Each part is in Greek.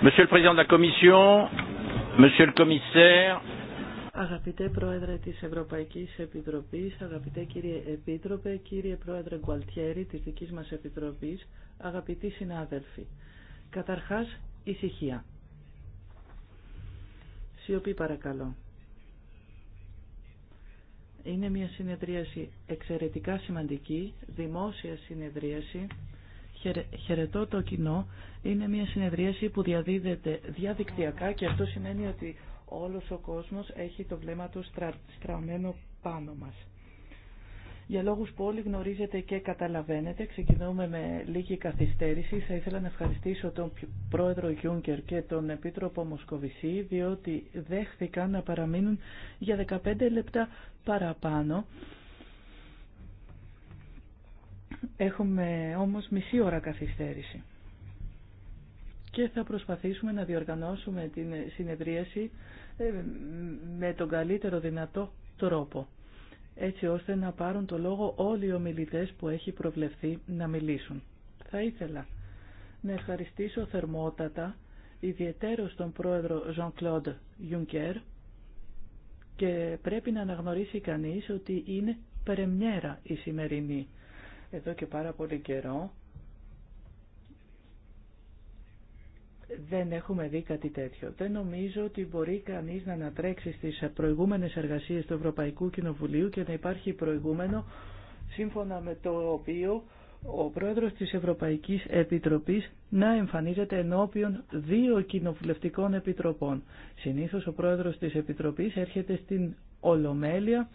Monsieur le Président de la Αγαπητέ Πρόεδρε της Ευρωπαϊκής Επιτροπής, αγαπητέ κύριε Επίτροπε, κύριε Πρόεδρε Γκουαλτιέρη της δικής μας Επιτροπής, αγαπητοί συνάδελφοι. Καταρχάς, ησυχία. Σιωπή παρακαλώ. Είναι μια συνεδρίαση εξαιρετικά σημαντική, δημόσια συνεδρίαση, Χαιρετώ το κοινό. Είναι μια συνεδρίαση που διαδίδεται διαδικτυακά και αυτό σημαίνει ότι όλος ο κόσμος έχει το βλέμμα του στρα... στραμμένο πάνω μας. Για λόγους που όλοι γνωρίζετε και καταλαβαίνετε, ξεκινούμε με λίγη καθυστέρηση. Θα ήθελα να ευχαριστήσω τον πρόεδρο Γιούγκερ και τον επίτροπο Μοσκοβισή, διότι δέχθηκαν να παραμείνουν για 15 λεπτά παραπάνω Έχουμε όμως μισή ώρα καθυστέρηση και θα προσπαθήσουμε να διοργανώσουμε την συνεδρίαση ε, με τον καλύτερο δυνατό τρόπο έτσι ώστε να πάρουν το λόγο όλοι οι ομιλητές που έχει προβλεφθεί να μιλήσουν. Θα ήθελα να ευχαριστήσω θερμότατα ιδιαίτερο τον πρόεδρο Jean-Claude Juncker και πρέπει να αναγνωρίσει κανείς ότι είναι πρεμιέρα η σημερινή εδώ και πάρα πολύ καιρό. δεν έχουμε δει κάτι τέτοιο. Δεν νομίζω ότι μπορεί κανείς να ανατρέξει στις προηγούμενες εργασίες του Ευρωπαϊκού Κοινοβουλίου και να υπάρχει προηγούμενο σύμφωνα με το οποίο ο πρόεδρος της Ευρωπαϊκής Επιτροπής να εμφανίζεται ενώπιον δύο κοινοβουλευτικών επιτροπών. Συνήθως ο πρόεδρος της Επιτροπής έρχεται στην Ολομέλεια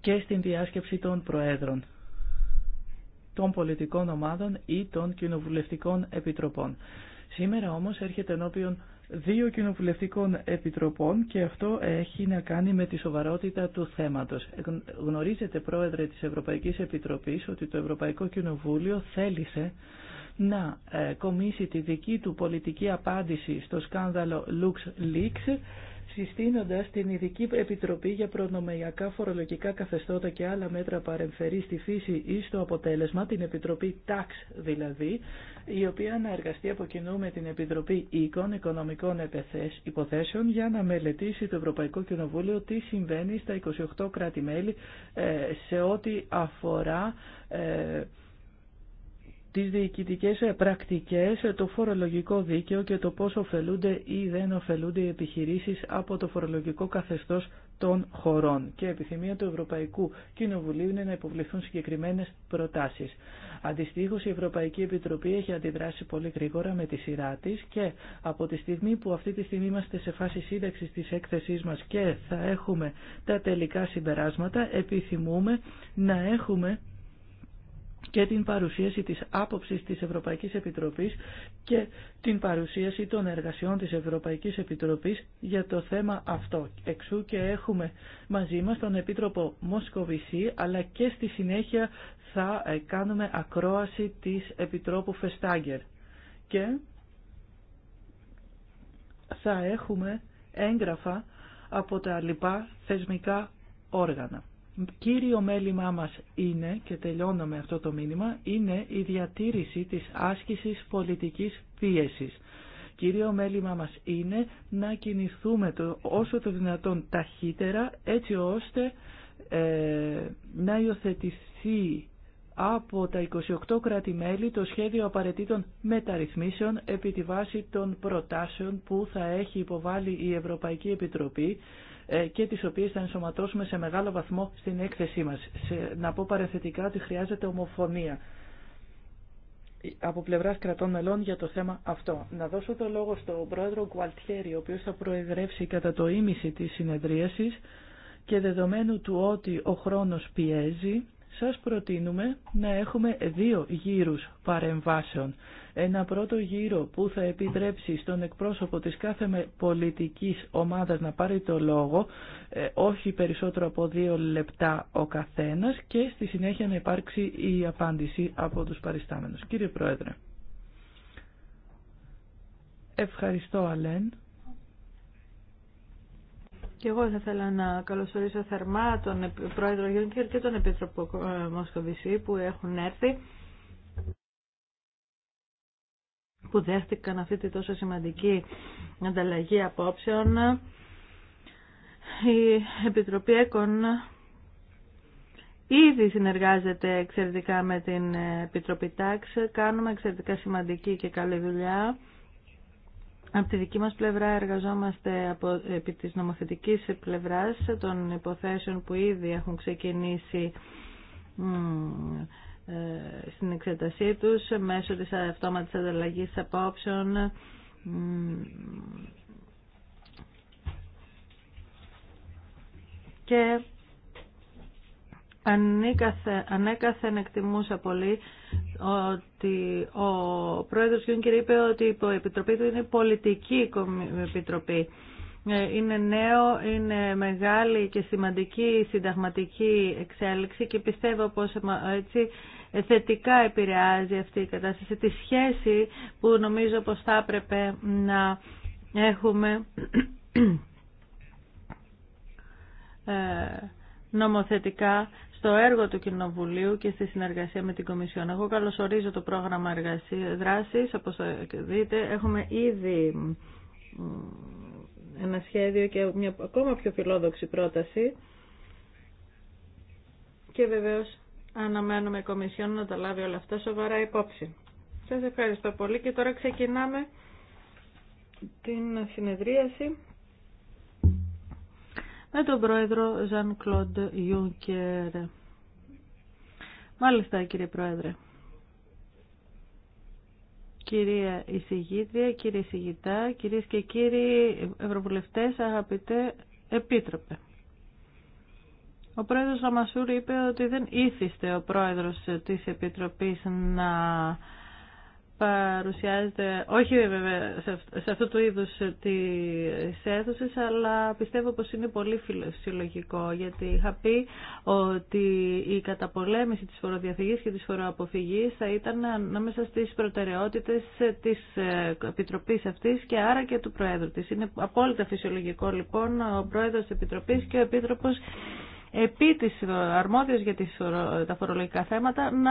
και στην διάσκεψη των Προέδρων των πολιτικών ομάδων ή των κοινοβουλευτικών επιτροπών. Σήμερα όμως έρχεται ενώπιον δύο κοινοβουλευτικών επιτροπών και αυτό έχει να κάνει με τη σοβαρότητα του θέματος. Γνωρίζετε, Πρόεδρε της Ευρωπαϊκής Επιτροπής, ότι το Ευρωπαϊκό Κοινοβούλιο θέλησε να ε, κομίσει τη δική του πολιτική απάντηση στο σκάνδαλο LuxLeaks συστήνοντας την Ειδική Επιτροπή για προνομιακά φορολογικά καθεστώτα και άλλα μέτρα παρεμφερή στη φύση ή στο αποτέλεσμα, την Επιτροπή TAX δηλαδή, η οποία να εργαστεί από κοινού με την Επιτροπή Οίκων Οικονομικών Υποθέσεων για να μελετήσει το Ευρωπαϊκό Κοινοβούλιο τι συμβαίνει στα 28 κράτη-μέλη ε, σε ό,τι αφορά ε, τις διοικητικές ε, πρακτικές, ε, το φορολογικό δίκαιο και το πώς ωφελούνται ή δεν ωφελούνται οι επιχειρήσεις από το φορολογικό καθεστώς των χωρών. Και επιθυμία του Ευρωπαϊκού Κοινοβουλίου είναι να υποβληθούν συγκεκριμένες προτάσεις. Αντιστοίχως η Ευρωπαϊκή Επιτροπή έχει αντιδράσει πολύ γρήγορα με τη σειρά τη και από τη στιγμή που αυτή τη στιγμή είμαστε σε φάση σύνταξη της έκθεσής μας και θα έχουμε τα τελικά συμπεράσματα, επιθυμούμε να έχουμε και την παρουσίαση της άποψης της Ευρωπαϊκής Επιτροπής και την παρουσίαση των εργασιών της Ευρωπαϊκής Επιτροπής για το θέμα αυτό. Εξού και έχουμε μαζί μας τον Επίτροπο Μοσκοβισή, αλλά και στη συνέχεια θα ε, κάνουμε ακρόαση της Επιτρόπου Φεστάγκερ. Και θα έχουμε έγγραφα από τα λοιπά θεσμικά όργανα κύριο μέλημά μας είναι, και τελειώνω με αυτό το μήνυμα, είναι η διατήρηση της άσκησης πολιτικής πίεσης. Κύριο μέλημά μας είναι να κινηθούμε το, όσο το δυνατόν ταχύτερα έτσι ώστε ε, να υιοθετηθεί από τα 28 κράτη-μέλη το σχέδιο απαραίτητων μεταρρυθμίσεων επί τη βάση των προτάσεων που θα έχει υποβάλει η Ευρωπαϊκή Επιτροπή ε, και τις οποίες θα ενσωματώσουμε σε μεγάλο βαθμό στην έκθεσή μας. να πω παρεθετικά ότι χρειάζεται ομοφωνία από πλευράς κρατών μελών για το θέμα αυτό. Να δώσω το λόγο στον πρόεδρο Γκουαλτιέρη, ο οποίος θα προεδρεύσει κατά το ίμιση της συνεδρίασης και δεδομένου του ότι ο χρόνος πιέζει, σας προτείνουμε να έχουμε δύο γύρους παρεμβάσεων. Ένα πρώτο γύρο που θα επιτρέψει στον εκπρόσωπο της κάθε πολιτικής ομάδας να πάρει το λόγο, ε, όχι περισσότερο από δύο λεπτά ο καθένας και στη συνέχεια να υπάρξει η απάντηση από τους παριστάμενους. Κύριε Πρόεδρε. Ευχαριστώ Αλέν. Και εγώ θα ήθελα να καλωσορίσω θερμά τον Πρόεδρο Γιούνκερ και τον Επίτροπο ε, Μοσκοβισή που έχουν έρθει που δέχτηκαν αυτή τη τόσο σημαντική ανταλλαγή απόψεων. Η Επιτροπή ΕΚΟΝ ήδη συνεργάζεται εξαιρετικά με την Επιτροπή ΤΑΞ. Κάνουμε εξαιρετικά σημαντική και καλή δουλειά. Από τη δική μας πλευρά εργαζόμαστε από, επί της νομοθετικής πλευράς των υποθέσεων που ήδη έχουν ξεκινήσει ε, στην εξετασή τους μέσω της αυτόματης ανταλλαγής απόψεων και ανέκαθεν, εκτιμούσα πολύ ότι ο πρόεδρος Γιούνκερ είπε ότι η Επιτροπή του είναι πολιτική επιτροπή. Ε, είναι νέο, είναι μεγάλη και σημαντική συνταγματική εξέλιξη και πιστεύω πως ε, έτσι ε, θετικά επηρεάζει αυτή η κατάσταση, τη σχέση που νομίζω πως θα έπρεπε να έχουμε νομοθετικά στο έργο του Κοινοβουλίου και στη συνεργασία με την Κομισιόν. Εγώ καλωσορίζω το πρόγραμμα δράσης, όπως δείτε έχουμε ήδη ένα σχέδιο και μια ακόμα πιο φιλόδοξη πρόταση και βεβαίως αναμένουμε η Κομισιόν να τα λάβει όλα αυτά σοβαρά υπόψη. Σας ευχαριστώ πολύ και τώρα ξεκινάμε την συνεδρίαση με τον πρόεδρο Ζαν Κλοντ Ιούνκερ. Μάλιστα κύριε πρόεδρε. Κυρία εισηγήτρια, κύριε εισηγητά, κυρίες και κύριοι ευρωβουλευτές, αγαπητέ επίτροπε. Ο πρόεδρος Λαμασούρη είπε ότι δεν ήθιστε ο πρόεδρος της Επιτροπής να παρουσιάζεται, όχι βέβαια σε αυτό του είδους τη αίθουσης, αλλά πιστεύω πως είναι πολύ φυσιολογικό, γιατί είχα πει ότι η καταπολέμηση της φοροδιαφυγής και της φοροαποφυγής θα ήταν ανάμεσα στις προτεραιότητες της Επιτροπής αυτής και άρα και του Προέδρου της. Είναι απόλυτα φυσιολογικό λοιπόν ο Πρόεδρος της Επιτροπής και ο Επίτροπος επί της αρμόδιος για τα φορολογικά θέματα να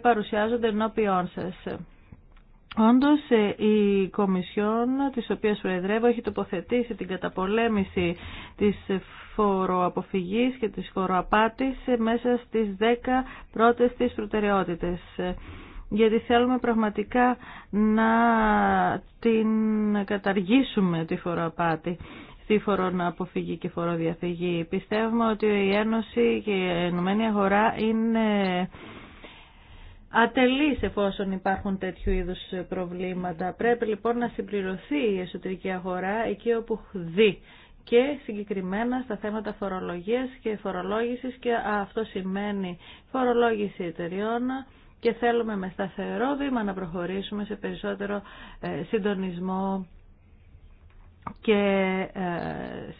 παρουσιάζονται ενώπιόν σας. Όντως ε, η Κομισιόν της οποίας προεδρεύω έχει τοποθετήσει την καταπολέμηση της φοροαποφυγής και της φοροαπάτης ε, μέσα στις 10 πρώτες της προτεραιότητες ε, γιατί θέλουμε πραγματικά να την καταργήσουμε τη φοροαπάτη στη αποφυγή και φοροδιαφυγή. Πιστεύουμε ότι η Ένωση και η Ενωμένη Αγορά είναι ατελείς εφόσον υπάρχουν τέτοιου είδους προβλήματα. Πρέπει λοιπόν να συμπληρωθεί η εσωτερική αγορά εκεί όπου δει και συγκεκριμένα στα θέματα φορολογίας και φορολόγησης και αυτό σημαίνει φορολόγηση εταιριών και θέλουμε με σταθερό βήμα να προχωρήσουμε σε περισσότερο ε, συντονισμό και ε,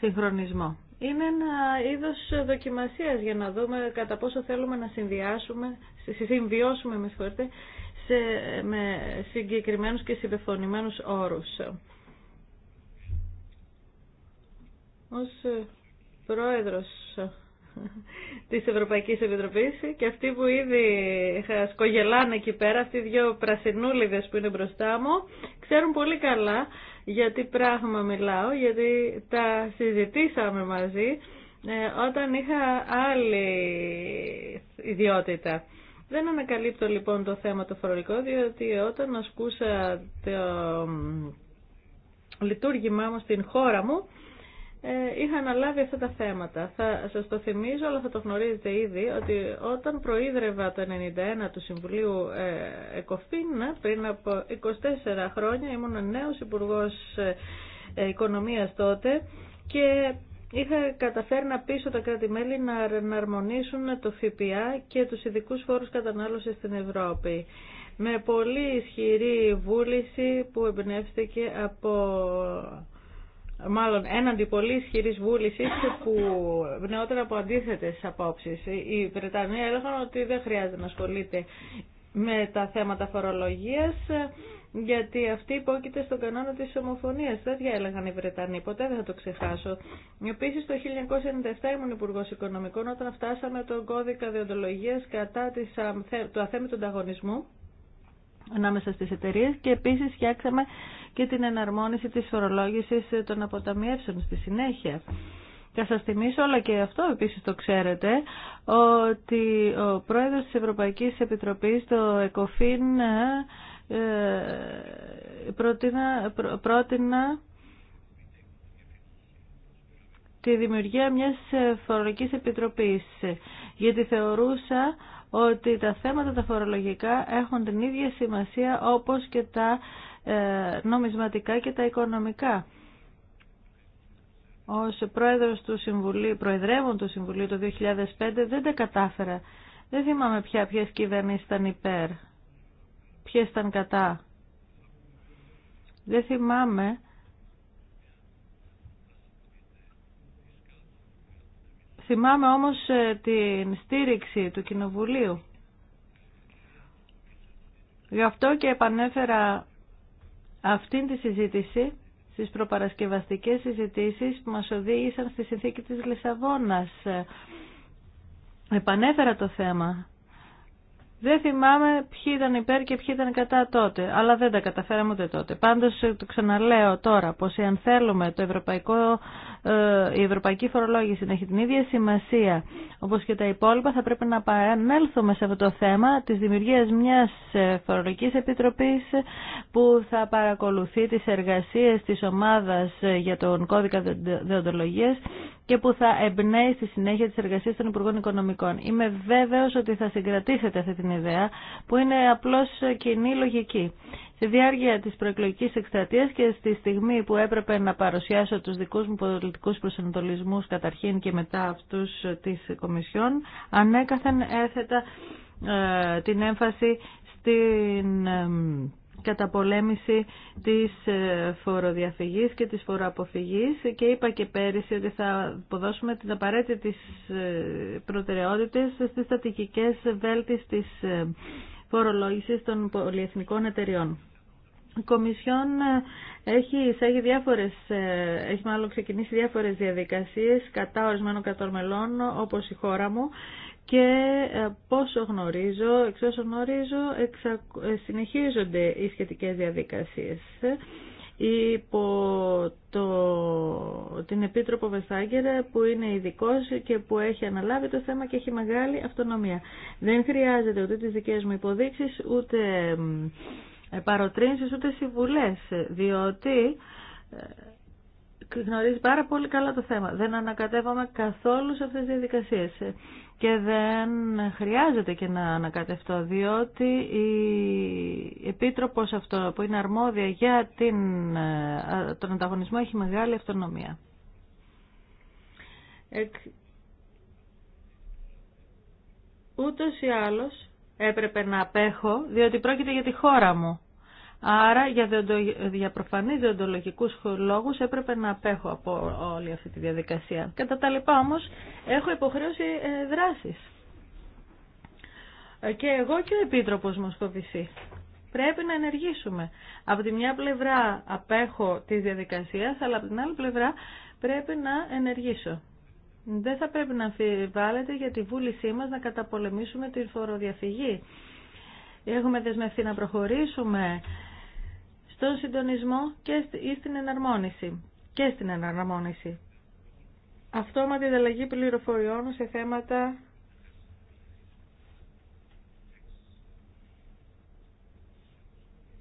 συγχρονισμό. Είναι ένα είδος δοκιμασίας για να δούμε κατά πόσο θέλουμε να συνδυάσουμε, συμβιώσουμε με, συγχωρείτε, σε, με συγκεκριμένους και συμπεφωνημένους όρους. Ως ε, πρόεδρος της Ευρωπαϊκής Επιτροπής και αυτοί που ήδη σκογελάνε εκεί πέρα, αυτοί οι δυο πρασινούλιδες που είναι μπροστά μου, ξέρουν πολύ καλά γιατί πράγμα μιλάω, γιατί τα συζητήσαμε μαζί ε, όταν είχα άλλη ιδιότητα. Δεν ανακαλύπτω λοιπόν το θέμα το φορολογικό, διότι όταν ασκούσα το λειτουργήμά μου στην χώρα μου, ε, είχα αναλάβει αυτά τα θέματα. Θα σας το θυμίζω, αλλά θα το γνωρίζετε ήδη, ότι όταν προείδρευα το 91 του Συμβουλίου ε, ΕΚΟΦΗΝ, πριν από 24 χρόνια, ήμουν νέος Υπουργός ε, Οικονομίας τότε και είχα καταφέρει να πείσω τα κράτη-μέλη να εναρμονίσουν το ΦΠΑ και τους ειδικού φόρους κατανάλωσης στην Ευρώπη με πολύ ισχυρή βούληση που εμπνεύστηκε από μάλλον έναντι πολύ ισχυρή βούληση που νεότερα από αντίθετε απόψει. Οι Βρετανοί έλεγαν ότι δεν χρειάζεται να ασχολείται με τα θέματα φορολογία γιατί αυτή υπόκειται στον κανόνα της ομοφωνίας. Δεν έλεγαν οι Βρετανοί, ποτέ δεν θα το ξεχάσω. Επίσης το 1997 ήμουν υπουργό Οικονομικών όταν φτάσαμε τον κώδικα διοντολογίας κατά της, του αθέμητου ανταγωνισμού ανάμεσα στις εταιρείες και επίσης φτιάξαμε και την εναρμόνιση της φορολόγησης των αποταμιεύσεων στη συνέχεια. Θα σας θυμίσω, αλλά και αυτό επίσης το ξέρετε, ότι ο πρόεδρος της Ευρωπαϊκής Επιτροπής, το ΕΚΟΦΗΝ, ε, πρότεινα, τη δημιουργία μιας φορολογικής επιτροπής, γιατί θεωρούσα ότι τα θέματα τα φορολογικά έχουν την ίδια σημασία όπως και τα ε, νομισματικά και τα οικονομικά. Ως πρόεδρος του Συμβουλίου, προεδρεύων του Συμβουλίου το 2005 δεν τα κατάφερα. Δεν θυμάμαι πια ποιες κυβερνήσεις ήταν υπέρ, ποιες ήταν κατά. Δεν θυμάμαι Θυμάμαι όμως ε, την στήριξη του Κοινοβουλίου. Γι' αυτό και επανέφερα αυτήν τη συζήτηση στις προπαρασκευαστικές συζητήσεις που μας οδήγησαν στη συνθήκη της Λισαβόνας. Ε, επανέφερα το θέμα δεν θυμάμαι ποιοι ήταν υπέρ και ποιοι ήταν κατά τότε, αλλά δεν τα καταφέραμε ούτε τότε. Πάντως το ξαναλέω τώρα πως εάν θέλουμε το ευρωπαϊκό, ε, η ευρωπαϊκή φορολόγηση να έχει την ίδια σημασία όπως και τα υπόλοιπα θα πρέπει να επανέλθουμε σε αυτό το θέμα της δημιουργίας μιας ε, φορολογικής επιτροπής ε, που θα παρακολουθεί τις εργασίες της ομάδας για τον κώδικα δεοντολογίας και που θα εμπνέει στη συνέχεια τις εργασίες των Υπουργών Οικονομικών. Είμαι βέβαιος ότι θα συγκρατήσετε αυτή την ιδέα που είναι απλώς κοινή λογική. Στη διάρκεια της προεκλογικής εκστρατείας και στη στιγμή που έπρεπε να παρουσιάσω τους δικούς μου πολιτικούς προσανατολισμούς καταρχήν και μετά αυτούς της Κομισιόν, ανέκαθεν έθετα ε, την έμφαση στην ε, καταπολέμηση της ε, φοροδιαφυγής και της φοροαποφυγής και είπα και πέρυσι ότι θα αποδώσουμε την απαραίτητη ε, προτεραιότητα στις στατικικές βέλτις της ε, φορολόγησης των πολυεθνικών εταιριών. Η Κομισιόν έχει διάφορες, έχει μάλλον ξεκινήσει διάφορες διαδικασίες κατά ορισμένων κατορμελών όπως η χώρα μου και ε, πόσο γνωρίζω, εξ όσο γνωρίζω, ε, συνεχίζονται οι σχετικές διαδικασίες. Υπό το, την Επίτροπο Βεστάγκερα που είναι ειδικό και που έχει αναλάβει το θέμα και έχει μεγάλη αυτονομία. Δεν χρειάζεται ούτε τις δικές μου υποδείξεις, ούτε παροτρύνσεις, ούτε συμβουλές, διότι ε, γνωρίζει πάρα πολύ καλά το θέμα. Δεν ανακατεύομαι καθόλου σε αυτές τις διαδικασίες και δεν χρειάζεται και να ανακατευτώ διότι η Επίτροπος αυτό που είναι αρμόδια για την, ε, τον ανταγωνισμό έχει μεγάλη αυτονομία. Εκ... Ούτως ή άλλως έπρεπε να απέχω διότι πρόκειται για τη χώρα μου. Άρα για, για προφανή διοντολογικούς λόγους έπρεπε να απέχω από όλη αυτή τη διαδικασία. Κατά τα λοιπά όμως έχω υποχρέωση ε, δράσης. Ε, και εγώ και ο Επίτροπος Μοσκοβισή. Πρέπει να ενεργήσουμε. Από τη μια πλευρά απέχω τη διαδικασία, αλλά από την άλλη πλευρά πρέπει να ενεργήσω. Δεν θα πρέπει να αμφιβάλλεται για τη βούλησή μας να καταπολεμήσουμε την φοροδιαφυγή. Έχουμε δεσμευτεί να προχωρήσουμε στον συντονισμό και στην εναρμόνιση. Και στην εναρμόνιση. Αυτόματη ανταλλαγή πληροφοριών σε θέματα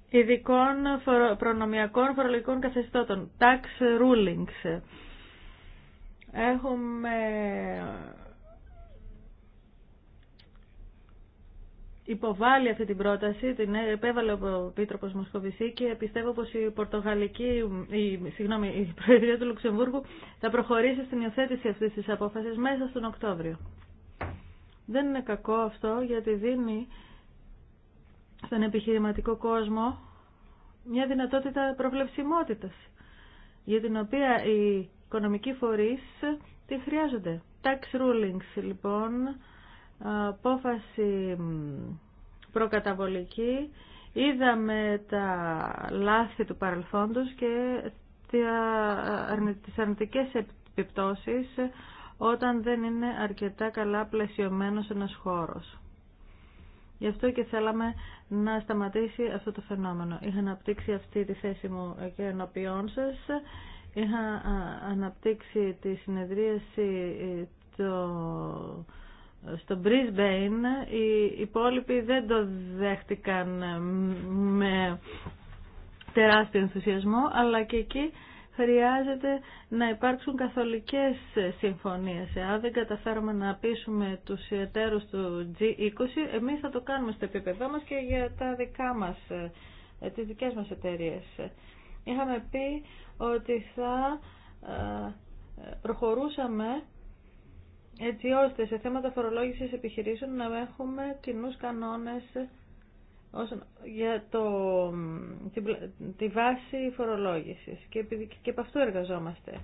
ειδικών προνομιακών φορολογικών καθεστώτων, tax rulings. Έχουμε Υποβάλλει αυτή την πρόταση, την επέβαλε ο Πίτροπο Μοσχοβησή και πιστεύω πω η Πορτογαλική, η, συγγνώμη, η Προεδρία του Λουξεμβούργου θα προχωρήσει στην υιοθέτηση αυτή τη απόφαση μέσα στον Οκτώβριο. Δεν είναι κακό αυτό γιατί δίνει στον επιχειρηματικό κόσμο μια δυνατότητα προβλεψιμότητας για την οποία οι οικονομικοί φορείς τη χρειάζονται. Tax rulings λοιπόν απόφαση προκαταβολική είδαμε τα λάθη του παρελθόντος και τις αρνητικές επιπτώσεις όταν δεν είναι αρκετά καλά πλαισιωμένος ένας χώρος. Γι' αυτό και θέλαμε να σταματήσει αυτό το φαινόμενο. Είχα αναπτύξει αυτή τη θέση μου και ενώπιόν σα. Είχα αναπτύξει τη συνεδρίαση ε, το στο Brisbane οι υπόλοιποι δεν το δέχτηκαν με τεράστιο ενθουσιασμό, αλλά και εκεί χρειάζεται να υπάρξουν καθολικές συμφωνίες. Αν δεν καταφέρουμε να πείσουμε τους εταίρους του G20, εμείς θα το κάνουμε στο επίπεδό μας και για τα δικά μας, ε, τις δικές μας εταιρείες. Είχαμε πει ότι θα ε, προχωρούσαμε έτσι ώστε σε θέματα φορολόγησης επιχειρήσεων να έχουμε κοινούς κανόνες για το, τη, τη βάση φορολόγησης και, και από αυτό εργαζόμαστε.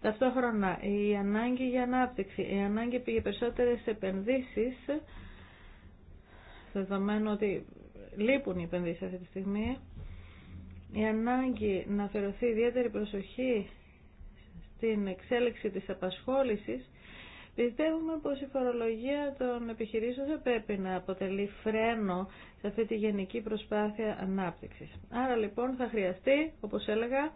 Ταυτόχρονα η ανάγκη για ανάπτυξη, η ανάγκη για περισσότερες επενδύσεις, δεδομένου ότι λείπουν οι επενδύσεις αυτή τη στιγμή, η ανάγκη να αφαιρεθεί ιδιαίτερη προσοχή στην εξέλιξη της απασχόλησης Πιστεύουμε πως η φορολογία των επιχειρήσεων δεν πρέπει να αποτελεί φρένο σε αυτή τη γενική προσπάθεια ανάπτυξης. Άρα λοιπόν θα χρειαστεί, όπως έλεγα,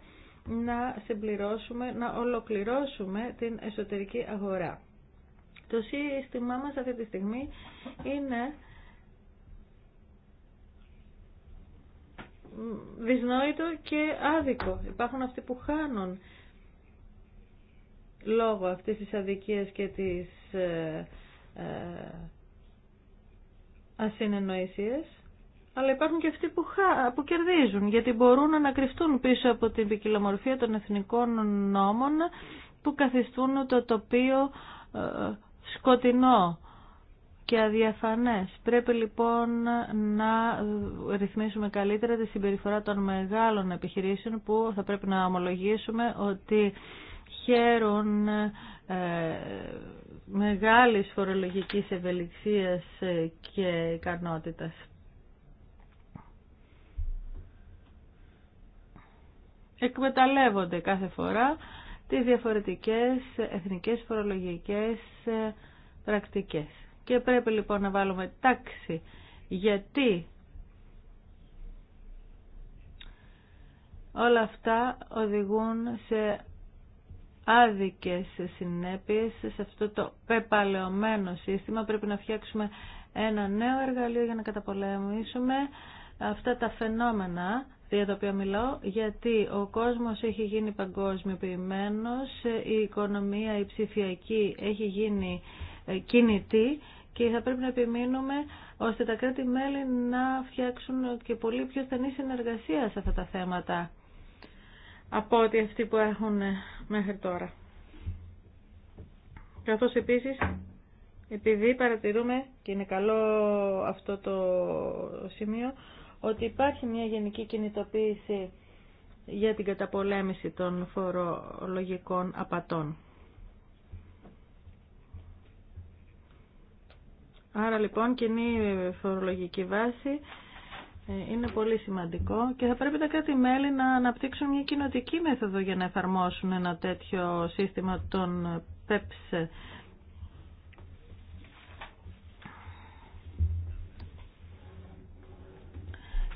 να συμπληρώσουμε, να ολοκληρώσουμε την εσωτερική αγορά. Το σύστημά μας αυτή τη στιγμή είναι δυσνόητο και άδικο. Υπάρχουν αυτοί που χάνουν λόγω αυτής της αδικίας και της ε, ε, ασυνεννοησίας, αλλά υπάρχουν και αυτοί που, χα, που κερδίζουν, γιατί μπορούν να κρυφτούν πίσω από την ποικιλομορφία των εθνικών νόμων που καθιστούν το τοπίο ε, σκοτεινό και αδιαφανές. Πρέπει λοιπόν να ρυθμίσουμε καλύτερα τη συμπεριφορά των μεγάλων επιχειρήσεων που θα πρέπει να ομολογήσουμε ότι χαίρουν ε, μεγάλης φορολογικής ευελιξίας ε, και ικανότητας. Εκμεταλλεύονται κάθε φορά τις διαφορετικές εθνικές φορολογικές ε, πρακτικές. Και πρέπει λοιπόν να βάλουμε τάξη γιατί όλα αυτά οδηγούν σε άδικες συνέπειες σε αυτό το πεπαλαιωμένο σύστημα. Πρέπει να φτιάξουμε ένα νέο εργαλείο για να καταπολεμήσουμε αυτά τα φαινόμενα για τα οποία μιλάω, γιατί ο κόσμος έχει γίνει παγκόσμιοποιημένος, η οικονομία, η ψηφιακή έχει γίνει ε, κινητή και θα πρέπει να επιμείνουμε ώστε τα κράτη-μέλη να φτιάξουν και πολύ πιο στενή συνεργασία σε αυτά τα θέματα από ό,τι αυτοί που έχουν ε, μέχρι τώρα. Καθώς επίσης, επειδή παρατηρούμε, και είναι καλό αυτό το σημείο, ότι υπάρχει μια γενική κινητοποίηση για την καταπολέμηση των φορολογικών απατών. Άρα λοιπόν κοινή φορολογική βάση ε, είναι πολύ σημαντικό και θα πρέπει τα κράτη-μέλη να αναπτύξουν μια κοινοτική μέθοδο για να εφαρμόσουν ένα τέτοιο σύστημα των PEPS.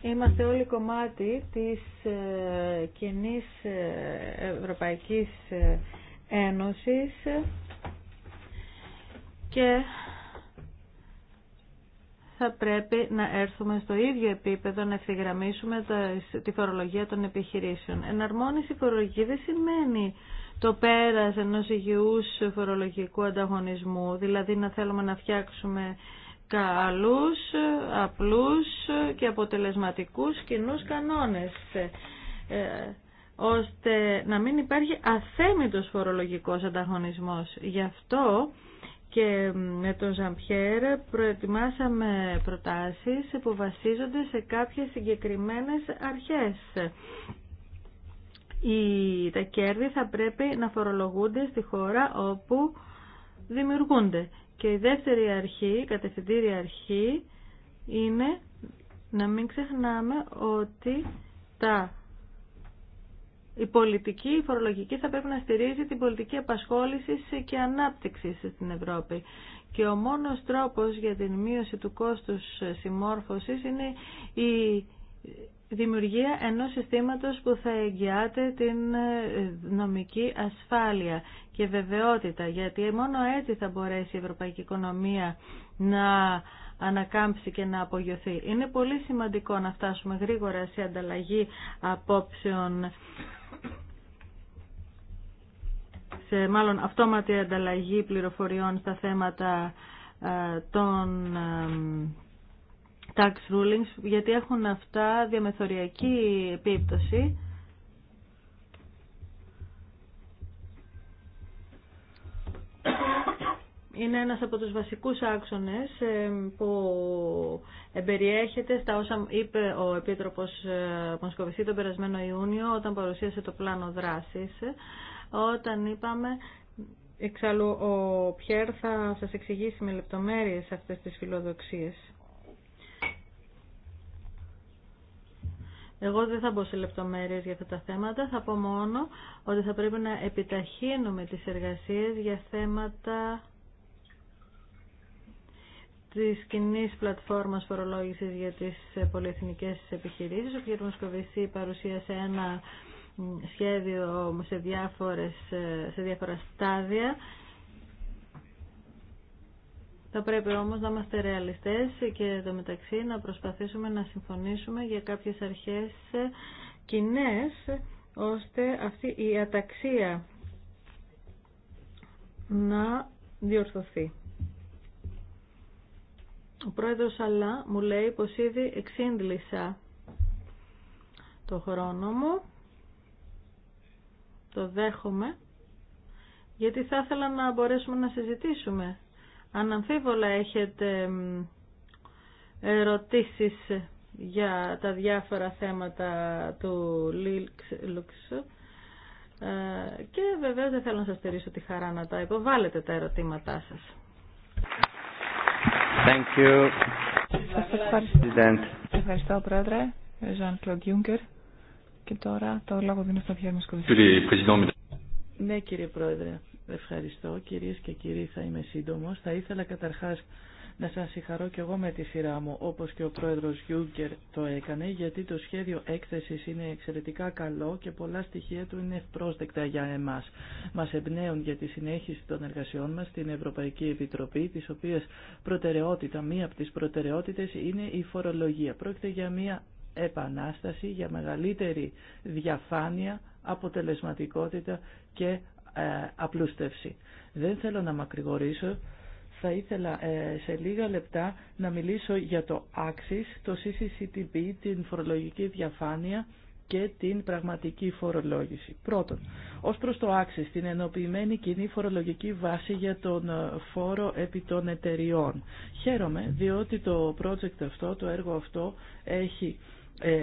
Είμαστε όλοι κομμάτι της ε, κοινής ε, Ευρωπαϊκής Ένωσης και θα πρέπει να έρθουμε στο ίδιο επίπεδο να ευθυγραμμίσουμε τη φορολογία των επιχειρήσεων. Εναρμόνιση φορολογική δεν σημαίνει το πέρας ενός υγιούς φορολογικού ανταγωνισμού, δηλαδή να θέλουμε να φτιάξουμε καλούς, απλούς και αποτελεσματικούς κοινούς κανόνες ε, ε, ώστε να μην υπάρχει αθέμητος φορολογικός ανταγωνισμός. Γι' αυτό και με τον Ζαμπιέρ προετοιμάσαμε προτάσεις που βασίζονται σε κάποιες συγκεκριμένες αρχές. Οι, τα κέρδη θα πρέπει να φορολογούνται στη χώρα όπου δημιουργούνται. Και η δεύτερη αρχή, η κατευθυντήρια αρχή, είναι να μην ξεχνάμε ότι τα η πολιτική, η φορολογική θα πρέπει να στηρίζει την πολιτική απασχόλησης και ανάπτυξης στην Ευρώπη. Και ο μόνος τρόπος για την μείωση του κόστους συμμόρφωσης είναι η δημιουργία ενός συστήματος που θα εγγυάται την νομική ασφάλεια και βεβαιότητα, γιατί μόνο έτσι θα μπορέσει η ευρωπαϊκή οικονομία να ανακάμψει και να απογειωθεί. Είναι πολύ σημαντικό να φτάσουμε γρήγορα σε ανταλλαγή απόψεων σε μάλλον αυτόματη ανταλλαγή πληροφοριών στα θέματα ε, των tax rulings, γιατί έχουν αυτά διαμεθοριακή επίπτωση είναι ένας από τους βασικούς άξονες ε, που εμπεριέχεται στα όσα είπε ο Επίτροπος ε, Μοσκοβιστή τον περασμένο Ιούνιο όταν παρουσίασε το πλάνο δράσης, όταν είπαμε Εξάλλου ο Πιέρ θα σας εξηγήσει με λεπτομέρειες αυτές τις φιλοδοξίες. Εγώ δεν θα μπω σε λεπτομέρειες για αυτά τα θέματα, θα πω μόνο ότι θα πρέπει να επιταχύνουμε τις εργασίες για θέματα της κοινή πλατφόρμας φορολόγησης για τις πολυεθνικές επιχειρήσεις. Ο κ. Μοσκοβισή παρουσίασε ένα σχέδιο σε, διάφορες, ε, σε διάφορα στάδια. Θα πρέπει όμως να είμαστε ρεαλιστές και εδώ μεταξύ να προσπαθήσουμε να συμφωνήσουμε για κάποιες αρχές ε, κοινέ ώστε αυτή η αταξία να διορθωθεί. Ο πρόεδρος αλλά μου λέει πως ήδη εξήντλησα το χρόνο μου. Το δέχομαι. Γιατί θα ήθελα να μπορέσουμε να συζητήσουμε. Αν αμφίβολα έχετε ερωτήσεις για τα διάφορα θέματα του Λίλξ ε, και βεβαίως δεν θέλω να σας τηρήσω τη χαρά να τα υποβάλλετε τα ερωτήματά σας. Thank you. ευχαριστώ. Πρόεδρε, Πρόεδρε. Jean-Claude Juncker. Και τώρα το λόγο δίνω στον Πιέρ Μοσκοβιστή. Ναι, κύριε Πρόεδρε, ευχαριστώ. Κυρίες και κύριοι, θα είμαι σύντομος. Θα ήθελα καταρχάς να σας συγχαρώ και εγώ με τη σειρά μου, όπως και ο πρόεδρος Γιούγκερ το έκανε, γιατί το σχέδιο έκθεσης είναι εξαιρετικά καλό και πολλά στοιχεία του είναι ευπρόσδεκτα για εμάς. Μας εμπνέουν για τη συνέχιση των εργασιών μας στην Ευρωπαϊκή Επιτροπή, της οποίας προτεραιότητα, μία από τις προτεραιότητες είναι η φορολογία. Πρόκειται για μία επανάσταση, για μεγαλύτερη διαφάνεια, αποτελεσματικότητα και ε, απλούστευση. Δεν θέλω να μακρηγορήσω θα ήθελα ε, σε λίγα λεπτά να μιλήσω για το AXIS, το CCCTB, την φορολογική διαφάνεια και την πραγματική φορολόγηση. Πρώτον, ως προς το AXIS, την ενοποιημένη κοινή φορολογική βάση για τον ε, φόρο επί των εταιριών. Χαίρομαι διότι το project αυτό, το έργο αυτό έχει ε,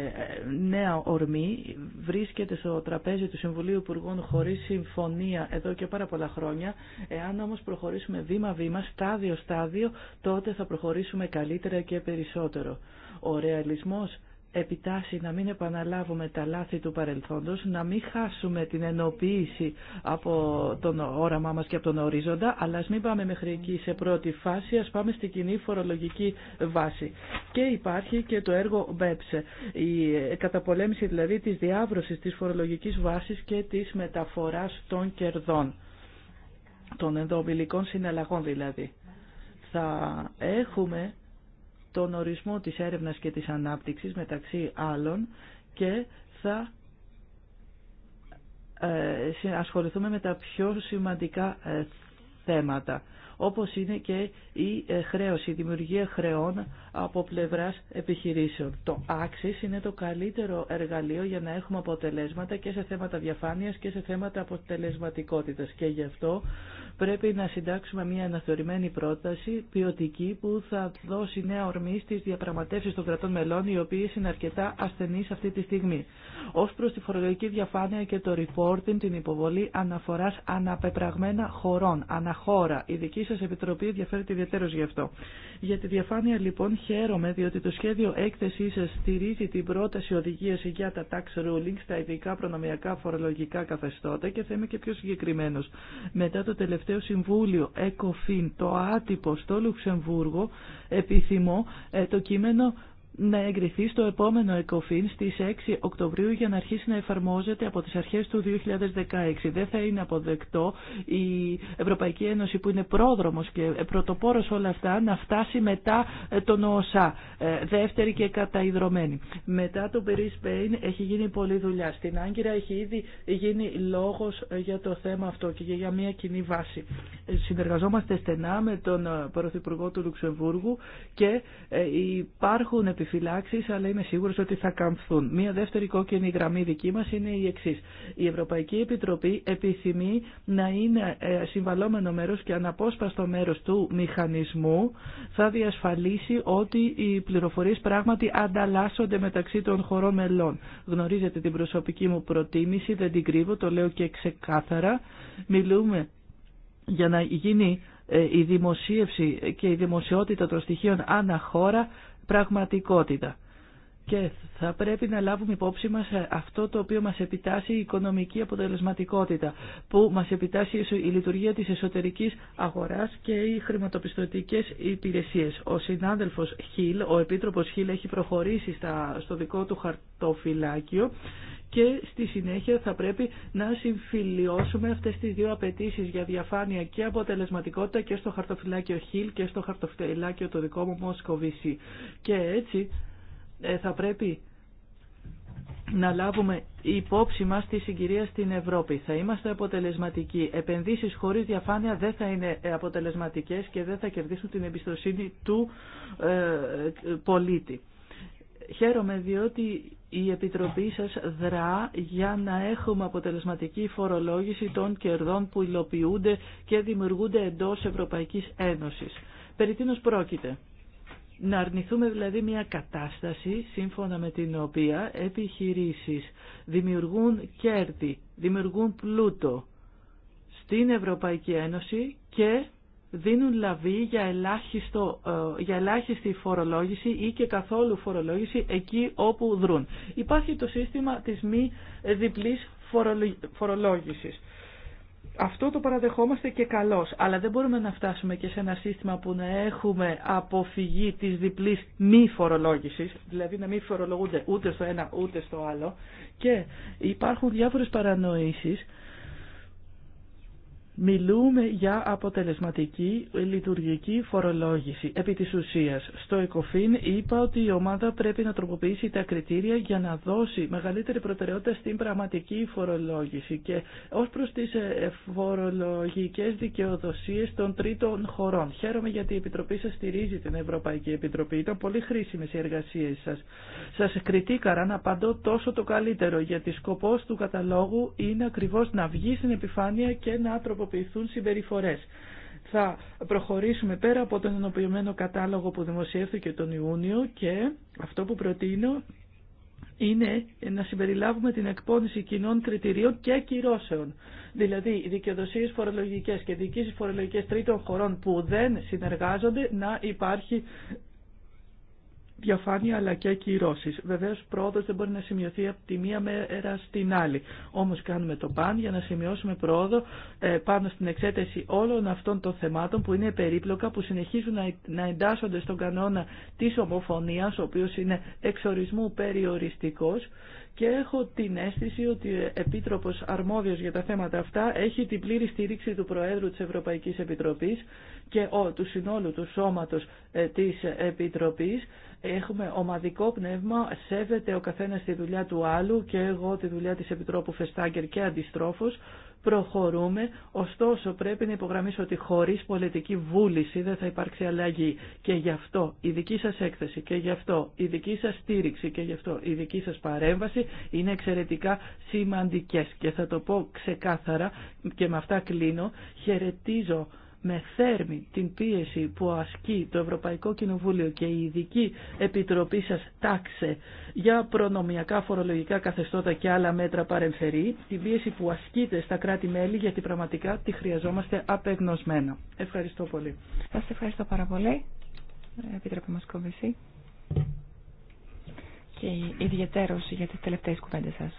νέα ορμή βρίσκεται στο τραπέζι του Συμβουλίου Υπουργών χωρίς συμφωνία εδώ και πάρα πολλά χρόνια. Εάν όμως προχωρήσουμε βήμα-βήμα, στάδιο-στάδιο, τότε θα προχωρήσουμε καλύτερα και περισσότερο. Ο ρεαλισμός επιτάσσει να μην επαναλάβουμε τα λάθη του παρελθόντος, να μην χάσουμε την ενοποίηση από τον όραμά μας και από τον ορίζοντα, αλλά ας μην πάμε μέχρι εκεί σε πρώτη φάση, ας πάμε στην κοινή φορολογική βάση. Και υπάρχει και το έργο BEPS, η καταπολέμηση δηλαδή της διάβρωσης της φορολογικής βάσης και της μεταφοράς των κερδών, των ενδομιλικών συναλλαγών δηλαδή. Θα έχουμε τον ορισμό της έρευνας και της ανάπτυξης μεταξύ άλλων και θα ε, ασχοληθούμε με τα πιο σημαντικά ε, θέματα όπως είναι και η ε, χρέωση, η δημιουργία χρεών από πλευράς επιχειρήσεων. Το Axis είναι το καλύτερο εργαλείο για να έχουμε αποτελέσματα και σε θέματα διαφάνειας και σε θέματα αποτελεσματικότητας και γι' πρέπει να συντάξουμε μια αναθεωρημένη πρόταση ποιοτική που θα δώσει νέα ορμή στι διαπραγματεύσεις των κρατών μελών οι οποίε είναι αρκετά ασθενεί αυτή τη στιγμή. Ω προ τη φορολογική διαφάνεια και το reporting την υποβολή αναφορά αναπεπραγμένα χωρών, αναχώρα. Η δική σας Επιτροπή ενδιαφέρεται ιδιαίτερως γι' αυτό. Για τη διαφάνεια λοιπόν χαίρομαι διότι το σχέδιο έκθεσή σας στηρίζει την πρόταση οδηγίας για τα tax rulings, τα ειδικά προνομιακά φορολογικά καθεστώτα και θα είμαι και πιο συγκεκριμένος. Μετά το τελευταίο τελευταίο συμβούλιο ΕΚΟΦΗΝ το άτυπο στο Λουξεμβούργο επιθυμώ ε, το κείμενο να εγκριθεί στο επόμενο ΕΚΟΦΗΝ στις 6 Οκτωβρίου για να αρχίσει να εφαρμόζεται από τις αρχές του 2016. Δεν θα είναι αποδεκτό η Ευρωπαϊκή Ένωση που είναι πρόδρομος και πρωτοπόρος όλα αυτά να φτάσει μετά ε, τον ΟΣΑ, ε, δεύτερη και καταϊδρωμένη. Μετά τον Περί Pain έχει γίνει πολλή δουλειά. Στην Άγκυρα έχει ήδη γίνει λόγος ε, για το θέμα αυτό και για μια κοινή βάση. Συνεργαζόμαστε στενά με τον Πρωθυπουργό του Λουξεμβούργου και υπάρχουν αλλά είμαι σίγουρο ότι θα καμφθούν. Μία δεύτερη κόκκινη γραμμή δική μα είναι η εξή. Η Ευρωπαϊκή Επιτροπή επιθυμεί να είναι ε, συμβαλόμενο μέρο και αναπόσπαστο μέρο του μηχανισμού θα διασφαλίσει ότι οι πληροφορίε πράγματι ανταλλάσσονται μεταξύ των χωρών μελών. Γνωρίζετε την προσωπική μου προτίμηση, δεν την κρύβω, το λέω και ξεκάθαρα. Μιλούμε για να γίνει ε, η δημοσίευση και η δημοσιότητα των στοιχείων αναχώρα πραγματικότητα και θα πρέπει να λάβουμε υπόψη μας ε, αυτό το οποίο μας επιτάσσει η οικονομική αποτελεσματικότητα, που μας επιτάσσει η λειτουργία της εσωτερικής αγοράς και οι χρηματοπιστωτικές υπηρεσίες. Ο συνάδελφος Χιλ, ο Επίτροπος Χιλ έχει προχωρήσει στο δικό του χαρτοφυλάκιο και στη συνέχεια θα πρέπει να συμφιλιώσουμε αυτές τις δύο απαιτήσει για διαφάνεια και αποτελεσματικότητα και στο χαρτοφυλάκιο Χιλ και στο χαρτοφυλάκιο το δικό μου Μοσκοβισή. Και έτσι ε, θα πρέπει να λάβουμε υπόψη μας τη συγκυρία στην Ευρώπη. Θα είμαστε αποτελεσματικοί. Επενδύσεις χωρίς διαφάνεια δεν θα είναι αποτελεσματικές και δεν θα κερδίσουν την εμπιστοσύνη του ε, πολίτη. Χαίρομαι διότι η Επιτροπή σας δρά για να έχουμε αποτελεσματική φορολόγηση των κερδών που υλοποιούνται και δημιουργούνται εντός Ευρωπαϊκής Ένωσης. Περί τίνος πρόκειται. Να αρνηθούμε δηλαδή μια κατάσταση σύμφωνα με την οποία επιχειρήσεις δημιουργούν κέρδη, δημιουργούν πλούτο στην Ευρωπαϊκή Ένωση και δίνουν λαβή για, ελάχιστο, ε, για ελάχιστη φορολόγηση ή και καθόλου φορολόγηση εκεί όπου δρούν. Υπάρχει το σύστημα της μη διπλής φορολόγησης. Αυτό το παραδεχόμαστε και καλώς, αλλά δεν μπορούμε να φτάσουμε και σε ένα σύστημα που να έχουμε αποφυγή της διπλής μη φορολόγησης, δηλαδή να μην φορολογούνται ούτε στο ένα ούτε στο άλλο. Και υπάρχουν διάφορες παρανοήσεις Μιλούμε για αποτελεσματική λειτουργική φορολόγηση. Επί της ουσίας, στο ΕΚΟΦΗΝ είπα ότι η ομάδα πρέπει να τροποποιήσει τα κριτήρια για να δώσει μεγαλύτερη προτεραιότητα στην πραγματική φορολόγηση και ως προς τις ε, φορολογικές δικαιοδοσίες των τρίτων χωρών. Χαίρομαι γιατί η Επιτροπή σας στηρίζει την Ευρωπαϊκή Επιτροπή. Ήταν πολύ χρήσιμες οι εργασίες σας. Σας κριτήκαρα να απαντώ τόσο το καλύτερο γιατί σκοπός του καταλόγου είναι ακριβώς να βγει στην επιφάνεια και να τροποποιήσει τροποποιηθούν Θα προχωρήσουμε πέρα από τον ενοποιημένο κατάλογο που δημοσιεύθηκε τον Ιούνιο και αυτό που προτείνω είναι να συμπεριλάβουμε την εκπόνηση κοινών κριτηρίων και κυρώσεων. Δηλαδή, οι δικαιοδοσίε φορολογικέ και διοικήσει φορολογικέ τρίτων χωρών που δεν συνεργάζονται να υπάρχει διαφάνεια αλλά και κυρώσει. Βεβαίω πρόοδο δεν μπορεί να σημειωθεί από τη μία μέρα στην άλλη. Όμω κάνουμε το παν για να σημειώσουμε πρόοδο ε, πάνω στην εξέταση όλων αυτών των θεμάτων που είναι περίπλοκα, που συνεχίζουν να εντάσσονται στον κανόνα τη ομοφωνία, ο οποίο είναι εξορισμού περιοριστικό. Και έχω την αίσθηση ότι ο Επίτροπος αρμόδιο για τα θέματα αυτά έχει την πλήρη στήριξη του Προέδρου τη Ευρωπαϊκή Επιτροπή και του συνόλου του σώματο ε, της έχουμε ομαδικό πνεύμα, σέβεται ο καθένας τη δουλειά του άλλου και εγώ τη δουλειά της Επιτρόπου Φεστάγκερ και αντιστρόφως, προχωρούμε, ωστόσο πρέπει να υπογραμμίσω ότι χωρίς πολιτική βούληση δεν θα υπάρξει αλλαγή και γι' αυτό η δική σας έκθεση και γι' αυτό η δική σας στήριξη και γι' αυτό η δική σας παρέμβαση είναι εξαιρετικά σημαντικές και θα το πω ξεκάθαρα και με αυτά κλείνω, χαιρετίζω με θέρμη την πίεση που ασκεί το Ευρωπαϊκό Κοινοβούλιο και η ειδική επιτροπή σας τάξε για προνομιακά φορολογικά καθεστώτα και άλλα μέτρα παρεμφερεί, την πίεση που ασκείται στα κράτη-μέλη γιατί πραγματικά τη χρειαζόμαστε απεγνωσμένα. Ευχαριστώ πολύ. Σας ευχαριστώ πάρα πολύ. Επιτροπή μας Και ιδιαίτερος για τις τελευταίες κουβέντες σας.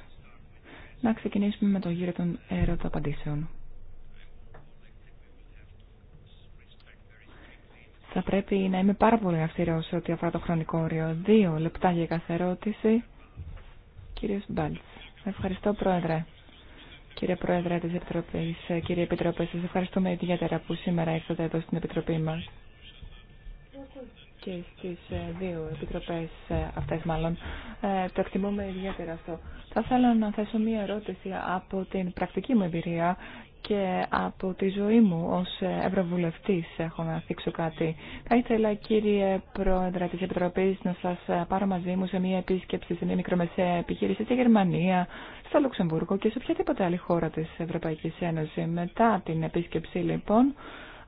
Να ξεκινήσουμε με το γύρο των απαντήσεων. Θα πρέπει να είμαι πάρα πολύ αυστηρό σε ό,τι αφορά το χρονικό όριο. Δύο λεπτά για κάθε ερώτηση. Κύριε Μπάλτ. Ευχαριστώ, Πρόεδρε. Κύριε Πρόεδρε τη Επιτροπή, κύριε Επιτροπέ, σα ευχαριστούμε ιδιαίτερα που σήμερα ήρθατε εδώ στην Επιτροπή μα. Και στι ε, δύο επιτροπέ ε, αυτέ, μάλλον. Ε, το εκτιμούμε ιδιαίτερα αυτό. Θα ήθελα να θέσω μία ερώτηση από την πρακτική μου εμπειρία και από τη ζωή μου ως Ευρωβουλευτής έχω να θίξω κάτι. Θα ήθελα κύριε Πρόεδρε της Επιτροπής να σας πάρω μαζί μου σε μια επίσκεψη σε μια μικρομεσαία επιχείρηση στη Γερμανία, στο Λουξεμβούργο και σε οποιαδήποτε άλλη χώρα της Ευρωπαϊκής Ένωσης. Μετά την επίσκεψη λοιπόν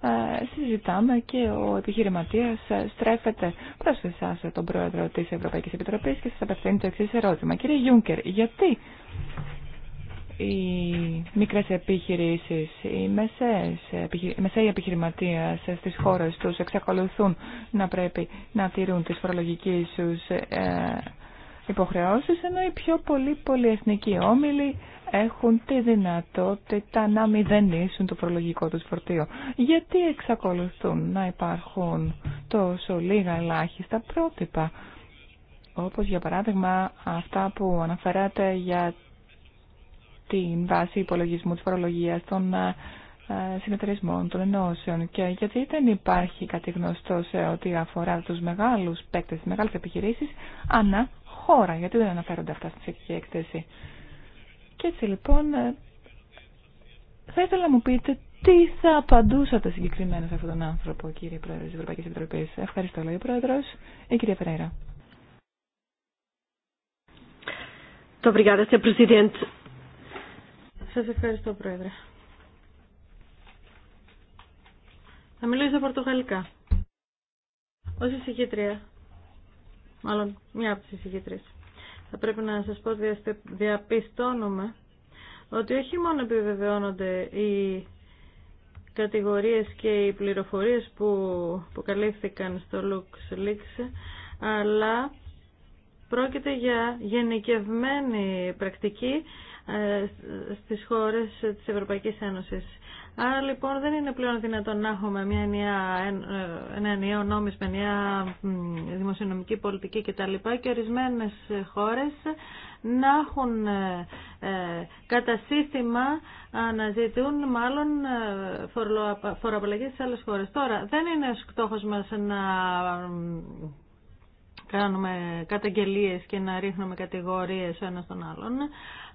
ε, συζητάμε και ο επιχειρηματίας στρέφεται προς εσάς τον Πρόεδρο της Ευρωπαϊκής Επιτροπής και σας απευθύνει το εξής ερώτημα. Κύριε Γιούνκερ, γιατί οι μικρές επιχειρήσεις, οι μεσαίες, οι μεσαίοι επιχειρηματίες στις χώρες τους εξακολουθούν να πρέπει να τηρούν τις φορολογικές τους ε, υποχρεώσεις, ενώ οι πιο πολλοί πολυεθνικοί όμιλοι έχουν τη δυνατότητα να μηδενίσουν το φορολογικό τους φορτίο. Γιατί εξακολουθούν να υπάρχουν τόσο λίγα ελάχιστα πρότυπα, όπως για παράδειγμα αυτά που αναφέρατε για την βάση υπολογισμού της φορολογίας των ε, ε, συνεταιρισμών, των ενώσεων και γιατί δεν υπάρχει κάτι γνωστό σε ό,τι αφορά τους μεγάλους παίκτες, τις μεγάλες επιχειρήσεις ανά χώρα, γιατί δεν αναφέρονται αυτά στην συγκεκριμένη έκθεση. Και έτσι λοιπόν ε, θα ήθελα να μου πείτε τι θα απαντούσατε συγκεκριμένα σε αυτόν τον άνθρωπο, κύριε Πρόεδρε τη Ευρωπαϊκή Επιτροπής. Ευχαριστώ, λέει ο Πρόεδρο. Η κυρία Φεραίρα. Σας ευχαριστώ, Πρόεδρε. Θα μιλήσω πορτογαλικά. Ως εισηγήτρια, μάλλον μια από τις εισηγήτριες, θα πρέπει να σας πω ότι διαπιστώνουμε ότι όχι μόνο επιβεβαιώνονται οι κατηγορίες και οι πληροφορίες που αποκαλύφθηκαν στο LuxLeaks, αλλά πρόκειται για γενικευμένη πρακτική στις χώρες της Ευρωπαϊκής Ένωσης. Άρα λοιπόν δεν είναι πλέον δυνατόν να έχουμε μια ε, ένα ενιαίο νόμισμα, μια δημοσιονομική πολιτική κτλ. και ορισμένες χώρες να έχουν ε, ε κατά σύστημα να ζητούν μάλλον ε, φοροαπαλλαγές στις άλλες χώρες. Τώρα δεν είναι ο στόχος μας να κάνουμε καταγγελίες και να ρίχνουμε κατηγορίες ο ένας τον άλλον,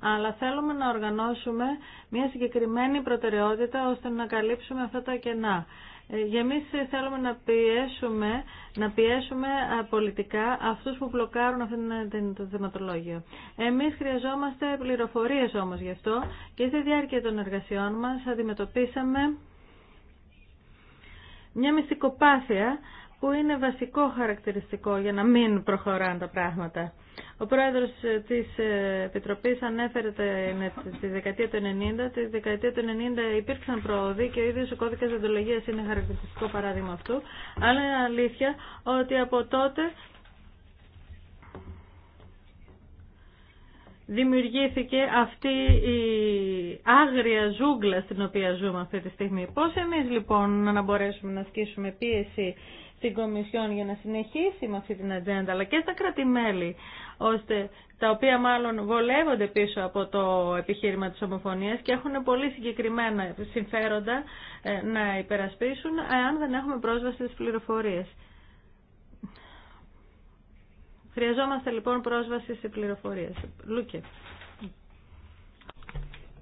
αλλά θέλουμε να οργανώσουμε μια συγκεκριμένη προτεραιότητα ώστε να καλύψουμε αυτά τα κενά. Ε, για εμείς θέλουμε να πιέσουμε, να πιέσουμε πολιτικά αυτούς που μπλοκάρουν αυτό το θεματολόγιο. Εμείς χρειαζόμαστε πληροφορίες όμως γι' αυτό και στη διάρκεια των εργασιών μας αντιμετωπίσαμε μια μυστικοπάθεια που είναι βασικό χαρακτηριστικό για να μην προχωράνε τα πράγματα. Ο πρόεδρος ε, της ε, Επιτροπής ανέφερε τη δεκαετία του 90. Τη δεκαετία του 90 υπήρξαν προοδοί και ο ίδιος ο κώδικας διοντολογίας είναι χαρακτηριστικό παράδειγμα αυτού. Αλλά είναι αλήθεια ότι από τότε δημιουργήθηκε αυτή η άγρια ζούγκλα στην οποία ζούμε αυτή τη στιγμή. Πώς εμείς λοιπόν να μπορέσουμε να ασκήσουμε πίεση στην Κομισιόν για να συνεχίσει με αυτή την ατζέντα, αλλά και στα κρατημέλη, ώστε τα οποία μάλλον βολεύονται πίσω από το επιχείρημα της ομοφωνίας και έχουν πολύ συγκεκριμένα συμφέροντα ε, να υπερασπίσουν, αν δεν έχουμε πρόσβαση στις πληροφορίες. Χρειαζόμαστε λοιπόν πρόσβαση σε πληροφορίες. Λούκε.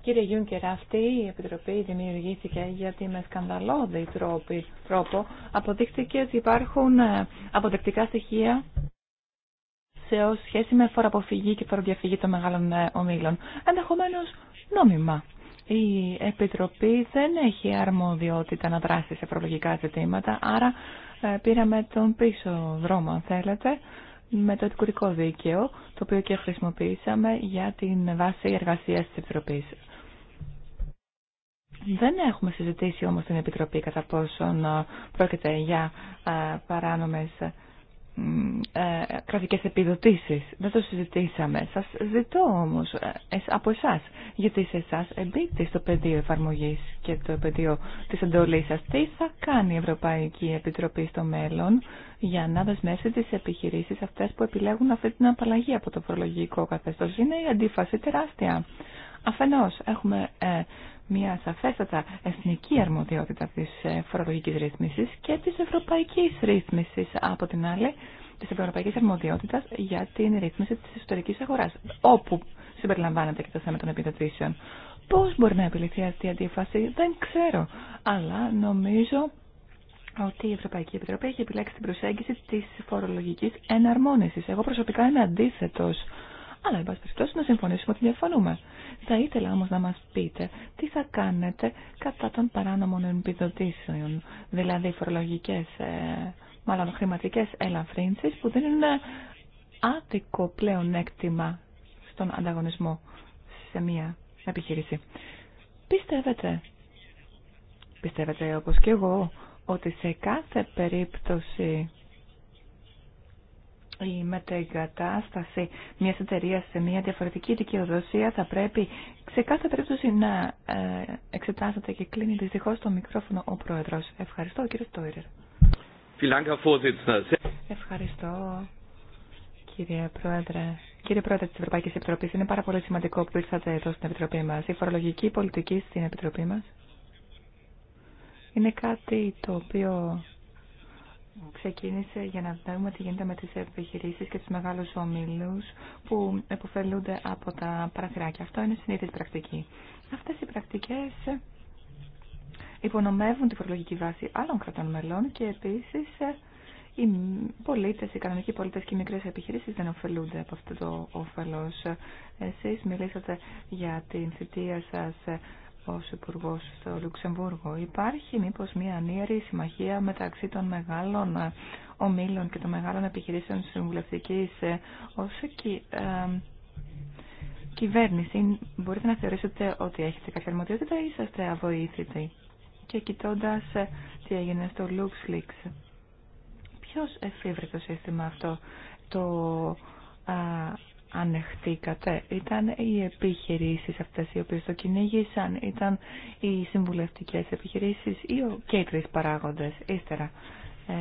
Κύριε Γιούνκερ, αυτή η Επιτροπή δημιουργήθηκε γιατί με σκανδαλώδη τρόπο αποδείχθηκε ότι υπάρχουν ε, αποδεκτικά στοιχεία σε ως σχέση με φοροαποφυγή και φοροδιαφυγή των μεγάλων ε, ομίλων. Ενδεχομένω νόμιμα. Η Επιτροπή δεν έχει αρμοδιότητα να δράσει σε προλογικά ζητήματα, άρα ε, πήραμε τον πίσω δρόμο, αν θέλετε, με το Επικουρικό Δίκαιο, το οποίο και χρησιμοποιήσαμε για την βάση εργασίας της Επιτροπής. Δεν έχουμε συζητήσει όμως την Επιτροπή κατά πόσον ε, πρόκειται για ε, παράνομες ε, κρατικές επιδοτήσεις. Δεν το συζητήσαμε. Σας ζητώ όμως ε, από εσάς, γιατί σε εσάς εμπίπτει στο πεδίο εφαρμογής και το πεδίο της εντολής σας. Τι θα κάνει η Ευρωπαϊκή Επιτροπή στο μέλλον για να δεσμεύσει τις επιχειρήσεις αυτές που επιλέγουν αυτή την απαλλαγή από το φορολογικό καθεστώς. Είναι η αντίφαση τεράστια. Αφενός έχουμε ε, μια σαφέστατα εθνική αρμοδιότητα της ε, φορολογικής ρύθμισης και της ευρωπαϊκής ρύθμισης από την άλλη της ευρωπαϊκής αρμοδιότητας για την ρύθμιση της ιστορικής αγοράς όπου συμπεριλαμβάνεται και το θέμα των επιδοτήσεων. Πώς μπορεί να επιληθεί αυτή η αντίφαση δεν ξέρω, αλλά νομίζω ότι η Ευρωπαϊκή Επιτροπή έχει επιλέξει την προσέγγιση της φορολογικής εναρμόνισης. Εγώ προσωπικά είμαι αντίθετος αλλά, εν πάση περιπτώσει, να συμφωνήσουμε ότι διαφωνούμε. Θα ήθελα όμω να μα πείτε τι θα κάνετε κατά των παράνομων επιδοτήσεων, δηλαδή φορολογικέ, ε, μάλλον χρηματικέ ελαφρύνσει που δεν είναι άδικο πλέον έκτημα στον ανταγωνισμό σε μια επιχείρηση. Πιστεύετε, πιστεύετε όπως και εγώ, ότι σε κάθε περίπτωση η μετεγκατάσταση μιας εταιρεία σε μια διαφορετική δικαιοδοσία θα πρέπει σε κάθε περίπτωση να ε, εξετάζεται και κλείνει δυστυχώς το μικρόφωνο ο Πρόεδρος. Ευχαριστώ κύριε Στόιρερ. Ευχαριστώ κύριε Πρόεδρε. Κύριε Πρόεδρε της Ευρωπαϊκής Επιτροπής, είναι πάρα πολύ σημαντικό που ήρθατε εδώ στην Επιτροπή μας. Η φορολογική πολιτική στην Επιτροπή μας είναι κάτι το οποίο ξεκίνησε για να δούμε τι γίνεται με τις επιχειρήσεις και τους μεγάλους ομίλους που επωφελούνται από τα παραθυράκια. Αυτό είναι συνήθις πρακτική. Αυτές οι πρακτικές υπονομεύουν τη φορολογική βάση άλλων κρατών μελών και επίσης ε, οι πολίτες, οι κανονικοί πολίτες και οι μικρές επιχειρήσεις δεν ωφελούνται από αυτό το όφελος. Εσείς μιλήσατε για την θητεία σας ε, ω Υπουργός στο Λουξεμβούργο. Υπάρχει μήπως μια ανίερη συμμαχία μεταξύ των μεγάλων ε, ομίλων και των μεγάλων επιχειρήσεων συμβουλευτικής ε, ω και ε, κυβέρνηση. Μπορείτε να θεωρήσετε ότι έχετε κάποια αρμοδιότητα ή είσαστε αβοήθητοι. Και κοιτώντας τι έγινε στο LuxLeaks. Ποιος εφήβρε το σύστημα αυτό, το ανεχτήκατε ήταν οι επιχειρήσεις αυτές οι οποίες το κυνήγησαν, ήταν οι συμβουλευτικές επιχειρήσεις ή και οι τρεις παράγοντες. Ύστερα,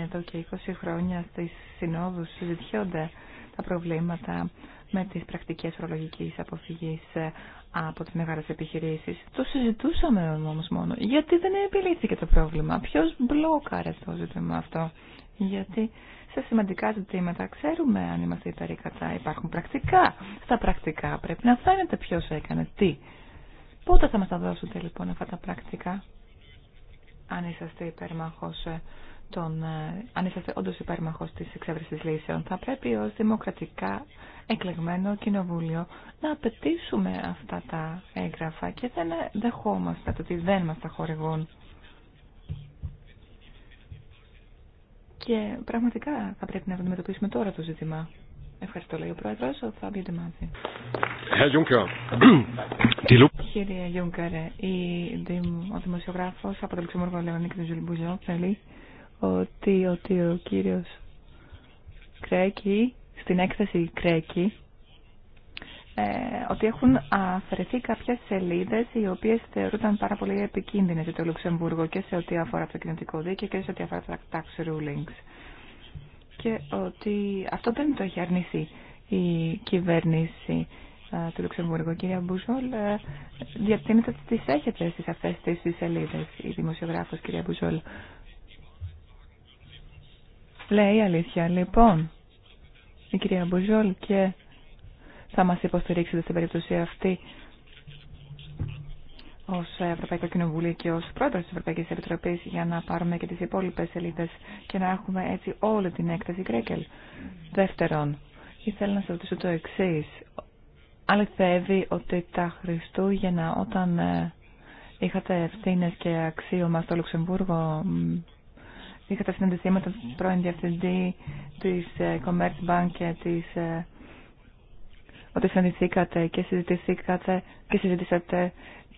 εδώ και 20 χρόνια στις συνόδους συζητιόνται τα προβλήματα με τις πρακτικές ορολογικής αποφυγής ε, από τις μεγάλες επιχειρήσεις. Το συζητούσαμε όμως μόνο. Γιατί δεν επιλύθηκε το πρόβλημα. Ποιος μπλόκαρε το ζήτημα αυτό. Γιατί σε σημαντικά ζητήματα ξέρουμε αν είμαστε υπέρ ή κατά. Υπάρχουν πρακτικά. Στα πρακτικά πρέπει να φαίνεται ποιο έκανε τι. Πότε θα μα τα δώσετε λοιπόν αυτά τα πρακτικά, αν είσαστε υπέρμαχο ε, των, ε, αν είσαστε όντω υπέρμαχο τη εξέβρεση λύσεων, θα πρέπει ω δημοκρατικά εκλεγμένο κοινοβούλιο να απαιτήσουμε αυτά τα έγγραφα και δεν ε, δεχόμαστε το ότι δεν μα τα χορηγούν. Και πραγματικά θα πρέπει να αντιμετωπίσουμε τώρα το ζήτημα. Ευχαριστώ, λέει ο Πρόεδρο. Ο Φάμπιο Ντεμάζη. Κύριε Γιούγκαρε, ο δημοσιογράφο από το Λουξεμβούργο Λεωνίκη του Ζουλμπουζό θέλει ότι, ότι ο κύριο Κρέκη, στην έκθεση Κρέκη, ε, ότι έχουν αφαιρεθεί κάποιες σελίδες οι οποίες θεωρούνταν πάρα πολύ επικίνδυνες για το Λουξεμβούργο και σε ό,τι αφορά το κοινωτικό δίκαιο και σε ό,τι αφορά τα tax rulings. Και ότι αυτό δεν το έχει αρνηθεί η κυβέρνηση ε, του Λουξεμβούργου. Κυρία Μπουζόλ, ε, διατείνεται ότι τις έχετε στις αυτές τις σελίδες η δημοσιογράφος κυρία Μπουζόλ. Λέει η αλήθεια. Λοιπόν, η κυρία Μπουζόλ και θα μας υποστηρίξετε στην περίπτωση αυτή ως Ευρωπαϊκό Κοινοβούλιο και ως πρόεδρος της Ευρωπαϊκής Επιτροπής για να πάρουμε και τις υπόλοιπες σελίδε και να έχουμε έτσι όλη την έκταση Κρέκελ. Δεύτερον, ήθελα να σας ρωτήσω το εξή. Αληθεύει ότι τα Χριστούγεννα όταν ε, είχατε ευθύνε και αξίωμα στο Λουξεμβούργο είχατε συναντηθεί με τον πρώην διευθυντή της ε, Commerzbank και της ε, ότι συναντηθήκατε και συζητηθήκατε και συζητήσατε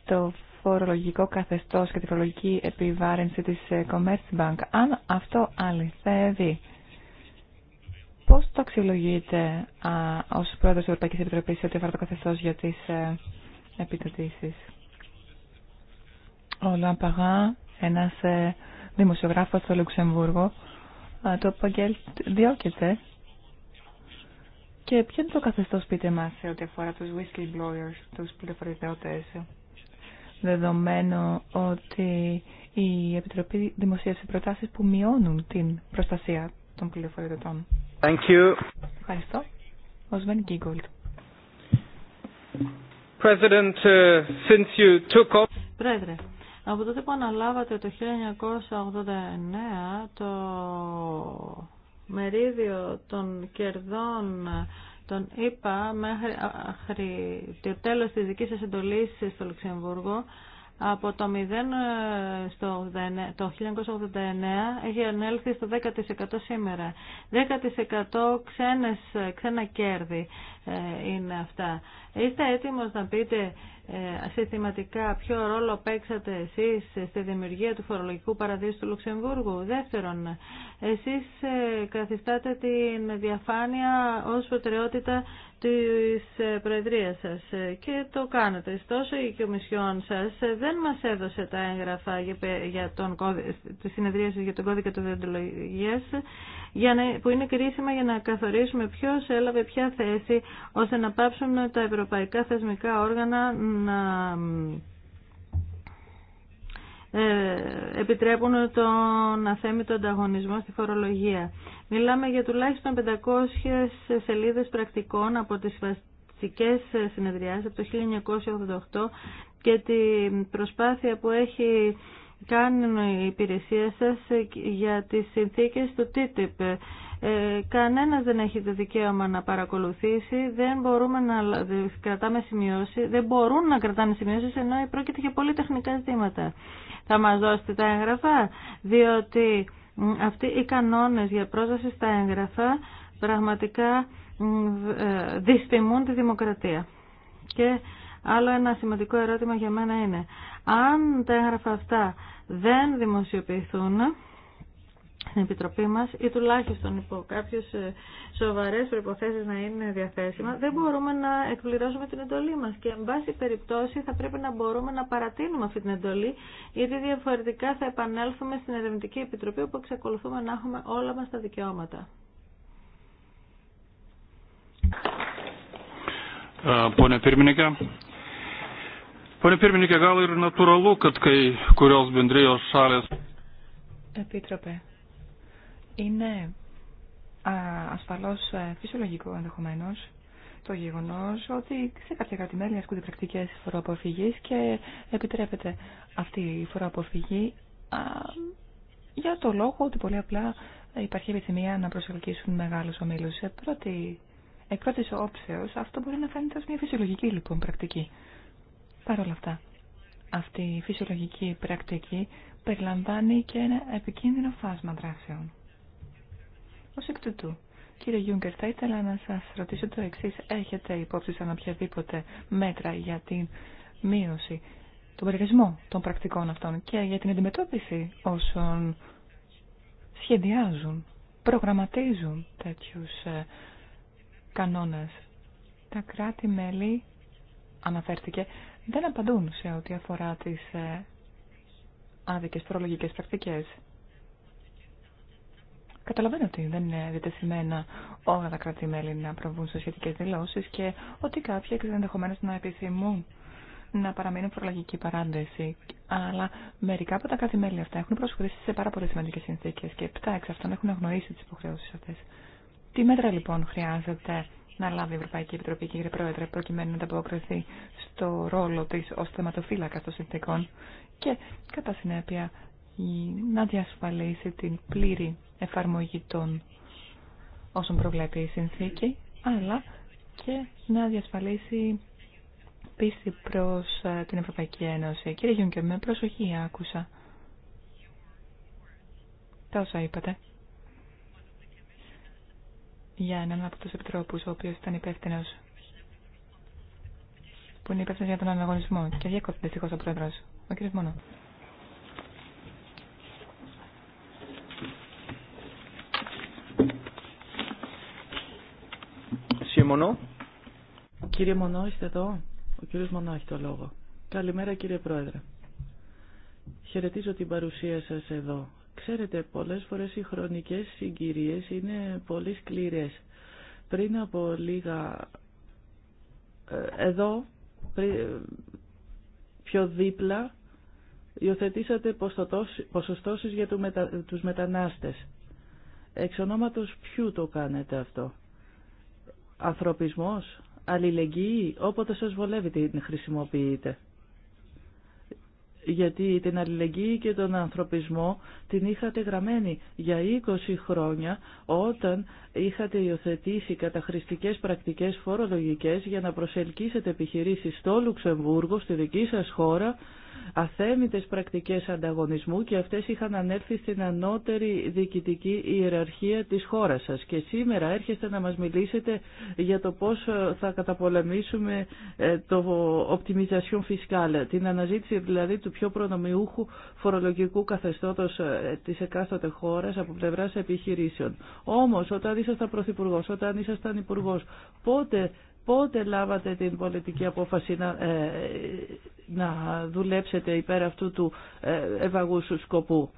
το φορολογικό καθεστώς και τη φορολογική επιβάρυνση της ε, Commerzbank. Αν αυτό αληθεύει, πώς το αξιολογείτε α, ως πρόεδρος της Ευρωπαϊκής Επιτροπής ό,τι αφορά το καθεστώς για τις ε, Ο Λαμπαγά, ένας ε, δημοσιογράφος στο Λουξεμβούργο, ε, το Παγκέλ διώκεται και ποιο είναι το καθεστώ, πείτε μα, σε ό,τι αφορά του whistleblowers, του πληροφοριοδότε, δεδομένου ότι η Επιτροπή δημοσίευσε προτάσει που μειώνουν την προστασία των πληροφοριοδοτών. Ευχαριστώ. Ο Σβέν Γκίγκολτ. Uh, Πρόεδρε, από τότε που αναλάβατε το 1989 το μερίδιο των κερδών των ΗΠΑ μέχρι το τέλος της δικής σας εντολής στο Λουξεμβούργο από το 0 ε, στο 89, το 1989 έχει ανέλθει στο 10% σήμερα. 10% ξένες, ε, ξένα κέρδη ε, είναι αυτά. Είστε έτοιμος να πείτε ε, συστηματικά ποιο ρόλο παίξατε εσείς στη δημιουργία του φορολογικού παραδείσου του Λουξεμβούργου. Δεύτερον, εσείς ε, καθιστάτε την διαφάνεια ως προτεραιότητα της ε, Προεδρίας σας και το κάνετε. Ωστόσο η Κομισιόν σας δεν μας έδωσε τα έγγραφα για τον κώδικα, για τον κώδικα του διοντολογίας για να, που είναι κρίσιμα για να καθορίσουμε ποιος έλαβε ποια θέση ώστε να πάψουν τα ευρωπαϊκά θεσμικά όργανα να ε, επιτρέπουν τον αθέμητο ανταγωνισμό στη φορολογία. Μιλάμε για τουλάχιστον 500 σελίδες πρακτικών από τις βασικές συνεδριάσεις από το 1988 και την προσπάθεια που έχει κάνει η υπηρεσία σας για τις συνθήκες του TTIP ε, κανένας δεν έχει το δικαίωμα να παρακολουθήσει, δεν μπορούμε να κρατάμε σημειώσεις, δεν μπορούν να κρατάνε σημειώσει, ενώ πρόκειται για πολύ τεχνικά ζητήματα. Θα μας δώσετε τα έγγραφα, διότι αυτοί οι κανόνες για πρόσβαση στα έγγραφα πραγματικά ε, δυστιμούν τη δημοκρατία. Και άλλο ένα σημαντικό ερώτημα για μένα είναι, αν τα έγγραφα αυτά δεν δημοσιοποιηθούν, στην Επιτροπή μας ή τουλάχιστον υπό κάποιες ε, σοβαρές προϋποθέσεις να είναι διαθέσιμα, δεν μπορούμε να εκπληρώσουμε την εντολή μας και εν πάση περιπτώσει θα πρέπει να μπορούμε να παρατείνουμε αυτή την εντολή γιατί διαφορετικά θα επανέλθουμε στην Ερευνητική Επιτροπή όπου εξακολουθούμε να έχουμε όλα μας τα δικαιώματα. Επίτροπε, είναι ασφαλώς ε, φυσιολογικό ενδεχομένως το γεγονός ότι σε κάποια κρατημέρια ασκούνται πρακτικές φοροαποφυγής και επιτρέπεται αυτή η φοροαποφυγή για το λόγο ότι πολύ απλά υπάρχει επιθυμία να προσελκύσουν μεγάλους ομίλους. Σε πρώτη, εκ πρώτης όψεως αυτό μπορεί να φαίνεται ως μια φυσιολογική λοιπόν πρακτική. Παρ' όλα αυτά, αυτή η φυσιολογική πρακτική περιλαμβάνει και ένα επικίνδυνο φάσμα δράσεων. Ως εκ τούτου, κύριε Γιούγκερ, θα ήθελα να σας ρωτήσω το εξής. Έχετε υπόψη σαν οποιαδήποτε μέτρα για την μείωση, τον περιορισμό των πρακτικών αυτών και για την αντιμετώπιση όσων σχεδιάζουν, προγραμματίζουν τέτοιους ε, κανόνες. Τα κράτη-μέλη, αναφέρθηκε, δεν απαντούν σε ό,τι αφορά τις ε, άδικες προλογικές πρακτικές. Καταλαβαίνω ότι δεν είναι διτεθειμένα όλα τα κράτη-μέλη να προβούν σε σχετικέ δηλώσει και ότι κάποιοι ενδεχομένω να επιθυμούν να παραμείνουν προλαγική παράνταση. Αλλά μερικά από τα κράτη-μέλη αυτά έχουν προσχωρήσει σε πάρα πολλέ σημαντικέ συνθήκε και επτά εξ αυτών έχουν αγνοήσει τι υποχρεώσει αυτέ. Τι μέτρα λοιπόν χρειάζεται να λάβει η Ευρωπαϊκή Επιτροπή, κύριε Πρόεδρε, προκειμένου να ανταποκριθεί στο ρόλο τη ω θεματοφύλακα των συνθήκων και κατά συνέπεια να διασφαλίσει την πλήρη εφαρμογή των όσων προβλέπει η συνθήκη, αλλά και να διασφαλίσει πίστη προς ε, την Ευρωπαϊκή Ένωση. Κύριε Γιούνκερ, με προσοχή άκουσα τα όσα είπατε για έναν από τους επιτρόπους, ο οποίος ήταν υπεύθυνο που είναι υπεύθυνο για τον αναγωνισμό και διακόπτει δυστυχώς ο πρόεδρος, ο κύριος Μόνο. Μονό. Κύριε Μονό, είστε εδώ. Ο κύριο Μονό έχει το λόγο. Καλημέρα κύριε Πρόεδρε. Χαιρετίζω την παρουσία σα εδώ. Ξέρετε, πολλέ φορές οι χρονικές συγκυρίες είναι πολύ σκληρέ. Πριν από λίγα... Ε, εδώ, ε, πιο δίπλα, υιοθετήσατε ποσοστώσεις για τους μετανάστες. Εξ ονόματος ποιου το κάνετε αυτό ανθρωπισμός, αλληλεγγύη, όποτε σας βολεύει την χρησιμοποιείτε. Γιατί την αλληλεγγύη και τον ανθρωπισμό την είχατε γραμμένη για 20 χρόνια όταν είχατε υιοθετήσει καταχρηστικές πρακτικές φορολογικές για να προσελκύσετε επιχειρήσεις στο Λουξεμβούργο, στη δική σας χώρα, αθέμητες πρακτικές ανταγωνισμού και αυτές είχαν ανέλθει στην ανώτερη διοικητική ιεραρχία της χώρας σας. Και σήμερα έρχεστε να μας μιλήσετε για το πώς ε, θα καταπολεμήσουμε ε, το optimization fiscal, την αναζήτηση δηλαδή του πιο προνομιούχου φορολογικού καθεστώτος ε, της εκάστοτε χώρας από πλευράς επιχειρήσεων. Όμως όταν ήσασταν Πρωθυπουργός, όταν ήσασταν Υπουργός, πότε πότε λάβατε την πολιτική απόφαση να να δουλέψετε υπέρ αυτού του ε, ευαγούσου σκοπού.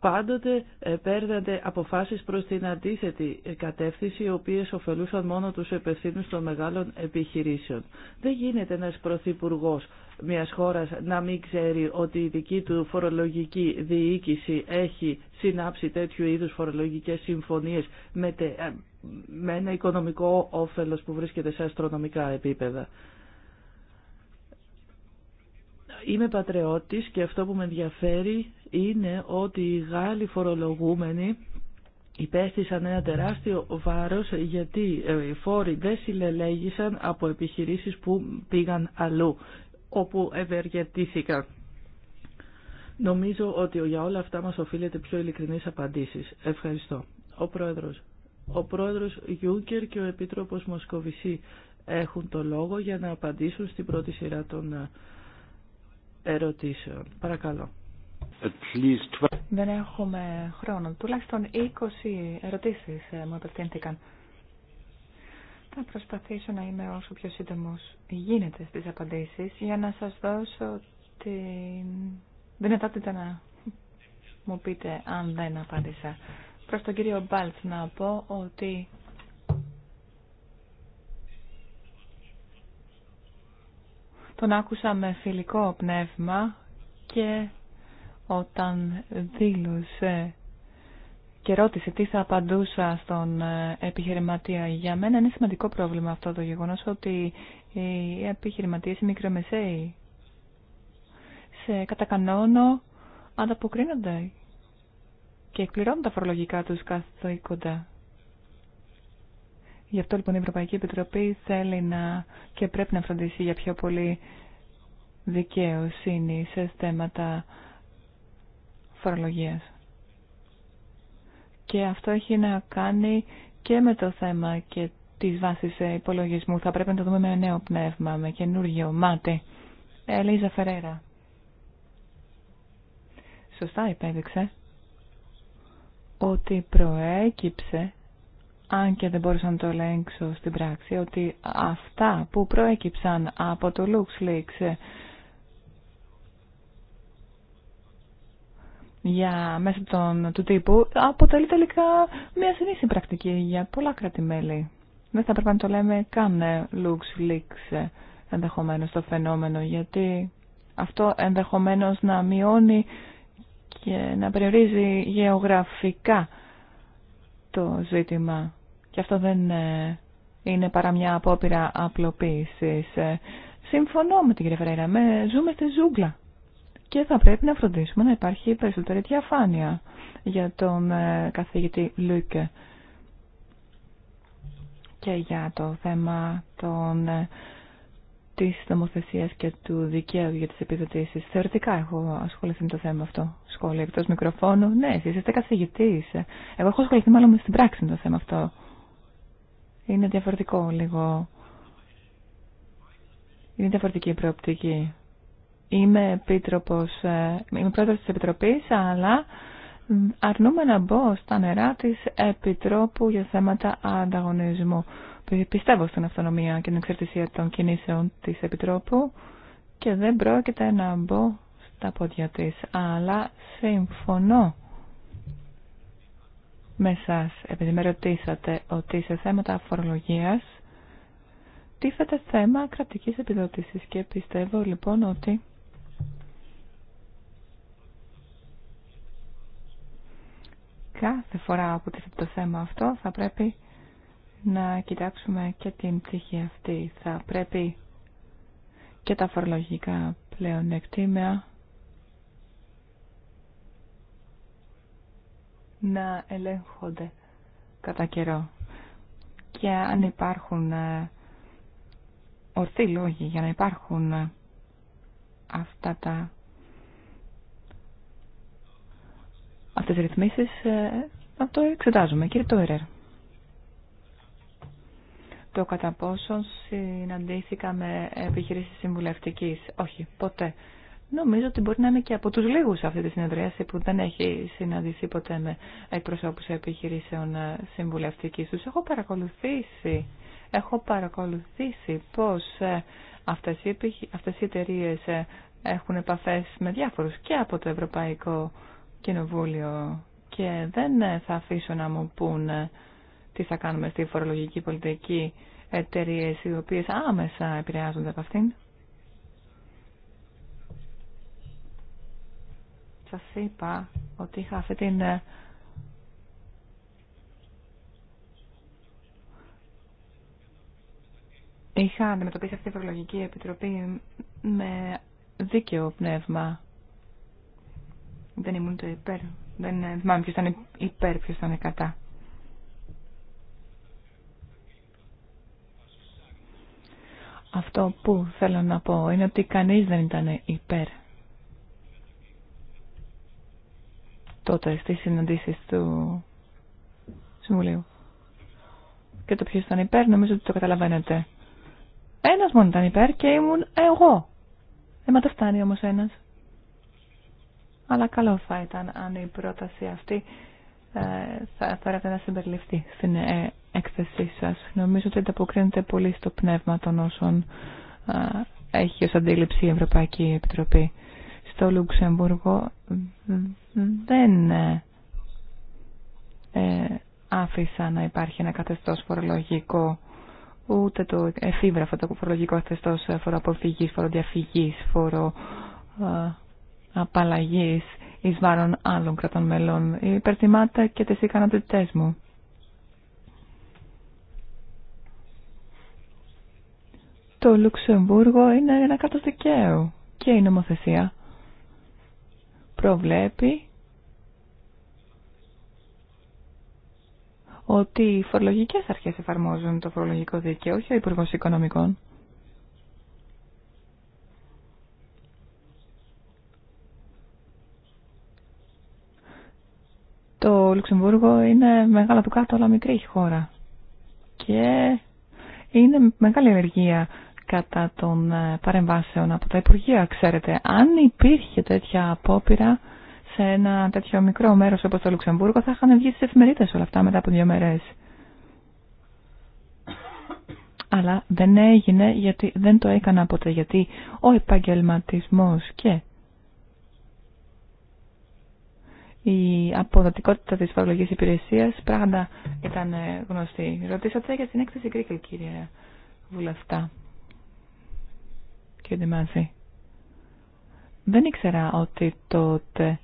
Πάντοτε ε, παίρνατε αποφάσεις προς την αντίθετη ε, κατεύθυνση, οι οποίες ωφελούσαν μόνο τους επευθύνους των μεγάλων επιχειρήσεων. Δεν γίνεται ένας πρωθυπουργό μιας χώρας να μην ξέρει ότι η δική του φορολογική διοίκηση έχει συνάψει τέτοιου είδους φορολογικές συμφωνίες με, με ένα οικονομικό όφελος που βρίσκεται σε αστρονομικά επίπεδα. Είμαι πατριώτης και αυτό που με ενδιαφέρει είναι ότι οι Γάλλοι φορολογούμενοι υπέστησαν ένα τεράστιο βάρος γιατί ε, οι φόροι δεν συλλελέγησαν από επιχειρήσεις που πήγαν αλλού, όπου ευεργετήθηκαν. Νομίζω ότι για όλα αυτά μας οφείλεται πιο ειλικρινές απαντήσεις. Ευχαριστώ. Ο Πρόεδρος. Ο Πρόεδρος Γιούγκερ και ο Επίτροπος Μοσκοβισή έχουν το λόγο για να απαντήσουν στην πρώτη σειρά των ε, ερωτήσεων. Παρακαλώ. Δεν έχουμε χρόνο. Τουλάχιστον 20 ερωτήσεις ε, μου απευθύνθηκαν. Θα προσπαθήσω να είμαι όσο πιο σύντομος γίνεται στις απαντήσεις για να σας δώσω την δυνατότητα να μου πείτε αν δεν απάντησα. Προς τον κύριο Μπάλτ να πω ότι Τον άκουσα με φιλικό πνεύμα και όταν δήλωσε και ρώτησε τι θα απαντούσα στον ε, επιχειρηματία. Για μένα είναι σημαντικό πρόβλημα αυτό το γεγονός ότι οι επιχειρηματίες, οι μικρομεσαίοι, σε κατά κανόνο ανταποκρίνονται και εκπληρώνουν τα φορολογικά τους κοντά. Γι' αυτό λοιπόν η Ευρωπαϊκή Επιτροπή θέλει να και πρέπει να φροντίσει για πιο πολύ δικαιοσύνη σε θέματα φορολογίας. Και αυτό έχει να κάνει και με το θέμα και της βάσης υπολογισμού. Θα πρέπει να το δούμε με νέο πνεύμα, με καινούργιο μάτι. Ελίζα Φερέρα. Σωστά υπέδειξε ότι προέκυψε αν και δεν μπορούσα να το ελέγξω στην πράξη, ότι αυτά που προέκυψαν από το LuxLeaks για μέσα των, του τύπου αποτελεί τελικά μια συνήθιση πρακτική για πολλά κράτη-μέλη. Δεν θα πρέπει να το λέμε καν LuxLeaks ενδεχομένως το φαινόμενο, γιατί αυτό ενδεχομένως να μειώνει και να περιορίζει γεωγραφικά το ζήτημα και αυτό δεν ε, είναι παρά μια απόπειρα απλοποίησης. Ε, συμφωνώ με την κυρία με ζούμε στη ζούγκλα και θα πρέπει να φροντίσουμε να υπάρχει περισσότερη διαφάνεια για τον ε, καθηγητή Λούκε και για το θέμα των Τη νομοθεσίας και του δικαίου για τι επιδοτήσει. Θεωρητικά έχω ασχοληθεί με το θέμα αυτό. Σχόλια εκτό μικροφώνου. Ναι, εσείς είστε καθηγητής. Εγώ έχω ασχοληθεί μάλλον με στην πράξη με το θέμα αυτό. Είναι διαφορετικό λίγο. Είναι διαφορετική η προοπτική. Είμαι, επίτροπος, ε, είμαι πρόεδρος Επιτροπής, αλλά αρνούμε να μπω στα νερά τη Επιτρόπου για θέματα ανταγωνισμού πιστεύω στην αυτονομία και την εξαρτησία των κινήσεων της Επιτρόπου και δεν πρόκειται να μπω στα πόδια της, αλλά συμφωνώ με σας, επειδή με ρωτήσατε ότι σε θέματα φορολογίας τίθεται θέμα κρατικής επιδότησης και πιστεύω λοιπόν ότι κάθε φορά που τίθεται το θέμα αυτό θα πρέπει να κοιτάξουμε και την πτυχή αυτή. Θα πρέπει και τα φορολογικά πλέον εκτίμεα να ελέγχονται κατά καιρό. Και αν υπάρχουν ε, ορθοί λόγοι για να υπάρχουν ε, αυτά τα αυτές τις ρυθμίσεις, ε, το εξετάζουμε. Κύριε Τόιρερ το κατά πόσον συναντήθηκα με επιχειρήσεις συμβουλευτικής. Όχι, ποτέ. Νομίζω ότι μπορεί να είναι και από τους λίγους αυτή τη συνεδρίαση που δεν έχει συναντηθεί ποτέ με εκπροσώπους επιχειρήσεων συμβουλευτικής. Τους έχω παρακολουθήσει. Έχω παρακολουθήσει πώς ε, αυτές οι, αυτές οι εταιρείε ε, έχουν επαφές με διάφορους και από το Ευρωπαϊκό Κοινοβούλιο και δεν θα αφήσω να μου πούνε τι θα κάνουμε στη φορολογική πολιτική εταιρείε οι οποίε άμεσα επηρεάζονται από αυτήν. Σα είπα ότι είχα αυτή την ε, είχα αντιμετωπίσει αυτή η φορολογική Επιτροπή με δίκαιο πνεύμα. Δεν ήμουν το υπέρ. Δεν θυμάμαι ποιος ήταν υπέρ, ποιος ήταν κατά. Αυτό που θέλω να πω είναι ότι κανείς δεν ήταν υπέρ τότε στις συναντήσεις του Συμβουλίου. Και το ποιος ήταν υπέρ νομίζω ότι το καταλαβαίνετε. Ένας μόνο ήταν υπέρ και ήμουν εγώ. Ε, μα το φτάνει όμως ένας. Αλλά καλό θα ήταν αν η πρόταση αυτή ε, θα έρθει να συμπεριληφθεί στην ε, έκθεσή σα. Νομίζω ότι ανταποκρίνεται πολύ στο πνεύμα των όσων έχει ω αντίληψη η Ευρωπαϊκή Επιτροπή. Στο Λουξεμβούργο δεν ε, ε, άφησα να υπάρχει ένα καθεστώ φορολογικό ούτε το εφήβραφο, το φορολογικό καθεστώ φοροαποφυγής, φοροδιαφυγής, φορο απαλλαγής εις βάρον άλλων κρατών μελών. Υπερτιμάται και τις ικανότητές μου. Το Λουξεμβούργο είναι ένα κράτος δικαίου και η νομοθεσία προβλέπει ότι οι φορολογικές αρχές εφαρμόζουν το φορολογικό δίκαιο, όχι ο Υπουργός Οικονομικών. Το Λουξεμβούργο είναι μεγάλα του κάτω, αλλά μικρή χώρα. Και είναι μεγάλη ενεργία κατά των ε, παρεμβάσεων από τα Υπουργεία, ξέρετε. Αν υπήρχε τέτοια απόπειρα σε ένα τέτοιο μικρό μέρος όπως το Λουξεμβούργο, θα είχαν βγει στις εφημερίδες όλα αυτά μετά από δύο μέρες. Αλλά δεν έγινε γιατί δεν το έκανα ποτέ, γιατί ο επαγγελματισμός και η αποδοτικότητα της φορολογικής υπηρεσίας πράγματα ήταν γνωστή. Ρωτήσατε για την έκθεση Κρίκελ, κύριε Βουλευτά και Δεν ήξερα ότι τότε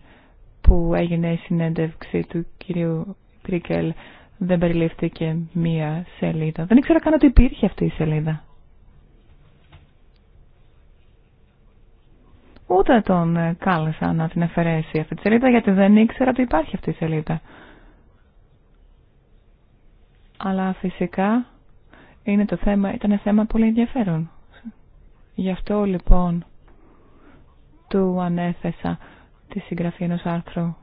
που έγινε η συνέντευξη του κυρίου Κρίκελ δεν περιλήφθηκε μία σελίδα. Δεν ήξερα καν ότι υπήρχε αυτή η σελίδα. Ούτε τον ε, κάλεσα να την αφαιρέσει αυτή τη σελίδα γιατί δεν ήξερα ότι υπάρχει αυτή η σελίδα. Αλλά φυσικά είναι το θέμα, ήταν θέμα πολύ ενδιαφέρον. Γι' αυτό λοιπόν του ανέθεσα τη συγγραφή ενός άρθρου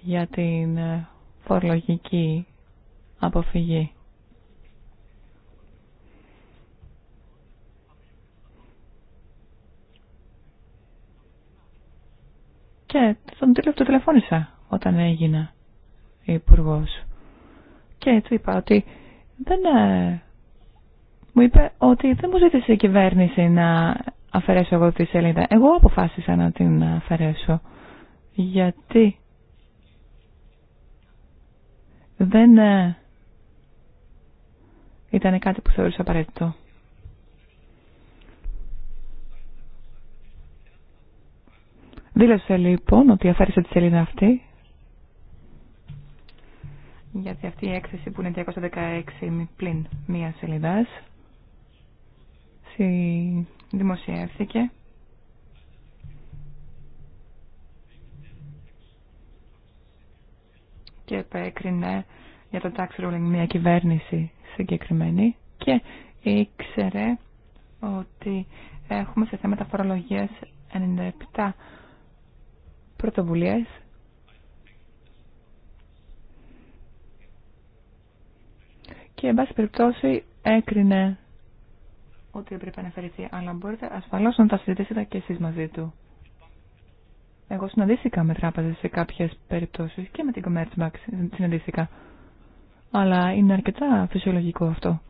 για την ε, φορολογική αποφυγή. Και τον τηλεφώνησα όταν έγινα υπουργό. Και του είπα ότι δεν ε, μου είπε ότι δεν μου ζήτησε η κυβέρνηση να αφαιρέσω εγώ τη σελίδα. Εγώ αποφάσισα να την αφαιρέσω. Γιατί δεν ε, ήταν κάτι που θεωρούσα απαραίτητο. Δήλωσε λοιπόν ότι αφαίρεσε τη σελίδα αυτή γιατί αυτή η έκθεση που είναι 216 πλην μία σελίδας δημοσιεύθηκε και επέκρινε για το tax ruling μια κυβέρνηση συγκεκριμένη και ήξερε ότι έχουμε σε θέματα φορολογίας 97 πρωτοβουλίες και εν πάση περιπτώσει έκρινε ότι έπρεπε να αφαιρεθεί, αλλά μπορείτε ασφαλώ να τα συζητήσετε και εσεί μαζί του. Εγώ συναντήθηκα με τράπεζες σε κάποιε περιπτώσει και με την Commerzbank συναντήθηκα. Αλλά είναι αρκετά φυσιολογικό αυτό.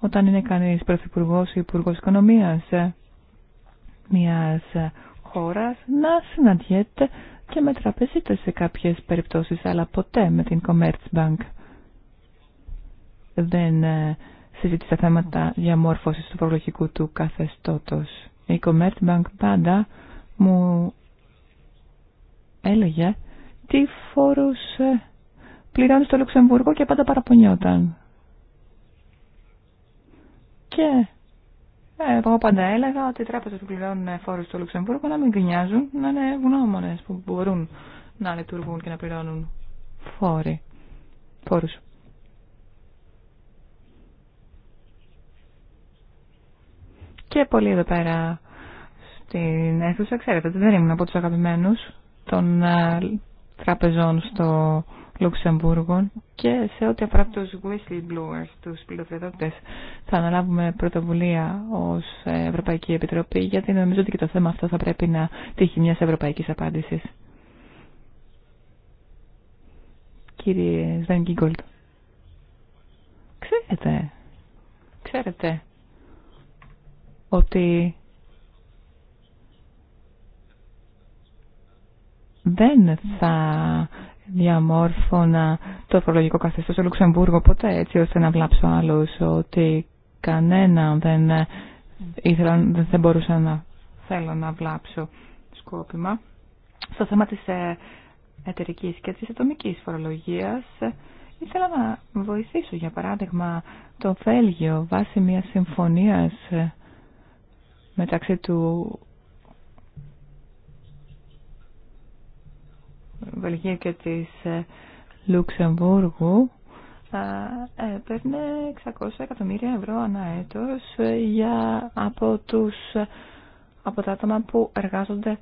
Όταν είναι κανεί πρωθυπουργό ή υπουργό οικονομία μια χώρα να συναντιέται και με τραπεζίτε σε κάποιε περιπτώσει, αλλά ποτέ με την Commerzbank δεν ε, Συζητήσα θέματα διαμόρφωσης του προλογικού του καθεστώτος. Η Commerzbank πάντα μου έλεγε τι φόρους ε, πληρώνει στο Λουξεμβούργο και πάντα παραπονιόταν. Και ε, εγώ πάντα έλεγα ότι οι τράπεζε που πληρώνουν φόρου στο Λουξεμβούργο να μην γνιάζουν να είναι γνώμονες που μπορούν να λειτουργούν και να πληρώνουν φόροι. Φόρους. και πολύ εδώ πέρα στην αίθουσα. Ξέρετε ότι δεν ήμουν από του αγαπημένου των ε, τραπεζών στο Λουξεμβούργο και σε ό,τι αφορά του whistleblowers, του πληροφοριοδότες, θα αναλάβουμε πρωτοβουλία ω Ευρωπαϊκή Επιτροπή γιατί νομίζω ότι και το θέμα αυτό θα πρέπει να τύχει μια ευρωπαϊκή απάντηση. Κύριε Σβέν Κίγκολτ, ξέρετε, ξέρετε ότι δεν θα διαμόρφωνα το φορολογικό καθεστώ στο Λουξεμβούργο ποτέ έτσι ώστε να βλάψω άλλους ότι κανένα δεν, ήθελα, δεν μπορούσα να θέλω να βλάψω σκόπιμα. Στο θέμα της ε, εταιρικής και της ατομικής φορολογίας ήθελα να βοηθήσω για παράδειγμα το Βέλγιο βάσει μια συμφωνίας ε, μεταξύ του Βελγίου και της ε, Λουξεμβούργου ε, ε, παίρνει 600 εκατομμύρια ευρώ ανά έτος για, από, τους, από τα άτομα που εργάζονται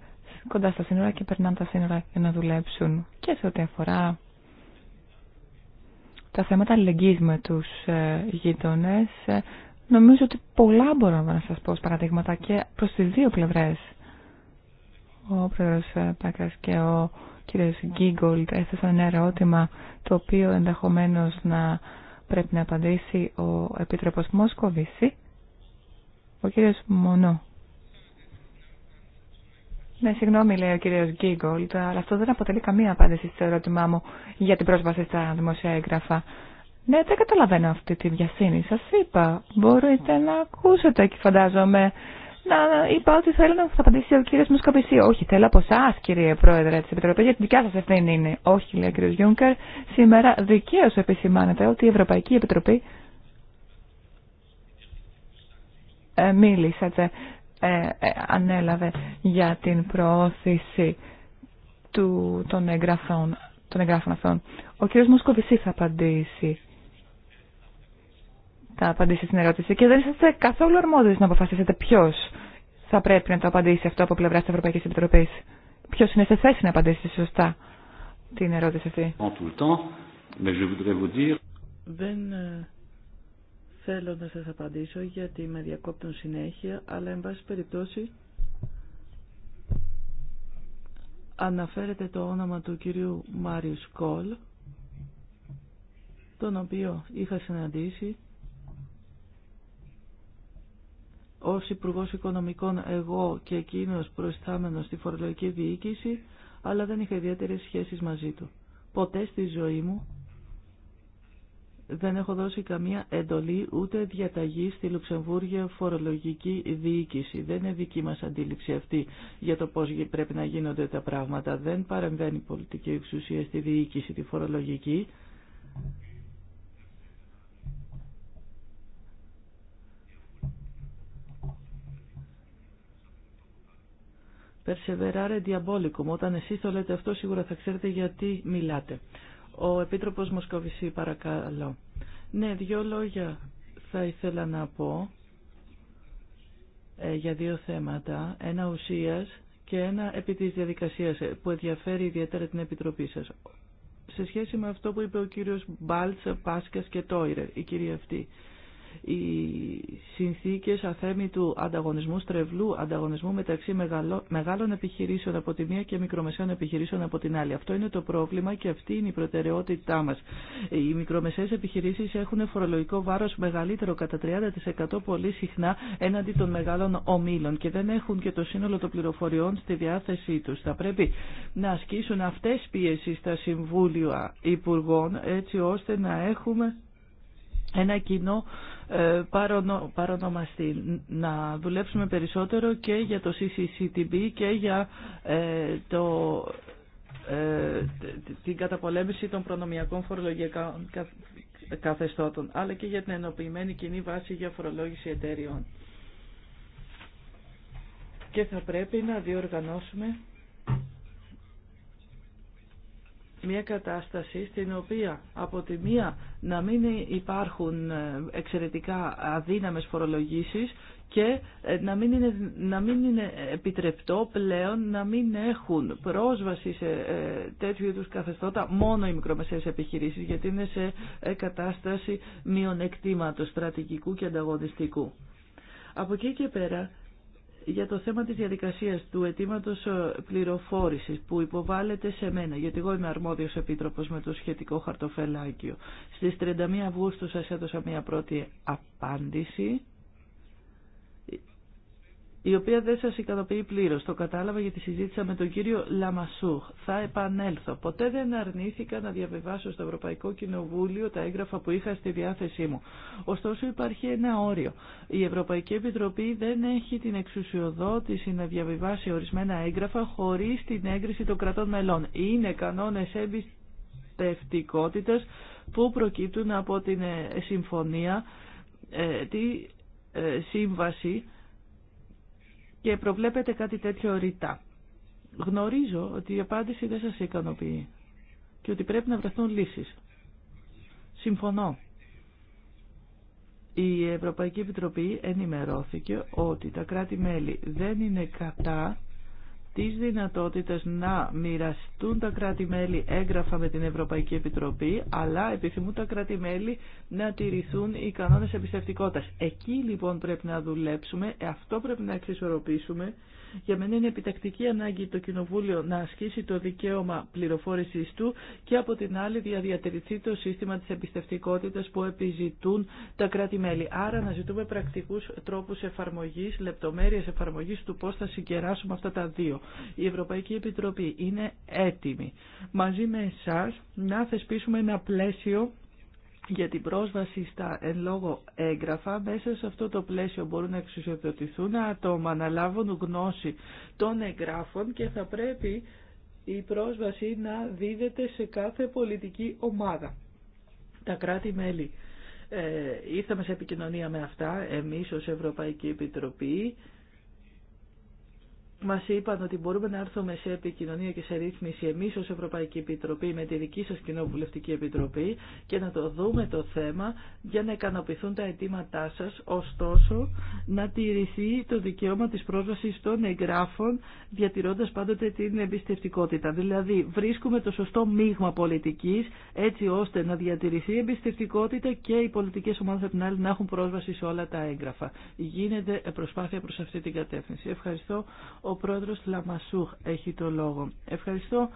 κοντά στα σύνορα και περνάνε τα σύνορα για να δουλέψουν και σε ό,τι αφορά τα θέματα αλληλεγγύης με τους γείτονες Νομίζω ότι πολλά μπορώ να σας πω ως παραδείγματα και προς τις δύο πλευρές. Ο πρόεδρος ε, Πάκας και ο κύριος Γκίγκολτ έθεσαν ένα ερώτημα το οποίο ενδεχομένως να πρέπει να απαντήσει ο Επίτροπος Μόσκοβίση, ο κύριος Μονό. Ναι, συγγνώμη, λέει ο κύριος Γκίγκολτ, αλλά αυτό δεν αποτελεί καμία απάντηση στο ερώτημά μου για την πρόσβαση στα δημοσία έγγραφα. Ναι, δεν καταλαβαίνω αυτή τη βιασύνη. Σα είπα, μπορείτε να ακούσετε και φαντάζομαι να είπα ότι θέλω να θα απαντήσει ο κύριο Μουσκαπησί. Όχι, θέλω από εσά, κύριε Πρόεδρε τη Επιτροπή γιατί δικιά σα ευθύνη είναι. Όχι, λέει ο κύριο Γιούνκερ, σήμερα δικαίω επισημάνεται ότι η Ευρωπαϊκή Επιτροπή ε, ε, ε, ανέλαβε για την προώθηση του, των εγγραφών αυτών. Ο κύριος Μοσκοβισή θα απαντήσει θα απαντήσει στην ερώτηση και δεν είστε καθόλου αρμόδιοι να αποφασίσετε ποιο θα πρέπει να το απαντήσει αυτό από πλευρά τη Ευρωπαϊκή Επιτροπή. Ποιο είναι σε θέση να απαντήσει σωστά την ερώτηση αυτή. Δεν ε, θέλω να σας απαντήσω γιατί με διακόπτουν συνέχεια, αλλά εν πάση περιπτώσει αναφέρεται το όνομα του κυρίου Μάριου Σκόλ, τον οποίο είχα συναντήσει ως Υπουργό Οικονομικών εγώ και εκείνος προϊστάμενος στη φορολογική διοίκηση, αλλά δεν είχα ιδιαίτερες σχέσεις μαζί του. Ποτέ στη ζωή μου δεν έχω δώσει καμία εντολή ούτε διαταγή στη Λουξεμβούργια φορολογική διοίκηση. Δεν είναι δική μας αντίληψη αυτή για το πώς πρέπει να γίνονται τα πράγματα. Δεν παρεμβαίνει πολιτική εξουσία στη διοίκηση, τη φορολογική. Περσεβεράρε μου. Όταν εσεί το λέτε αυτό σίγουρα θα ξέρετε γιατί μιλάτε. Ο επίτροπο Μοσκοβισή παρακαλώ. Ναι, δύο λόγια θα ήθελα να πω ε, για δύο θέματα. Ένα ουσίας και ένα επί τη διαδικασίας ε, που ενδιαφέρει ιδιαίτερα την Επιτροπή σα. Σε σχέση με αυτό που είπε ο κύριο Μπάλτσα, Πάσκα και Τόιρε, η κυρία αυτή οι συνθήκες του ανταγωνισμού, στρεβλού ανταγωνισμού μεταξύ μεγάλων επιχειρήσεων από τη μία και μικρομεσαίων επιχειρήσεων από την άλλη. Αυτό είναι το πρόβλημα και αυτή είναι η προτεραιότητά μας. Οι μικρομεσαίες επιχειρήσεις έχουν φορολογικό βάρος μεγαλύτερο κατά 30% πολύ συχνά έναντι των μεγάλων ομίλων και δεν έχουν και το σύνολο των πληροφοριών στη διάθεσή τους. Θα πρέπει να ασκήσουν αυτές πίεσεις στα Συμβούλια Υπουργών έτσι ώστε να έχουμε ένα κοινό ε, παρονο, παρονομαστεί. Να δουλέψουμε περισσότερο και για το CCCTB και για ε, το ε, την καταπολέμηση των προνομιακών φορολογικών καθεστώτων, αλλά και για την ενοποιημένη κοινή βάση για φορολόγηση εταιριών. Και θα πρέπει να διοργανώσουμε μια κατάσταση στην οποία από τη μία να μην υπάρχουν ε, εξαιρετικά αδύναμες φορολογήσεις και ε, να μην, είναι, να μην επιτρεπτό πλέον να μην έχουν πρόσβαση σε ε, τέτοιου είδους καθεστώτα μόνο οι μικρομεσαίες επιχειρήσεις γιατί είναι σε κατάσταση μειονεκτήματος στρατηγικού και ανταγωνιστικού. Από εκεί και πέρα για το θέμα της διαδικασίας του αιτήματο ε, πληροφόρησης που υποβάλλεται σε μένα, γιατί εγώ είμαι αρμόδιος επίτροπος με το σχετικό χαρτοφελάκιο. Στις 31 Αυγούστου σας έδωσα μια πρώτη απάντηση η οποία δεν σας ικανοποιεί πλήρως. Το κατάλαβα γιατί συζήτησα με τον κύριο Λαμασούχ. Θα επανέλθω. Ποτέ δεν αρνήθηκα να διαβιβάσω στο Ευρωπαϊκό Κοινοβούλιο τα έγγραφα που είχα στη διάθεσή μου. Ωστόσο υπάρχει ένα όριο. Η Ευρωπαϊκή Επιτροπή δεν έχει την εξουσιοδότηση να διαβιβάσει ορισμένα έγγραφα χωρίς την έγκριση των κρατών μελών. Είναι κανόνες εμπιστευτικότητας που προκύπτουν από την ε, συμφωνία, ε, τη ε, σύμβαση και προβλέπετε κάτι τέτοιο ρητά. Γνωρίζω ότι η απάντηση δεν σας ικανοποιεί και ότι πρέπει να βρεθούν λύσεις. Συμφωνώ. Η Ευρωπαϊκή Επιτροπή ενημερώθηκε ότι τα κράτη-μέλη δεν είναι κατά της δυνατότητας να μοιραστούν τα κράτη-μέλη έγγραφα με την Ευρωπαϊκή Επιτροπή, αλλά επιθυμούν τα κράτη-μέλη να τηρηθούν οι κανόνες εμπιστευτικότητας. Εκεί λοιπόν πρέπει να δουλέψουμε, αυτό πρέπει να εξισορροπήσουμε για μένα είναι επιτακτική ανάγκη το Κοινοβούλιο να ασκήσει το δικαίωμα πληροφόρησή του και από την άλλη διαδιατηρηθεί το σύστημα τη εμπιστευτικότητα που επιζητούν τα κράτη-μέλη. Άρα να ζητούμε πρακτικού τρόπου εφαρμογή, λεπτομέρειε εφαρμογή του πώ θα συγκεράσουμε αυτά τα δύο. Η Ευρωπαϊκή Επιτροπή είναι έτοιμη μαζί με εσά να θεσπίσουμε ένα πλαίσιο για την πρόσβαση στα εν λόγω έγγραφα. Μέσα σε αυτό το πλαίσιο μπορούν να εξουσιοδοτηθούν άτομα να λάβουν γνώση των εγγράφων και θα πρέπει η πρόσβαση να δίδεται σε κάθε πολιτική ομάδα. Τα κράτη-μέλη ε, ήρθαμε σε επικοινωνία με αυτά, εμείς ως Ευρωπαϊκή Επιτροπή, μας είπαν ότι μπορούμε να έρθουμε σε επικοινωνία και σε ρύθμιση εμείς ως Ευρωπαϊκή Επιτροπή με τη δική σας Κοινοβουλευτική Επιτροπή και να το δούμε το θέμα για να ικανοποιηθούν τα αιτήματά σας, ωστόσο να τηρηθεί το δικαίωμα της πρόσβασης των εγγράφων διατηρώντας πάντοτε την εμπιστευτικότητα. Δηλαδή βρίσκουμε το σωστό μείγμα πολιτικής έτσι ώστε να διατηρηθεί η εμπιστευτικότητα και οι πολιτικές ομάδες από την άλλη να έχουν πρόσβαση σε όλα τα έγγραφα. Γίνεται προσπάθεια προ αυτή την κατεύθυνση. Ευχαριστώ ο πρόεδρος Λαμασούχ έχει το λόγο. Ευχαριστώ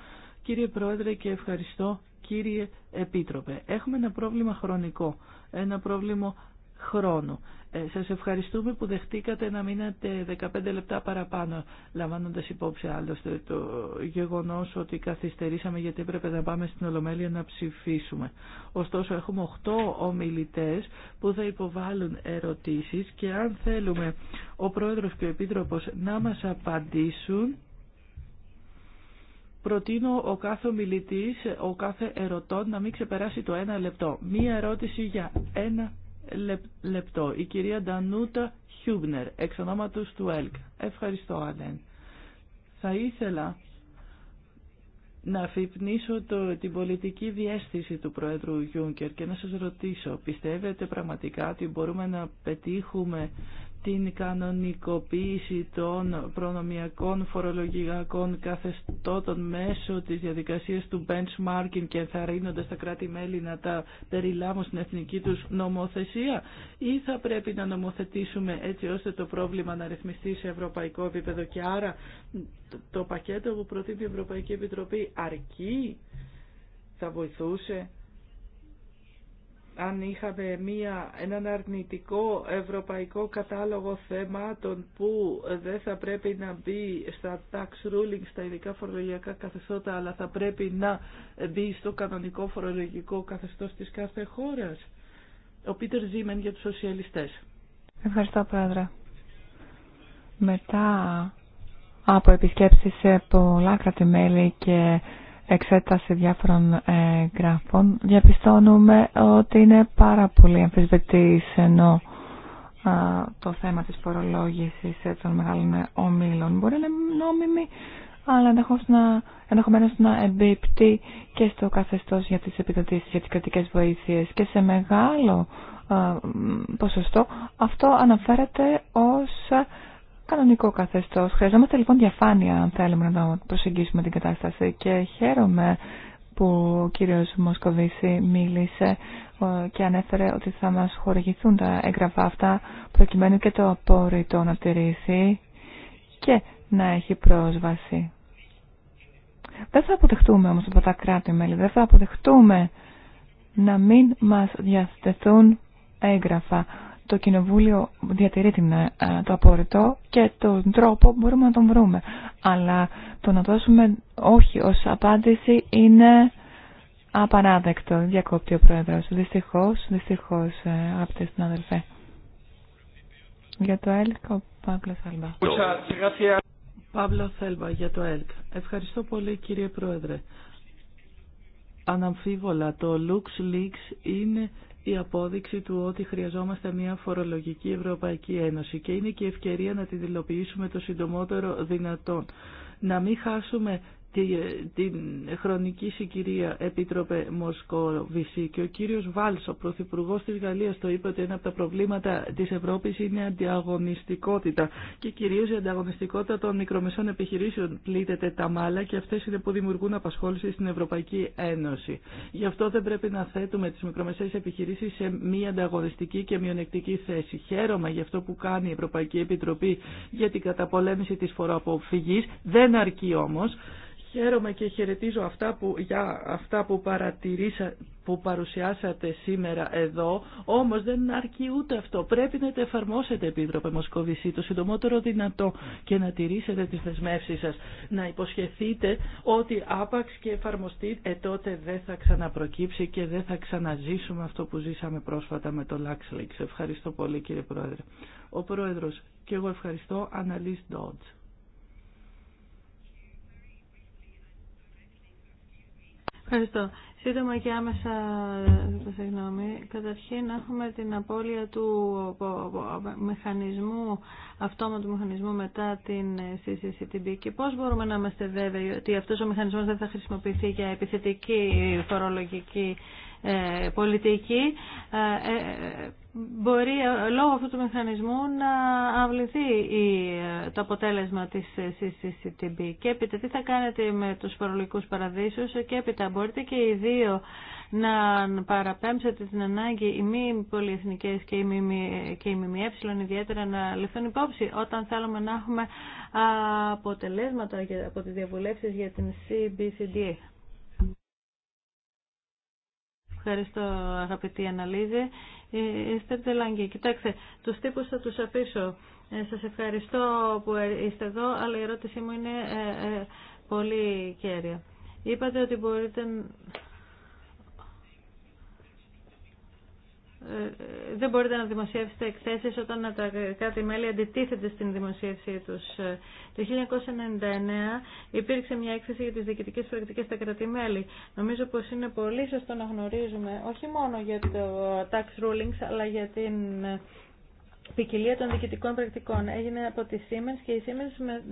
κύριε πρόεδρε και ευχαριστώ κύριε επίτροπε. Έχουμε ένα πρόβλημα χρονικό, ένα πρόβλημα χρόνο. Ε, σας ευχαριστούμε που δεχτήκατε να μείνατε 15 λεπτά παραπάνω, λαμβάνοντας υπόψη άλλωστε το γεγονός ότι καθυστερήσαμε γιατί έπρεπε να πάμε στην Ολομέλεια να ψηφίσουμε. Ωστόσο έχουμε 8 ομιλητές που θα υποβάλουν ερωτήσεις και αν θέλουμε ο Πρόεδρος και ο Επίτροπος να μας απαντήσουν, προτείνω ο κάθε ομιλητής, ο κάθε ερωτών να μην ξεπεράσει το ένα λεπτό. Μία ερώτηση για ένα λεπτό. Η κυρία Ντανούτα Χιούμπνερ, εξ ονόματος του ΕΛΚ. Ευχαριστώ, Αλέν. Θα ήθελα να αφυπνίσω την πολιτική διέστηση του Πρόεδρου Γιούνκερ και να σας ρωτήσω, πιστεύετε πραγματικά ότι μπορούμε να πετύχουμε την κανονικοποίηση των προνομιακών φορολογικών καθεστώτων μέσω της διαδικασίας του benchmarking και ενθαρρύνοντας τα κράτη-μέλη να τα περιλάμβουν στην εθνική τους νομοθεσία ή θα πρέπει να νομοθετήσουμε έτσι ώστε το πρόβλημα να ρυθμιστεί σε ευρωπαϊκό επίπεδο και άρα το πακέτο που προτείνει η Ευρωπαϊκή Επιτροπή αρκεί θα βοηθούσε αν είχαμε μία, έναν αρνητικό ευρωπαϊκό κατάλογο θεμάτων που δεν θα πρέπει να μπει στα tax ruling, στα ειδικά φορολογιακά καθεστώτα, αλλά θα πρέπει να μπει στο κανονικό φορολογικό καθεστώς της κάθε χώρας. Ο Πίτερ Ζήμεν για τους σοσιαλιστές. Ευχαριστώ, Πρόεδρε. Μετά από επισκέψεις σε πολλά κράτη-μέλη και εξέταση διάφορων ε, γράφων διαπιστώνουμε ότι είναι πάρα πολύ αμφισβητής ενώ το θέμα της φορολόγησης ε, των μεγάλων ε, ομίλων μπορεί να είναι νόμιμη αλλά να, ενδεχομένως να εμπίπτει και στο καθεστώς για τις επιδοτήσεις, για τις κρατικές βοήθειες και σε μεγάλο ποσοστό αυτό αναφέρεται ως κανονικό καθεστώς. Χρειαζόμαστε λοιπόν διαφάνεια αν θέλουμε να προσεγγίσουμε την κατάσταση και χαίρομαι που ο κύριος Μοσκοβίση μίλησε και ανέφερε ότι θα μας χορηγηθούν τα έγγραφα αυτά προκειμένου και το απόρριτο να τηρήσει και να έχει πρόσβαση. Δεν θα αποδεχτούμε όμως από τα κράτη-μέλη, δεν θα αποδεχτούμε να μην μας διαθεθούν έγγραφα το Κοινοβούλιο διατηρεί την, ε, το απορριτό και τον τρόπο μπορούμε να τον βρούμε. Αλλά το να δώσουμε όχι ως απάντηση είναι απαράδεκτο, διακόπτει ο Πρόεδρος. Δυστυχώς, δυστυχώς, ε, αγαπητέ συνάδελφε. Για το ΕΛΚ, ο Παύλο Θέλβα. Παύλο Θέλβα για το ΕΛΚ. Ευχαριστώ πολύ κύριε Πρόεδρε. Αναμφίβολα το Lux Leaks είναι η απόδειξη του ότι χρειαζόμαστε μια φορολογική Ευρωπαϊκή Ένωση και είναι και ευκαιρία να τη δηλοποιήσουμε το συντομότερο δυνατόν. Να μην χάσουμε την χρονική συγκυρία Επίτροπε Μοσκοβισή και ο κύριος Βάλς, ο Πρωθυπουργός της Γαλλίας, το είπε ότι ένα από τα προβλήματα της Ευρώπης είναι η αντιαγωνιστικότητα και κυρίως η ανταγωνιστικότητα των μικρομεσών επιχειρήσεων πλήττεται τα μάλα και αυτές είναι που δημιουργούν απασχόληση στην Ευρωπαϊκή Ένωση. Γι' αυτό δεν πρέπει να θέτουμε τις μικρομεσαίες επιχειρήσεις σε μη ανταγωνιστική και μειονεκτική θέση. Χαίρομαι γι' αυτό που κάνει η Ευρωπαϊκή Επιτροπή για την καταπολέμηση της φοροαποφυγής. Δεν αρκεί όμως. Χαίρομαι και χαιρετίζω αυτά που, για αυτά που, παρατηρήσα, που παρουσιάσατε σήμερα εδώ, όμως δεν αρκεί ούτε αυτό. Πρέπει να τα εφαρμόσετε, Επίτροπε Μοσκοβισή, το συντομότερο δυνατό και να τηρήσετε τις δεσμεύσει σας. Να υποσχεθείτε ότι άπαξ και εφαρμοστεί, ε, τότε δεν θα ξαναπροκύψει και δεν θα ξαναζήσουμε αυτό που ζήσαμε πρόσφατα με το Λάξλεξ. Ευχαριστώ πολύ, κύριε Πρόεδρε. Ο Πρόεδρος, και εγώ ευχαριστώ, Αναλύ Ντότς. Ευχαριστώ. Σύντομα και άμεσα, ε, συγγνώμη, καταρχήν έχουμε την απώλεια του μηχανισμού, αυτόματου μηχανισμού μετά την CCCTB ε, και πώς μπορούμε να είμαστε βέβαιοι ότι αυτός ο μηχανισμός δεν θα χρησιμοποιηθεί για επιθετική φορολογική ε, πολιτική ε, ε, μπορεί λόγω αυτού του μηχανισμού να αυληθεί το αποτέλεσμα της CCCTB. Και έπειτα τι θα κάνετε με τους φορολογικούς παραδείσους και έπειτα μπορείτε και οι δύο να παραπέμψετε την ανάγκη οι μη πολυεθνικές και οι μη, και ιδιαίτερα να ληφθούν υπόψη όταν θέλουμε να έχουμε αποτελέσματα από τις διαβουλεύσεις για την CBCD. Ευχαριστώ αγαπητή Αναλύζη. Είστε Λάγκη. Κοιτάξτε, τους τύπου θα τους αφήσω. Ε, σας ευχαριστώ που ε, είστε εδώ, αλλά η ερώτησή μου είναι ε, πολύ κέρια. Είπατε ότι μπορείτε Ε, δεν μπορείτε να δημοσιεύσετε εκθέσεις όταν τα κρατη μέλη αντιτίθεται στην δημοσίευσή τους. Το 1999 υπήρξε μια έκθεση για τις διοικητικές πρακτικές στα κρατημέλη. Νομίζω πως είναι πολύ σωστό να γνωρίζουμε, όχι μόνο για το tax rulings, αλλά για την ποικιλία των διοικητικών πρακτικών. Έγινε από τη Siemens και η Siemens με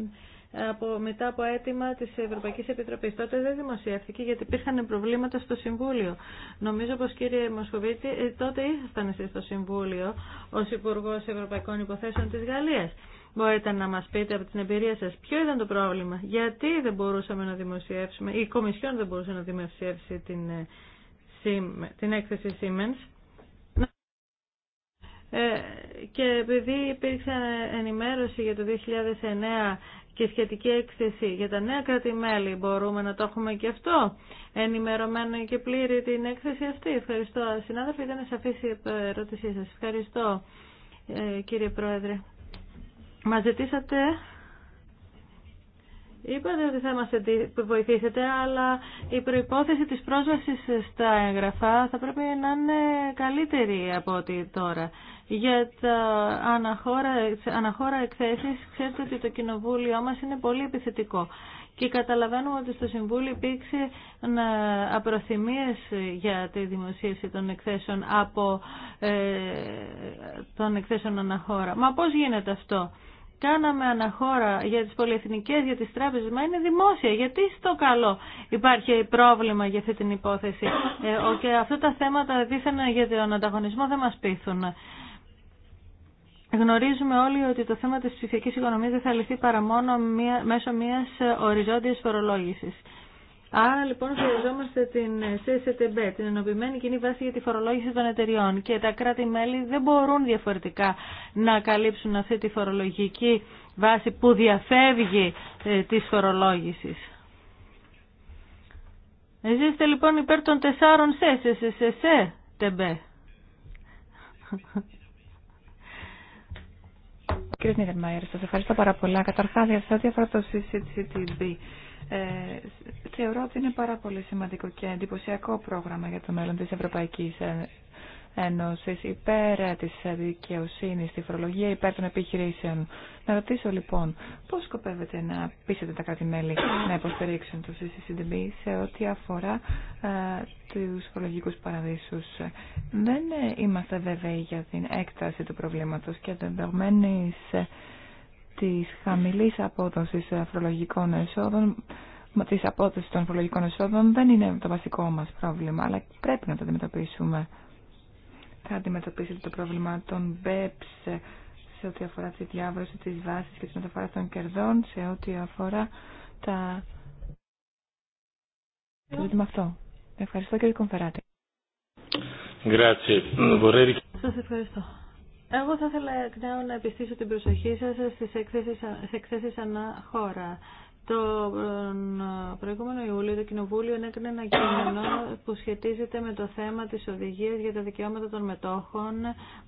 από, μετά από αίτημα της Ευρωπαϊκής Επιτροπής. Τότε δεν δημοσιεύθηκε γιατί υπήρχαν προβλήματα στο Συμβούλιο. Νομίζω πως κύριε Μοσχοβίτη, ε, τότε ήσασταν εσείς στο Συμβούλιο ως Υπουργό Ευρωπαϊκών Υποθέσεων της Γαλλίας. Μπορείτε να μας πείτε από την εμπειρία σας ποιο ήταν το πρόβλημα, γιατί δεν μπορούσαμε να δημοσιεύσουμε, η Κομισιόν δεν μπορούσε να δημοσιεύσει την, ε, την έκθεση Siemens ε, και επειδή υπήρξε ενημέρωση για το 2009 και σχετική έκθεση για τα νέα κράτη-μέλη. Μπορούμε να το έχουμε και αυτό. Ενημερωμένο και πλήρη την έκθεση αυτή. Ευχαριστώ. Συνάδελφοι, ήταν σαφή η ερώτησή σας. Ευχαριστώ, ε, κύριε Πρόεδρε. Μα ζητήσατε Είπατε ότι θα μας βοηθήσετε, αλλά η προϋπόθεση της πρόσβασης στα εγγραφά θα πρέπει να είναι καλύτερη από ό,τι τώρα. Για τα αναχώρα, αναχώρα εκθέσεις, ξέρετε ότι το κοινοβούλιο μας είναι πολύ επιθετικό. Και καταλαβαίνουμε ότι στο Συμβούλιο υπήρξε ε, απροθυμίες για τη δημοσίευση των εκθέσεων από τον ε, των εκθέσεων αναχώρα. Μα πώς γίνεται αυτό κάναμε αναχώρα για τις πολυεθνικές, για τις τράπεζες, μα είναι δημόσια. Γιατί στο καλό υπάρχει πρόβλημα για αυτή την υπόθεση. Ε, και αυτά τα θέματα δίθεν για τον ανταγωνισμό δεν μας πείθουν. Γνωρίζουμε όλοι ότι το θέμα της ψηφιακής οικονομίας δεν θα λυθεί παρά μόνο μία, μέσω μιας οριζόντιας φορολόγησης. Άρα λοιπόν χρειαζόμαστε την CCTB, την Ενωπημένη Κοινή Βάση για τη Φορολόγηση των Εταιριών και τα κράτη-μέλη δεν μπορούν διαφορετικά να καλύψουν αυτή τη φορολογική βάση που διαφεύγει ε, της φορολόγησης. Εσείς λοιπόν υπέρ των τεσσάρων σε, σε, Κύριε Νίτερμαϊερ, σας ευχαριστώ πάρα πολλά. Καταρχά, για ό,τι αφορά το CCTV, ε, θεωρώ ότι είναι πάρα πολύ σημαντικό και εντυπωσιακό πρόγραμμα για το μέλλον της Ευρωπαϊκής ε, Ένωσης υπέρ τη δικαιοσύνη στη φορολογία, υπέρ των επιχειρήσεων. Να ρωτήσω λοιπόν, πώ σκοπεύετε να πείσετε τα κράτη-μέλη να υποστηρίξουν το CCCDB σε ό,τι αφορά ε, του φορολογικού φορολογικούς Δεν ε, είμαστε βέβαιοι για την έκταση του προβλήματο και δεδομένης ε, της χαμηλής απόδοσης φορολογικών εσόδων Τη απόδοση των φορολογικών εσόδων δεν είναι το βασικό μα πρόβλημα, αλλά πρέπει να το αντιμετωπίσουμε θα αντιμετωπίσετε το πρόβλημα των BEPS σε ό,τι αφορά τη διάβρωση της βάσης και τη μεταφορά των κερδών, σε ό,τι αφορά τα... Το ζήτημα αυτό. Ευχαριστώ κύριε Κομφεράτη. Σας ευχαριστώ. Εγώ θα ήθελα εκ νέου να επιστήσω την προσοχή σας στις εκθέσεις, εκθέσεις ανά χώρα. Το ε, προηγούμενο Ιούλιο το Κοινοβούλιο έκανε ένα κείμενο που σχετίζεται με το θέμα της οδηγίας για τα δικαιώματα των μετόχων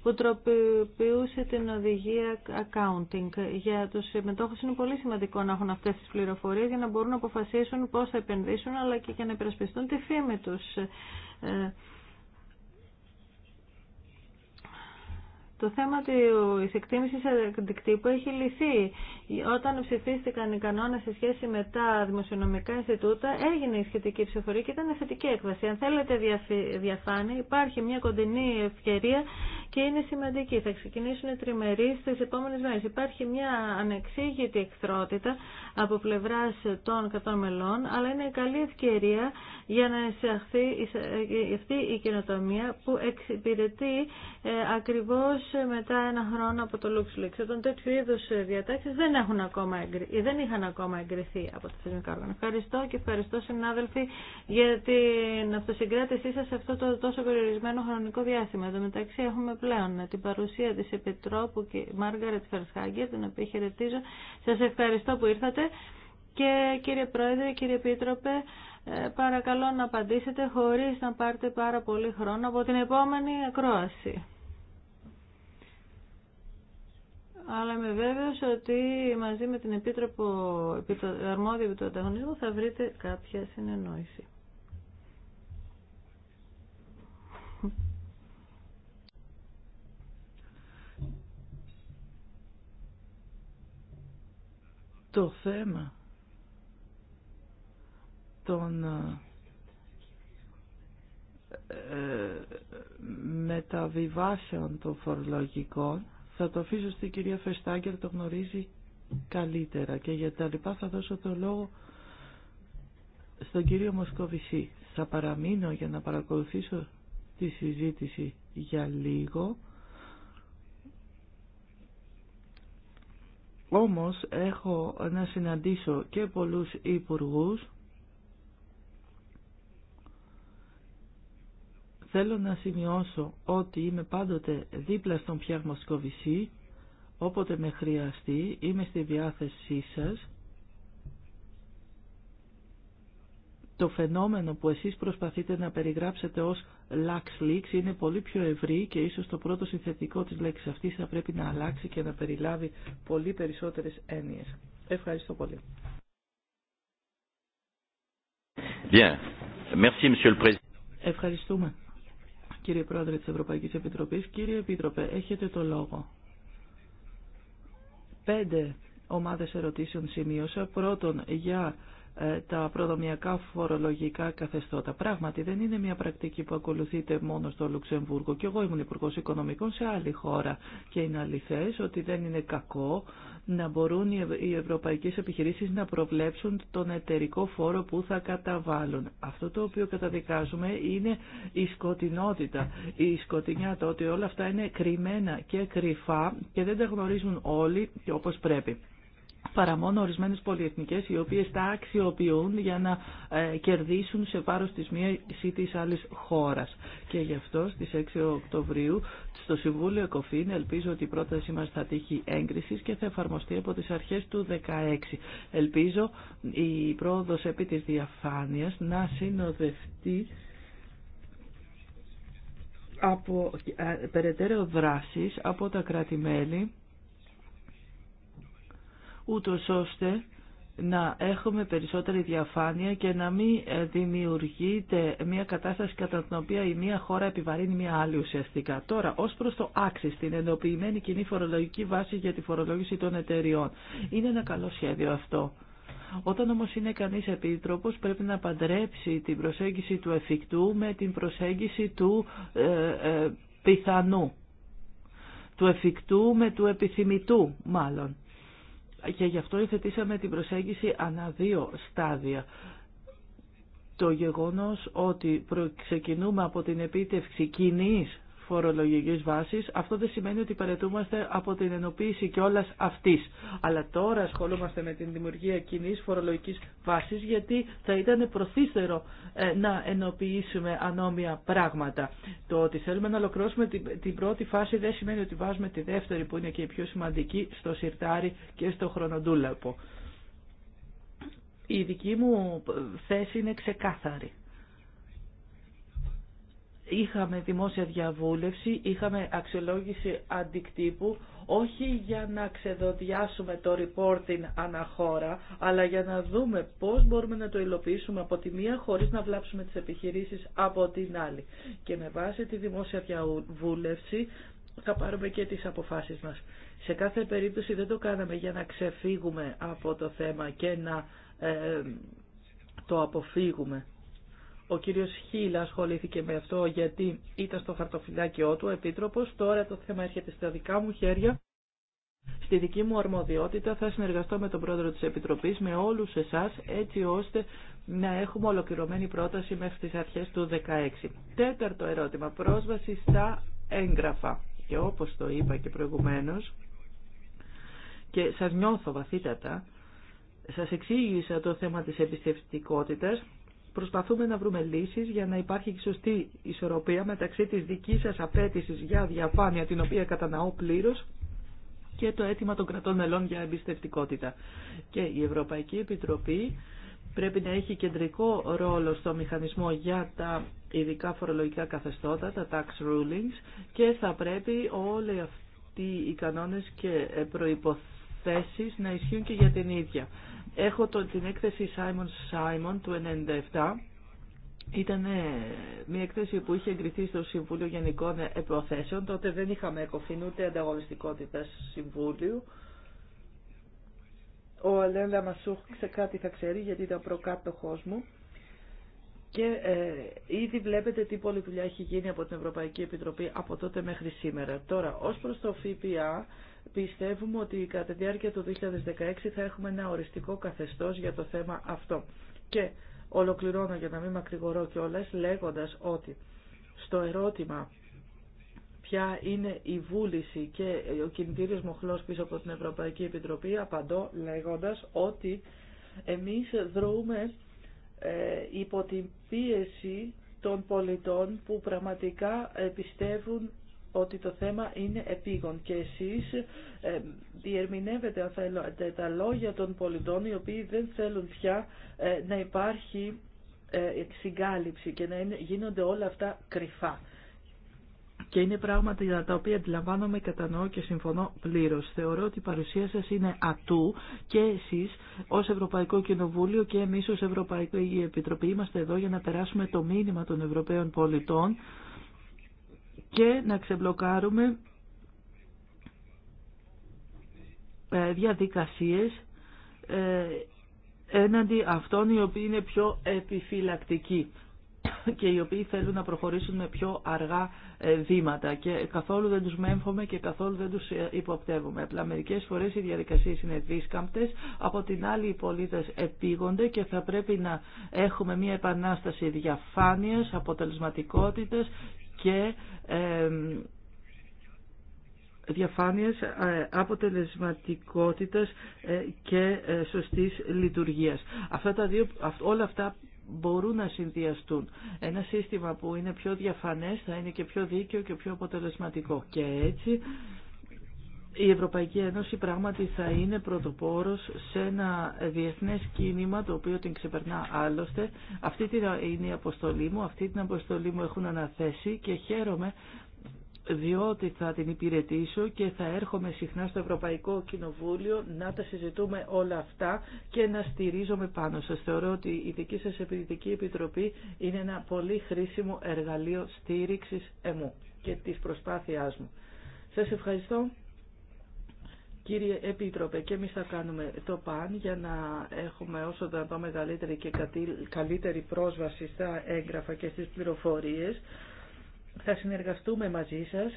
που τροποποιούσε την οδηγία accounting. Για τους μετόχους είναι πολύ σημαντικό να έχουν αυτές τις πληροφορίες για να μπορούν να αποφασίσουν πώς θα επενδύσουν αλλά και για να υπερασπιστούν τη φήμη τους. Ε, Το θέμα της εκτίμησης αντικτύπου έχει λυθεί. Όταν ψηφίστηκαν οι κανόνες σε σχέση με τα δημοσιονομικά Ινστιτούτα, έγινε η σχετική ψηφορία και ήταν θετική έκβαση. Αν θέλετε διαφάνεια, υπάρχει μια κοντινή ευκαιρία και είναι σημαντική. Θα ξεκινήσουν τριμερεί στι επόμενε μέρε. Υπάρχει μια ανεξήγητη εχθρότητα από πλευρά των κατών μελών, αλλά είναι καλή ευκαιρία για να εισαχθεί αυτή η καινοτομία που εξυπηρετεί ε, ακριβώς ε, μετά ένα χρόνο από το LuxLeaks. Όταν τέτοιου είδου ε, διατάξει δεν, δεν είχαν ακόμα εγκριθεί από τα θεσμικά όργανα. Ευχαριστώ και ευχαριστώ συνάδελφοι για την αυτοσυγκράτησή σα σε αυτό το τόσο περιορισμένο χρονικό διάστημα. Εν μεταξύ έχουμε πλέον την παρουσία τη Επιτρόπου και Μάργαρετ Φερσχάγκερ, την οποία χαιρετίζω. Σα ευχαριστώ που ήρθατε. Και κύριε Πρόεδρε, κύριε Επίτροπε, ε, παρακαλώ να απαντήσετε χωρίς να πάρετε πάρα πολύ χρόνο από την επόμενη ακρόαση. αλλά είμαι βέβαιος ότι μαζί με την Επίτροπο Αρμόδια του Ανταγωνισμού θα βρείτε κάποια συνεννόηση. Το θέμα των ε, ε, μεταβιβάσεων των φορολογικών θα το αφήσω στην κυρία Φεστάγκερ, το γνωρίζει καλύτερα και για τα λοιπά θα δώσω το λόγο στον κύριο Μοσκοβισή. Θα παραμείνω για να παρακολουθήσω τη συζήτηση για λίγο. Όμως έχω να συναντήσω και πολλούς υπουργούς Θέλω να σημειώσω ότι είμαι πάντοτε δίπλα στον Πιέρ Μοσκοβισή, όποτε με χρειαστεί, είμαι στη διάθεσή σας. Το φαινόμενο που εσείς προσπαθείτε να περιγράψετε ως lax leaks είναι πολύ πιο ευρύ και ίσως το πρώτο συνθετικό της λέξης αυτής θα πρέπει να αλλάξει και να περιλάβει πολύ περισσότερες έννοιες. Ευχαριστώ πολύ. Bien. Merci, Monsieur le Président. Ευχαριστούμε κύριε Πρόεδρε της Ευρωπαϊκής Επιτροπής. Κύριε Επίτροπε, έχετε το λόγο. Πέντε ομάδες ερωτήσεων σημείωσα. Πρώτον, για τα προδομιακά φορολογικά καθεστώτα. Πράγματι δεν είναι μια πρακτική που ακολουθείται μόνο στο Λουξεμβούργο και εγώ ήμουν Υπουργό Οικονομικών σε άλλη χώρα και είναι αληθές ότι δεν είναι κακό να μπορούν οι ευρωπαϊκές επιχειρήσεις να προβλέψουν τον εταιρικό φόρο που θα καταβάλουν. Αυτό το οποίο καταδικάζουμε είναι η σκοτεινότητα, η σκοτεινιά το ότι όλα αυτά είναι κρυμμένα και κρυφά και δεν τα γνωρίζουν όλοι όπως πρέπει παρά μόνο ορισμένε πολιεθνικέ οι οποίε τα αξιοποιούν για να ε, κερδίσουν σε βάρο τη μία ή τη άλλη χώρα. Και γι' αυτό στι 6 Οκτωβρίου στο Συμβούλιο Κοφίν ελπίζω ότι η πρότασή μα θα τύχει έγκρισης και θα εφαρμοστεί από τι αρχέ του 2016. Ελπίζω η πρόοδο επί της διαφάνειας να συνοδευτεί από ε, περαιτέρω δράσεις από τα κράτη-μέλη ούτως ώστε να έχουμε περισσότερη διαφάνεια και να μην ε, δημιουργείται μια κατάσταση κατά την οποία η μία χώρα επιβαρύνει μια άλλη ουσιαστικά. Τώρα, ως προς το άξι, στην ενοποιημένη κοινή φορολογική βάση για τη φορολόγηση των εταιριών. Είναι ένα καλό σχέδιο αυτό. Όταν όμως είναι κανείς επίτροπος πρέπει να παντρέψει την προσέγγιση του εφικτού με την προσέγγιση του ε, ε, πιθανού, του εφικτού με του επιθυμητού μάλλον και γι' αυτό υθετήσαμε την προσέγγιση ανά δύο στάδια. Το γεγονός ότι ξεκινούμε από την επίτευξη κοινής φορολογικής βάσης. Αυτό δεν σημαίνει ότι παρετούμαστε από την ενοποίηση και όλας αυτής. Αλλά τώρα ασχολούμαστε με την δημιουργία κοινή φορολογική βάσης γιατί θα ήταν προθύστερο ε, να ενοποιήσουμε ανώμια πράγματα. Το ότι θέλουμε να ολοκληρώσουμε την πρώτη φάση δεν σημαίνει ότι βάζουμε τη δεύτερη που είναι και η πιο σημαντική στο σιρτάρι και στο χρονοτούλαπο. Η δική μου ε, θέση είναι ξεκάθαρη. Είχαμε δημόσια διαβούλευση, είχαμε αξιολόγηση αντικτύπου, όχι για να ξεδοδιάσουμε το reporting αναχώρα, αλλά για να δούμε πώς μπορούμε να το υλοποιήσουμε από τη μία χωρίς να βλάψουμε τις επιχειρήσεις από την άλλη. Και με βάση τη δημόσια διαβούλευση θα πάρουμε και τις αποφάσεις μας. Σε κάθε περίπτωση δεν το κάναμε για να ξεφύγουμε από το θέμα και να ε, το αποφύγουμε. Ο κύριος Χίλ ασχολήθηκε με αυτό γιατί ήταν στο χαρτοφυλάκιό του, επίτροπος. Τώρα το θέμα έρχεται στα δικά μου χέρια. Στη δική μου αρμοδιότητα θα συνεργαστώ με τον πρόεδρο της Επιτροπής, με όλους εσάς, έτσι ώστε να έχουμε ολοκληρωμένη πρόταση μέχρι τις αρχές του 2016. Τέταρτο ερώτημα, πρόσβαση στα έγγραφα. Και όπως το είπα και προηγουμένως, και σας νιώθω βαθύτατα, σας εξήγησα το θέμα της εμπιστευτικότητας Προσπαθούμε να βρούμε λύσεις για να υπάρχει σωστή ισορροπία μεταξύ της δικής σας απέτησης για διαφάνεια, την οποία καταναώ πλήρως, και το αίτημα των κρατών μελών για εμπιστευτικότητα. Και η Ευρωπαϊκή Επιτροπή πρέπει να έχει κεντρικό ρόλο στο μηχανισμό για τα ειδικά φορολογικά καθεστώτα, τα tax rulings, και θα πρέπει όλοι αυτοί οι κανόνες και προϋποθέσεις να ισχύουν και για την ίδια. Έχω το, την έκθεση Simon Simon του 1997. Ήταν μια έκθεση που είχε εγκριθεί στο Συμβούλιο Γενικών Επιπροθέσεων. Τότε δεν είχαμε εκοφήν ούτε ανταγωνιστικότητα Συμβούλιου. Ο Αλέν Λαμασούχ κάτι θα ξέρει γιατί ήταν προκάτοχός μου. Και ε, ήδη βλέπετε τι πολλή δουλειά έχει γίνει από την Ευρωπαϊκή Επιτροπή από τότε μέχρι σήμερα. Τώρα, ως προς το ΦΠΑ, Πιστεύουμε ότι κατά τη διάρκεια του 2016 θα έχουμε ένα οριστικό καθεστώς για το θέμα αυτό. Και ολοκληρώνω για να μην μακρηγορώ κιόλα λέγοντας ότι στο ερώτημα ποια είναι η βούληση και ο κινητήριος μοχλός πίσω από την Ευρωπαϊκή Επιτροπή απαντώ λέγοντας ότι εμείς δρούμε ε, υπό την πίεση των πολιτών που πραγματικά πιστεύουν ότι το θέμα είναι επίγον και εσείς ε, διερμηνεύετε αν τα λόγια των πολιτών οι οποίοι δεν θέλουν πια ε, να υπάρχει ε, συγκάλυψη και να είναι, γίνονται όλα αυτά κρυφά. Και είναι πράγματα για τα οποία αντιλαμβάνομαι, κατανοώ και συμφωνώ πλήρως. Θεωρώ ότι η παρουσία σας είναι ατού και εσείς ως Ευρωπαϊκό Κοινοβούλιο και εμείς ως Ευρωπαϊκή Επιτροπή είμαστε εδώ για να περάσουμε το μήνυμα των Ευρωπαίων πολιτών και να ξεμπλοκάρουμε ε, διαδικασίες ε, έναντι αυτών οι οποίοι είναι πιο επιφυλακτικοί και οι οποίοι θέλουν να προχωρήσουν με πιο αργά ε, βήματα και καθόλου δεν τους μέμφωμε και καθόλου δεν τους υποπτεύουμε. Απλά μερικές φορές οι διαδικασίες είναι δίσκαμπτες, από την άλλη οι πολίτες επίγονται και θα πρέπει να έχουμε μια επανάσταση διαφάνειας, αποτελεσματικότητας και διαφάνειας ε, αποτελεσματικότητας ε, και ε, σωστής λειτουργίας. Αυτά τα δύο, όλα αυτά μπορούν να συνδυαστούν. Ένα σύστημα που είναι πιο διαφανές θα είναι και πιο δίκαιο και πιο αποτελεσματικό. Και έτσι η Ευρωπαϊκή Ένωση πράγματι θα είναι πρωτοπόρος σε ένα διεθνές κίνημα το οποίο την ξεπερνά άλλωστε. Αυτή ε, είναι η αποστολή μου, αυτή την αποστολή μου έχουν αναθέσει και χαίρομαι διότι θα την υπηρετήσω και θα έρχομαι συχνά στο Ευρωπαϊκό Κοινοβούλιο να τα συζητούμε όλα αυτά και να στηρίζομαι πάνω σας. Θεωρώ ότι η δική σας επιδητική επιτροπή είναι ένα πολύ χρήσιμο εργαλείο στήριξης εμού και της προσπάθειάς μου. Σας ευχαριστώ. Κύριε Επίτροπε, και εμείς θα κάνουμε το παν για να έχουμε όσο δυνατό μεγαλύτερη και καλύτερη πρόσβαση στα έγγραφα και στις πληροφορίες. Θα συνεργαστούμε μαζί σας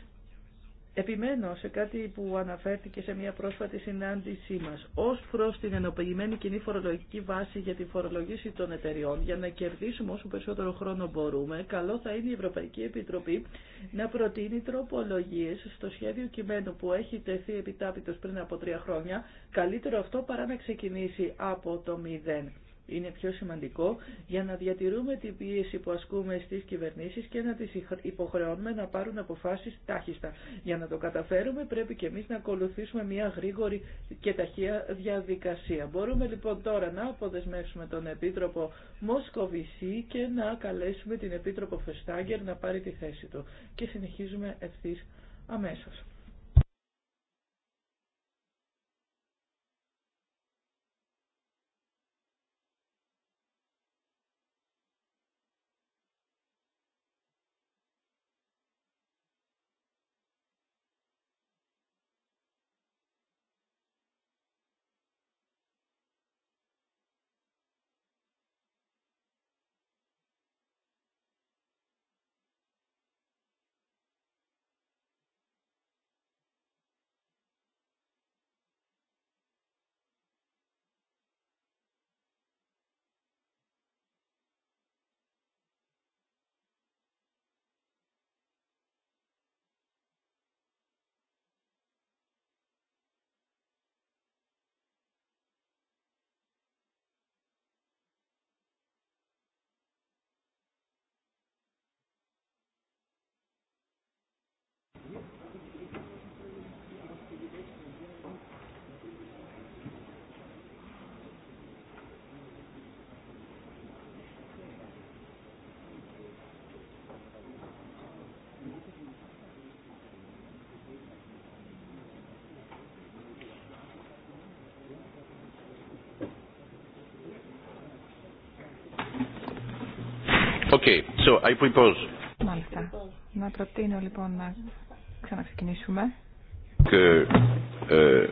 Επιμένω σε κάτι που αναφέρθηκε σε μια πρόσφατη συνάντησή μας. Ως προς την ενοποιημένη κοινή φορολογική βάση για τη φορολογήση των εταιριών, για να κερδίσουμε όσο περισσότερο χρόνο μπορούμε, καλό θα είναι η Ευρωπαϊκή Επιτροπή να προτείνει τροπολογίες στο σχέδιο κειμένου που έχει τεθεί επιτάπητος πριν από τρία χρόνια. Καλύτερο αυτό παρά να ξεκινήσει από το μηδέν είναι πιο σημαντικό για να διατηρούμε την πίεση που ασκούμε στις κυβερνήσεις και να τις υποχρεώνουμε να πάρουν αποφάσεις τάχιστα. Για να το καταφέρουμε πρέπει και εμείς να ακολουθήσουμε μια γρήγορη και ταχεία διαδικασία. Μπορούμε λοιπόν τώρα να αποδεσμεύσουμε τον Επίτροπο Μοσκοβισή και να καλέσουμε την Επίτροπο Φεστάγκερ να πάρει τη θέση του. Και συνεχίζουμε ευθύ αμέσως. So, I Μάλιστα. Να προτείνω λοιπόν να ξαναξεκινήσουμε. Ε,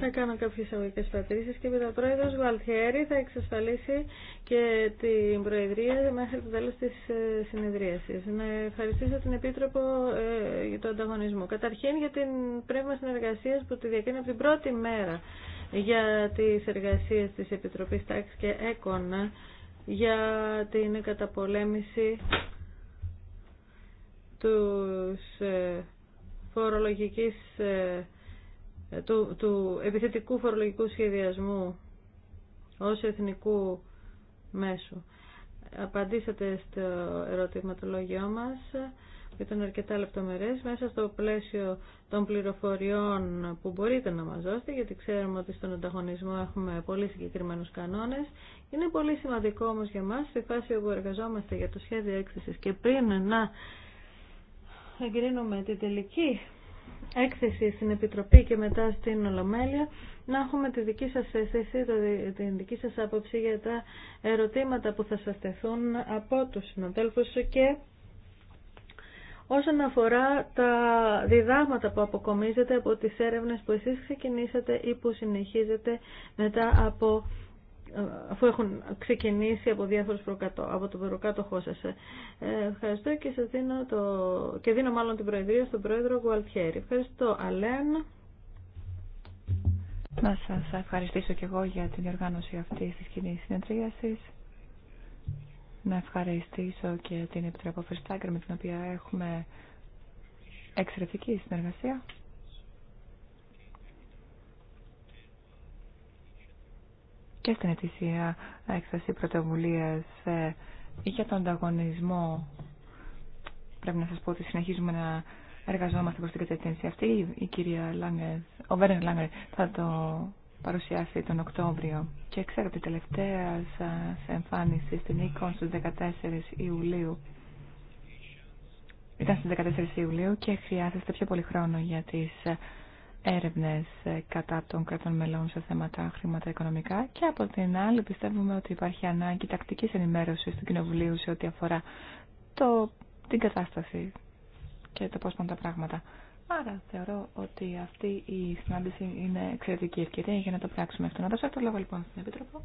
θα κάνω κάποιε αγωγικέ παρατηρήσει και μετά ο πρόεδρο Γουαλτιέρη θα εξασφαλίσει και την προεδρία μέχρι το τέλο τη ε, συνεδρίαση. Να ευχαριστήσω την Επίτροπο ε, για τον ανταγωνισμό. Καταρχήν για την πνεύμα συνεργασία που τη διακρίνει από την πρώτη μέρα για τι εργασίε τη Επιτροπή Τάξη και Έκονα, για την καταπολέμηση τους ε, φορολογικής, ε, του, του επιθετικού φορολογικού σχεδιασμού ως εθνικού μέσου. Απαντήσατε στο ερωτηματολόγιο μας ήταν αρκετά λεπτομερές μέσα στο πλαίσιο των πληροφοριών που μπορείτε να μας δώσετε γιατί ξέρουμε ότι στον ανταγωνισμό έχουμε πολύ συγκεκριμένους κανόνες είναι πολύ σημαντικό όμως για μας στη φάση όπου εργαζόμαστε για το σχέδιο έκθεσης και πριν να εγκρίνουμε την τελική έκθεση στην Επιτροπή και μετά στην Ολομέλεια να έχουμε τη δική σας αίσθηση, την δική σας άποψη για τα ερωτήματα που θα σας τεθούν από τους συναδέλφους και όσον αφορά τα διδάγματα που αποκομίζετε από τις έρευνες που εσείς ξεκινήσατε ή που συνεχίζετε μετά από ε, αφού έχουν ξεκινήσει από διάφορους προκατώ, από τον προκάτοχό σας. Ε, ευχαριστώ και σας δίνω το... και δίνω μάλλον την προεδρία στον πρόεδρο Γουαλτιέρη. Ευχαριστώ Αλέν. Να σας ευχαριστήσω και εγώ για την οργάνωση αυτής της κοινής συνεδρίασης να ευχαριστήσω και την Επιτροπή Φερστάγκερ με την οποία έχουμε εξαιρετική συνεργασία. Και στην ετησία έκθεση πρωτοβουλία ε, για τον ανταγωνισμό. Πρέπει να σας πω ότι συνεχίζουμε να εργαζόμαστε προς την κατεύθυνση αυτή. Η κυρία Λάγκερ, ο Βέρνερ Λάγκερ θα το παρουσιάσει τον Οκτώβριο. Και ξέρω ότι τελευταία σε εμφάνιση στην ΕΚΟΝ 14 Ιουλίου ήταν στις 14 Ιουλίου και χρειάζεστε πιο πολύ χρόνο για τις ε, έρευνες ε, κατά των κρατών μελών σε θέματα χρήματα οικονομικά και από την άλλη πιστεύουμε ότι υπάρχει ανάγκη τακτικής ενημέρωσης του Κοινοβουλίου σε ό,τι αφορά το, την κατάσταση και το πώς πάνε τα πράγματα. Άρα θεωρώ ότι αυτή η συνάντηση είναι εξαιρετική ευκαιρία για να το πράξουμε αυτό. Να δώσω το λόγο λοιπόν στην Επίτροπο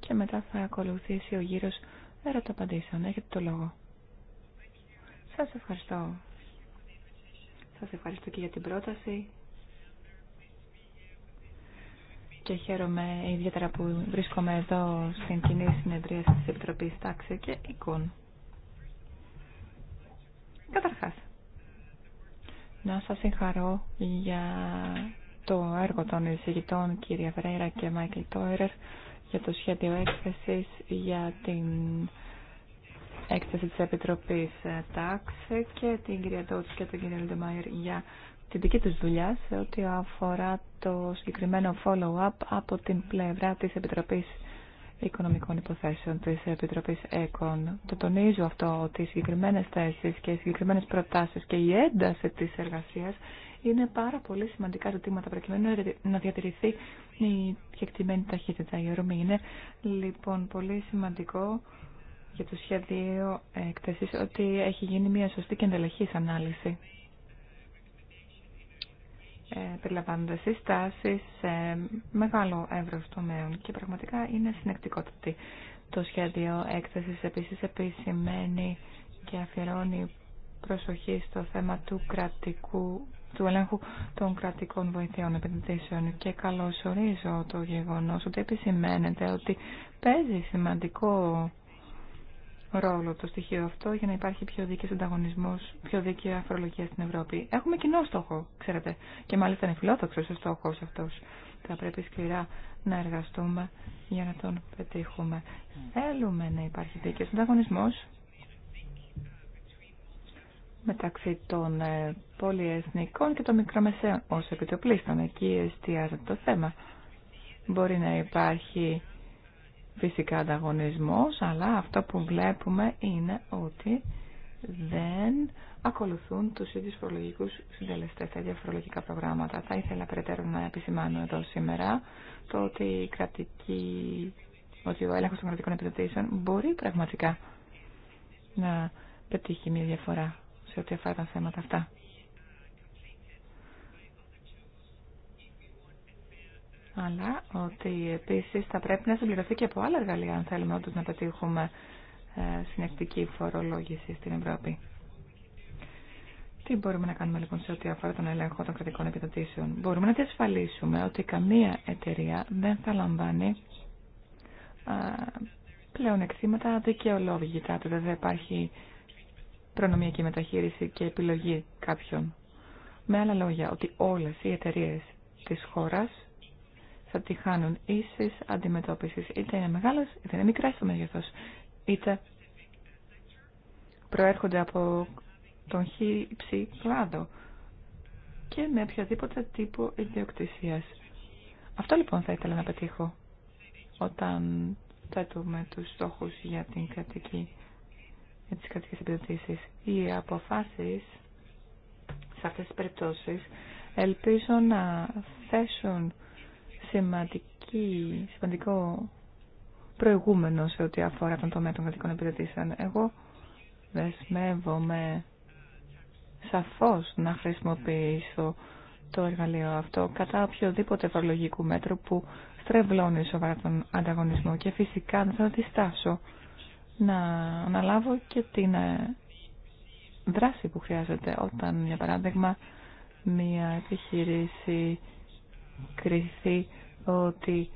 και μετά θα ακολουθήσει ο γύρος ερωτοπαντήσεων. Έχετε το λόγο. Σας ευχαριστώ. Σας ευχαριστώ και για την πρόταση. Και χαίρομαι ιδιαίτερα που βρίσκομαι εδώ στην κοινή συνεδρία της Επιτροπής Τάξη και Εικόν. Καταρχάς, να σας συγχαρώ για το έργο των εισηγητών κύριε Βρέιρα και Μάικλ Τόιρερ για το σχέδιο έκθεσης για την έκθεση της Επιτροπής ε, Τάξη και την κυρία Τότς και τον κύριο Λιντεμάιερ για την δική τους δουλειά σε ό,τι αφορά το συγκεκριμένο follow-up από την πλευρά της Επιτροπής Οικονομικών Υποθέσεων της Επιτροπής ΕΚΟΝ. Το τονίζω αυτό ότι οι συγκεκριμένες θέσεις και οι συγκεκριμένες προτάσεις και η ένταση της εργασίας είναι πάρα πολύ σημαντικά ζητήματα προκειμένου να διατηρηθεί η κεκτημένη ταχύτητα. Η ορμή είναι λοιπόν πολύ σημαντικό για το σχέδιο εκθεσής ότι έχει γίνει μια σωστή και εντελεχή ανάλυση. Ε, περιλαμβάνονται συστάσεις σε μεγάλο εύρος τομέων και πραγματικά είναι συνεκτικότητη Το σχέδιο έκθεσης επίσης επισημαίνει και αφιερώνει προσοχή στο θέμα του κρατικού του ελέγχου των κρατικών βοηθειών επενδύσεων και ορίζω το γεγονός ότι επισημαίνεται ότι παίζει σημαντικό ρόλο το στοιχείο αυτό για να υπάρχει πιο δίκαιο ανταγωνισμό, πιο δίκαια αφορολογία στην Ευρώπη. Έχουμε κοινό στόχο, ξέρετε, και μάλιστα είναι φιλόδοξο ο στόχο αυτό. Θα πρέπει σκληρά να εργαστούμε για να τον πετύχουμε. Θέλουμε να υπάρχει δίκαιο ανταγωνισμό μεταξύ των ε, πολυεθνικών και των μικρομεσαίων. Ω επιτοπλίστων, εκεί εστιάζεται το θέμα. Μπορεί να υπάρχει φυσικά ανταγωνισμός, αλλά αυτό που βλέπουμε είναι ότι δεν ακολουθούν τους ίδιου φορολογικού συντελεστές τα ίδια φορολογικά προγράμματα. Θα ήθελα περαιτέρω να επισημάνω εδώ σήμερα το ότι η ότι ο έλεγχος των κρατικών επιδοτήσεων μπορεί πραγματικά να πετύχει μια διαφορά σε ό,τι αφορά τα θέματα αυτά. αλλά ότι επίσης θα πρέπει να συμπληρωθεί και από άλλα εργαλεία αν θέλουμε όντως να πετύχουμε ε, συνεκτική φορολόγηση στην Ευρώπη. Τι μπορούμε να κάνουμε λοιπόν σε ό,τι αφορά τον έλεγχο των κρατικών επιδοτήσεων. Μπορούμε να διασφαλίσουμε ότι καμία εταιρεία δεν θα λαμβάνει πλέον εξήματα δικαιολόγητα. ότι δεν υπάρχει προνομιακή μεταχείριση και επιλογή κάποιων. Με άλλα λόγια, ότι όλες οι εταιρείες της χώρας θα τη χάνουν ίσες αντιμετώπιση. Είτε είναι μεγάλε, είτε είναι μικρέ στο είτε προέρχονται από τον χύψη κλάδο και με οποιαδήποτε τύπο ιδιοκτησία. Αυτό λοιπόν θα ήθελα να πετύχω όταν θέτουμε του στόχους για την κρατική για τις κρατικές επιδοτήσεις. Οι αποφάσεις σε αυτές τις περιπτώσεις ελπίζω να θέσουν σημαντική, σημαντικό προηγούμενο σε ό,τι αφορά τον τομέα των κρατικών επιδοτήσεων. Εγώ δεσμεύομαι σαφώς να χρησιμοποιήσω το εργαλείο αυτό κατά οποιοδήποτε ευρωλογικού μέτρου που στρεβλώνει σοβαρά τον ανταγωνισμό και φυσικά θα διστάσω να αναλάβω και την ε, δράση που χρειάζεται όταν για παράδειγμα μια επιχείρηση Κρίθεί ότι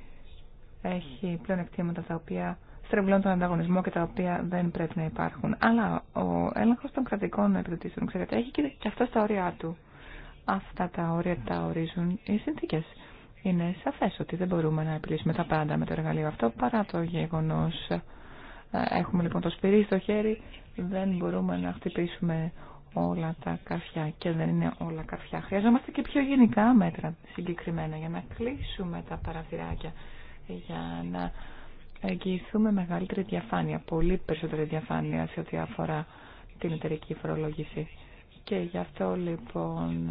έχει πλέον εκτίματα τα οποία στρεβλώνουν τον ανταγωνισμό και τα οποία δεν πρέπει να υπάρχουν. Αλλά ο έλεγχο των κρατικών επιδοτήσεων, ξέρετε, έχει και, και αυτό στα όρια του. Αυτά τα όρια τα ορίζουν οι συνθήκε. Είναι σαφέ ότι δεν μπορούμε να επιλύσουμε τα πάντα με το εργαλείο αυτό παρά το γεγονό. Ε, έχουμε λοιπόν το σπυρί στο χέρι, δεν μπορούμε να χτυπήσουμε όλα τα καρφιά και δεν είναι όλα καρφιά. Χρειαζόμαστε και πιο γενικά μέτρα συγκεκριμένα για να κλείσουμε τα παραθυράκια, για να εγγυηθούμε μεγαλύτερη διαφάνεια, πολύ περισσότερη διαφάνεια σε ό,τι αφορά την εταιρική φορολόγηση. Και γι' αυτό λοιπόν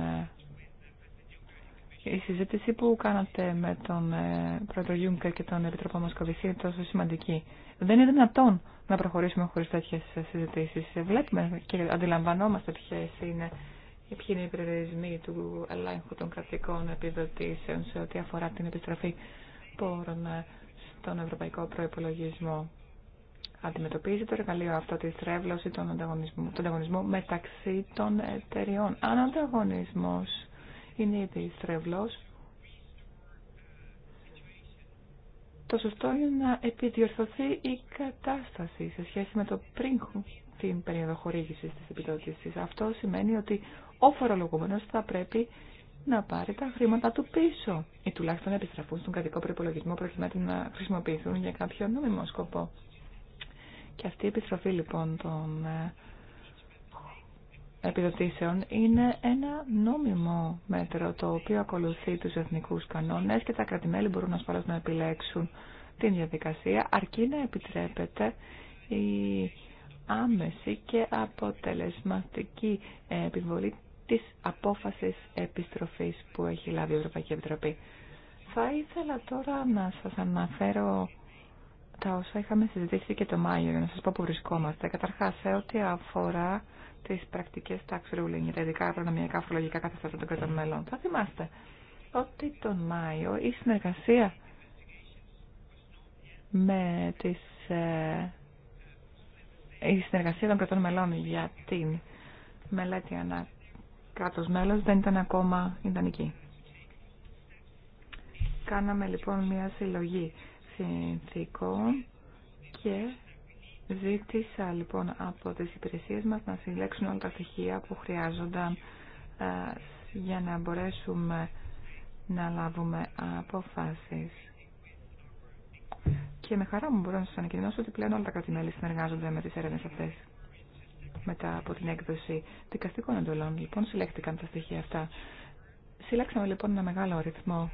η συζήτηση που κάνατε με τον ε, πρόεδρο Γιούγκερ και τον Επιτροπό Μοσκοβισή είναι τόσο σημαντική. Δεν είναι δυνατόν να προχωρήσουμε χωρί τέτοιε συζητήσει. Ε, βλέπουμε και αντιλαμβανόμαστε ποιε είναι. Ποιοι είναι οι περιορισμοί του ελέγχου των κρατικών επιδοτήσεων σε ό,τι αφορά την επιστροφή πόρων ε, στον ευρωπαϊκό προπολογισμό. Αντιμετωπίζει το εργαλείο αυτό τη στρέβλωση των ανταγωνισμού, μεταξύ των εταιριών. Αν ανταγωνισμός είναι ήδη στρεβλός. Το σωστό είναι να επιδιορθωθεί η κατάσταση σε σχέση με το πριν την περίοδο χορήγηση τη επιδότηση. Αυτό σημαίνει ότι ο φορολογούμενο θα πρέπει να πάρει τα χρήματα του πίσω ή τουλάχιστον να επιστραφούν στον κρατικό προπολογισμό προκειμένου να χρησιμοποιηθούν για κάποιο νόμιμο σκοπό. Και αυτή η επιστροφή λοιπόν των ε, επιδοτήσεων είναι ένα νόμιμο μέτρο το οποίο ακολουθεί τους εθνικούς κανόνες και τα κρατημέλη μπορούν ασφαλώς να επιλέξουν την διαδικασία αρκεί να επιτρέπεται η άμεση και αποτελεσματική επιβολή της απόφασης επιστροφής που έχει λάβει η Ευρωπαϊκή Επιτροπή. Θα ήθελα τώρα να σας αναφέρω τα όσα είχαμε συζητήσει και το Μάιο για να σας πω που βρισκόμαστε. Καταρχάς, σε ό,τι αφορά τι πρακτικέ tax ruling για τα ειδικά προνομιακά φορολογικά καθεστώτα των κρατών μελών. Θα θυμάστε ότι τον Μάιο η συνεργασία με τις, ε, η συνεργασία των κρατών μελών για την μελέτη ανά κράτος μέλος δεν ήταν ακόμα ιδανική. Κάναμε λοιπόν μια συλλογή συνθήκων και Ζήτησα λοιπόν από τις υπηρεσίες μας να συλλέξουν όλα τα στοιχεία που χρειάζονταν ε, για να μπορέσουμε να λάβουμε αποφάσεις. Και με χαρά μου μπορώ να σας ανακοινώσω ότι πλέον όλα τα κρατημέλη συνεργάζονται με τις έρευνες αυτές. Μετά από την έκδοση δικαστικών εντολών, λοιπόν, συλλέχτηκαν τα στοιχεία αυτά. Συλλέξαμε λοιπόν ένα μεγάλο αριθμό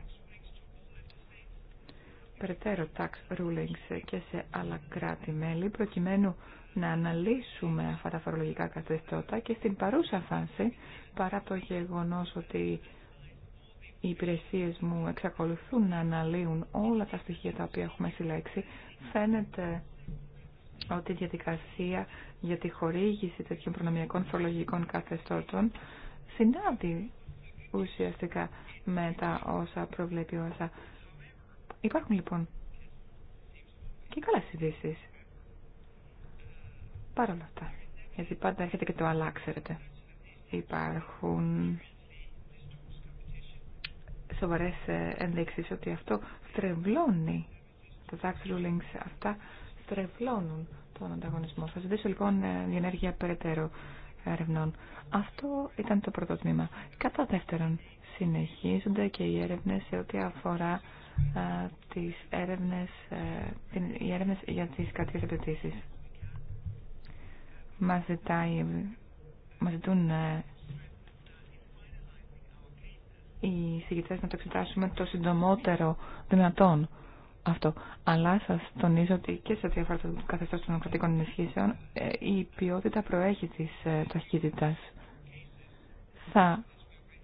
περαιτέρω tax rulings και σε άλλα κράτη-μέλη προκειμένου να αναλύσουμε αυτά τα φορολογικά καθεστώτα και στην παρούσα φάση, παρά το γεγονός ότι οι υπηρεσίε μου εξακολουθούν να αναλύουν όλα τα στοιχεία τα οποία έχουμε συλλέξει, φαίνεται ότι η διαδικασία για τη χορήγηση τέτοιων προνομιακών φορολογικών καθεστώτων συνάδει ουσιαστικά με τα όσα προβλέπει ο Υπάρχουν λοιπόν και καλά ειδήσει. Παρ' όλα αυτά. Γιατί πάντα έρχεται και το αλλά, Υπάρχουν σοβαρέ ε, ενδείξει ότι αυτό στρεβλώνει. Τα tax rulings αυτά στρεβλώνουν τον ανταγωνισμό. Θα ζητήσω λοιπόν ε, ενέργεια περαιτέρω ερευνών. Αυτό ήταν το πρώτο τμήμα. Κατά δεύτερον, συνεχίζονται και οι έρευνε σε ό,τι αφορά ε, τις έρευνες, ε, οι έρευνες για τις κρατικές επιδοτήσεις. Μας, ζητάει, μας ζητούν ε, οι συγκεκριτές να το εξετάσουμε το συντομότερο δυνατόν αυτό. Αλλά σα τονίζω ότι και σε ό,τι αφορά το καθεστώ των κρατικών ενισχύσεων, η ποιότητα προέχει τη ταχύτητα. Θα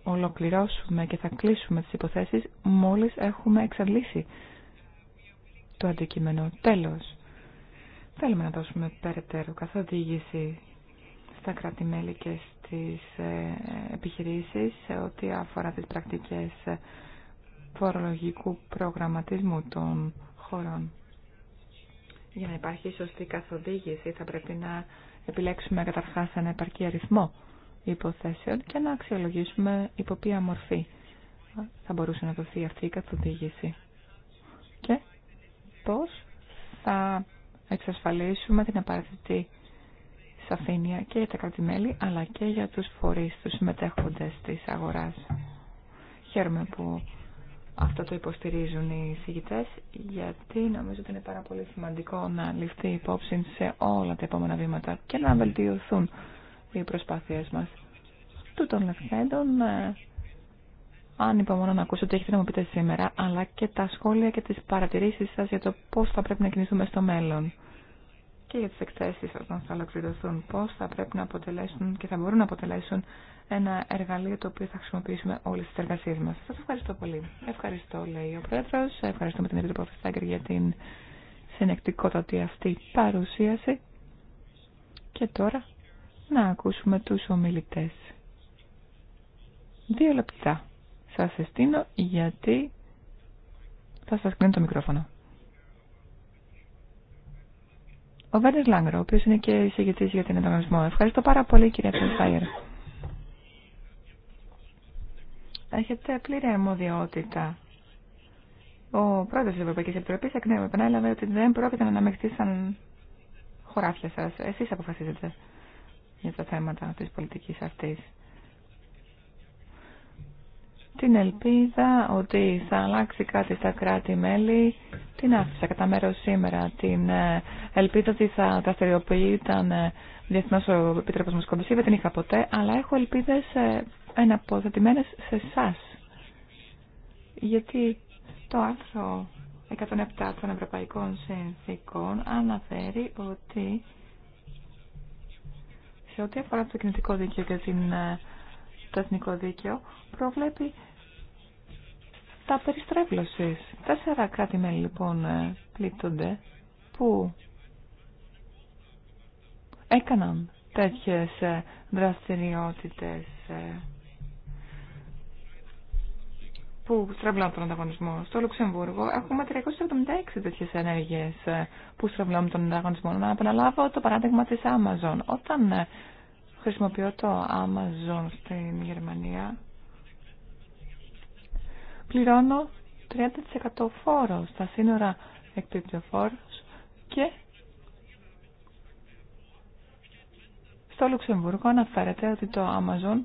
ολοκληρώσουμε και θα κλείσουμε τις υποθέσεις μόλις έχουμε εξαντλήσει το αντικείμενο. Τέλος, θέλουμε να δώσουμε περαιτέρω καθοδήγηση στα κράτη-μέλη και στις ε, επιχειρήσεις σε ό,τι αφορά τις πρακτικές φορολογικού προγραμματισμού των χωρών. Για να υπάρχει σωστή καθοδήγηση θα πρέπει να επιλέξουμε καταρχάς ένα επαρκή αριθμό υποθέσεων και να αξιολογήσουμε υπό ποια μορφή θα μπορούσε να δοθεί αυτή η καθοδήγηση και πώς θα εξασφαλίσουμε την απαραίτητη σαφήνεια και για τα κρατημέλη αλλά και για τους φορείς, τους συμμετέχοντες της αγοράς. Χαίρομαι που αυτό το υποστηρίζουν οι συγητές γιατί νομίζω ότι είναι πάρα πολύ σημαντικό να ληφθεί υπόψη σε όλα τα επόμενα βήματα και να βελτιωθούν οι προσπάθειές μας. Του των λεχθέντων, ε, αν είπα μόνο να ακούσω τι έχετε να μου πείτε σήμερα, αλλά και τα σχόλια και τις παρατηρήσεις σας για το πώς θα πρέπει να κινηθούμε στο μέλλον και για τις εκθέσεις όταν θα ολοκληρωθούν, πώς θα πρέπει να αποτελέσουν και θα μπορούν να αποτελέσουν ένα εργαλείο το οποίο θα χρησιμοποιήσουμε όλες τις εργασίες μας. Σας ευχαριστώ πολύ. Ευχαριστώ, λέει ο Πρόεδρος. Ευχαριστούμε την Επιτροπή Φιστάκερ για την συνεκτικότατη αυτή παρουσίαση. Και τώρα να ακούσουμε τους ομιλητές. Δύο λεπτά. Σας εστίνω γιατί θα σας κλείνω το μικρόφωνο. Ο Βέρνερ Λάγκρο, ο οποίος είναι και εισηγητής για την ανταγωνισμό. Ευχαριστώ πάρα πολύ κυρία Πελφάιερ. Έχετε πλήρη αρμοδιότητα. Ο πρόεδρος της Ευρωπαϊκής Επιτροπής εκ επανέλαβε ότι δεν πρόκειται να αναμεχθεί σαν χωράφια σας. Εσείς αποφασίζετε για τα θέματα της πολιτικής αυτής. Την ελπίδα ότι θα αλλάξει κάτι στα κράτη-μέλη, την άφησα κατά μέρο σήμερα. Την ε, ελπίδα ότι θα δραστηριοποιείταν ε, διεθνώ ο Επίτροπο Μοσκοβισή, δεν την είχα ποτέ, αλλά έχω ελπίδε εναποθετημένε σε εσά. Γιατί το άρθρο 107 των Ευρωπαϊκών Συνθήκων αναφέρει ότι σε ό,τι αφορά το κινητικό δίκαιο και την, ε, το εθνικό δίκαιο, προβλέπει τα περιστρέβλωσης. Τέσσερα κράτη-μέλη λοιπόν ε, πλήττονται που έκαναν τέτοιες ε, δραστηριότητες που στραβλώνουν τον ανταγωνισμό. Στο Λουξεμβούργο έχουμε 376 τέτοιε ενέργειε που στραβλώνουν τον ανταγωνισμό. Να επαναλάβω το παράδειγμα τη Amazon. Όταν ε, χρησιμοποιώ το Amazon στην Γερμανία, πληρώνω 30% φόρο στα σύνορα εκπίπτεοφόρου και στο Λουξεμβούργο αναφέρεται ότι το Amazon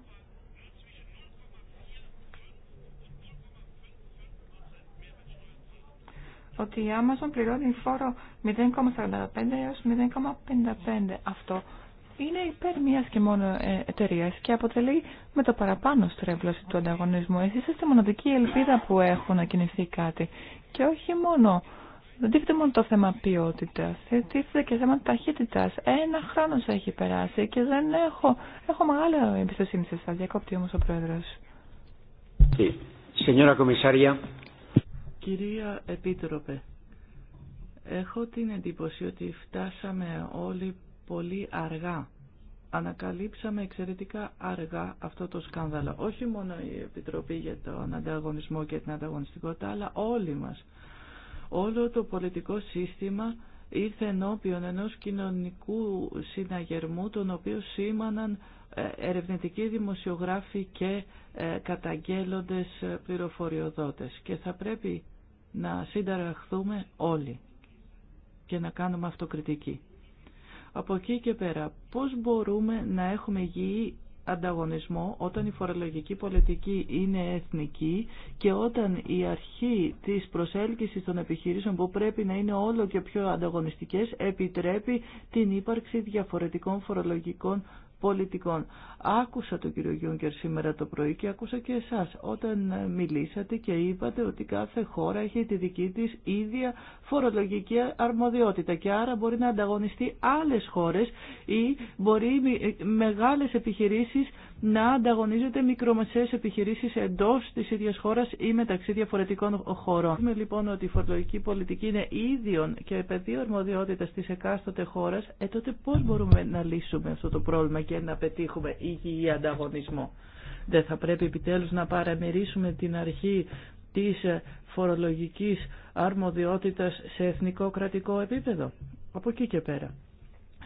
ότι η Amazon πληρώνει φόρο 0,45 έως 0,55. Αυτό είναι υπέρ μια και μόνο ε, εταιρεία και αποτελεί με το παραπάνω στρέβλωση του ανταγωνισμού. Εσείς είστε μοναδική ελπίδα που έχω να κινηθεί κάτι. Και όχι μόνο. Δεν τίθεται μόνο το θέμα ποιότητα, ε, τίθεται και θέμα ταχύτητα. Ένα χρόνο έχει περάσει και δεν έχω. Έχω μεγάλη εμπιστοσύνη σε εσά. Διακόπτει όμω ο Πρόεδρο. Κυρία Επίτροπε, έχω την εντύπωση ότι φτάσαμε όλοι πολύ αργά. Ανακαλύψαμε εξαιρετικά αργά αυτό το σκάνδαλο. Όχι μόνο η Επιτροπή για τον ανταγωνισμό και την ανταγωνιστικότητα, αλλά όλοι μας. Όλο το πολιτικό σύστημα ήρθε ενώπιον ενός κοινωνικού συναγερμού, τον οποίο σήμαναν ε, ερευνητικοί δημοσιογράφοι και ε, καταγγέλλοντες πληροφοριοδότες. Και θα πρέπει να συνταραχθούμε όλοι και να κάνουμε αυτοκριτική. Από εκεί και πέρα, πώς μπορούμε να έχουμε υγιή ανταγωνισμό όταν η φορολογική πολιτική είναι εθνική και όταν η αρχή της προσέλκυσης των επιχειρήσεων που πρέπει να είναι όλο και πιο ανταγωνιστικές επιτρέπει την ύπαρξη διαφορετικών φορολογικών πολιτικών. Άκουσα τον κύριο Γιούγκερ σήμερα το πρωί και άκουσα και εσάς όταν ε, μιλήσατε και είπατε ότι κάθε χώρα έχει τη δική της ίδια φορολογική αρμοδιότητα και άρα μπορεί να ανταγωνιστεί άλλες χώρες ή μπορεί ε, μεγάλες επιχειρήσεις να ανταγωνίζονται μικρομεσαίες επιχειρήσεις εντός της ίδιας χώρας ή μεταξύ διαφορετικών χωρών. Είμαι λοιπόν ότι η φορολογική πολιτική είναι ίδιον και επαιδείο αρμοδιότητας της εκάστοτε χώρας, ε τότε πώς μπορούμε να λύσουμε αυτό το πρόβλημα και να πετύχουμε υγιή ανταγωνισμό. Δεν θα πρέπει επιτέλους να παραμερίσουμε την αρχή της φορολογικής αρμοδιότητας σε εθνικό κρατικό επίπεδο. Από εκεί και πέρα.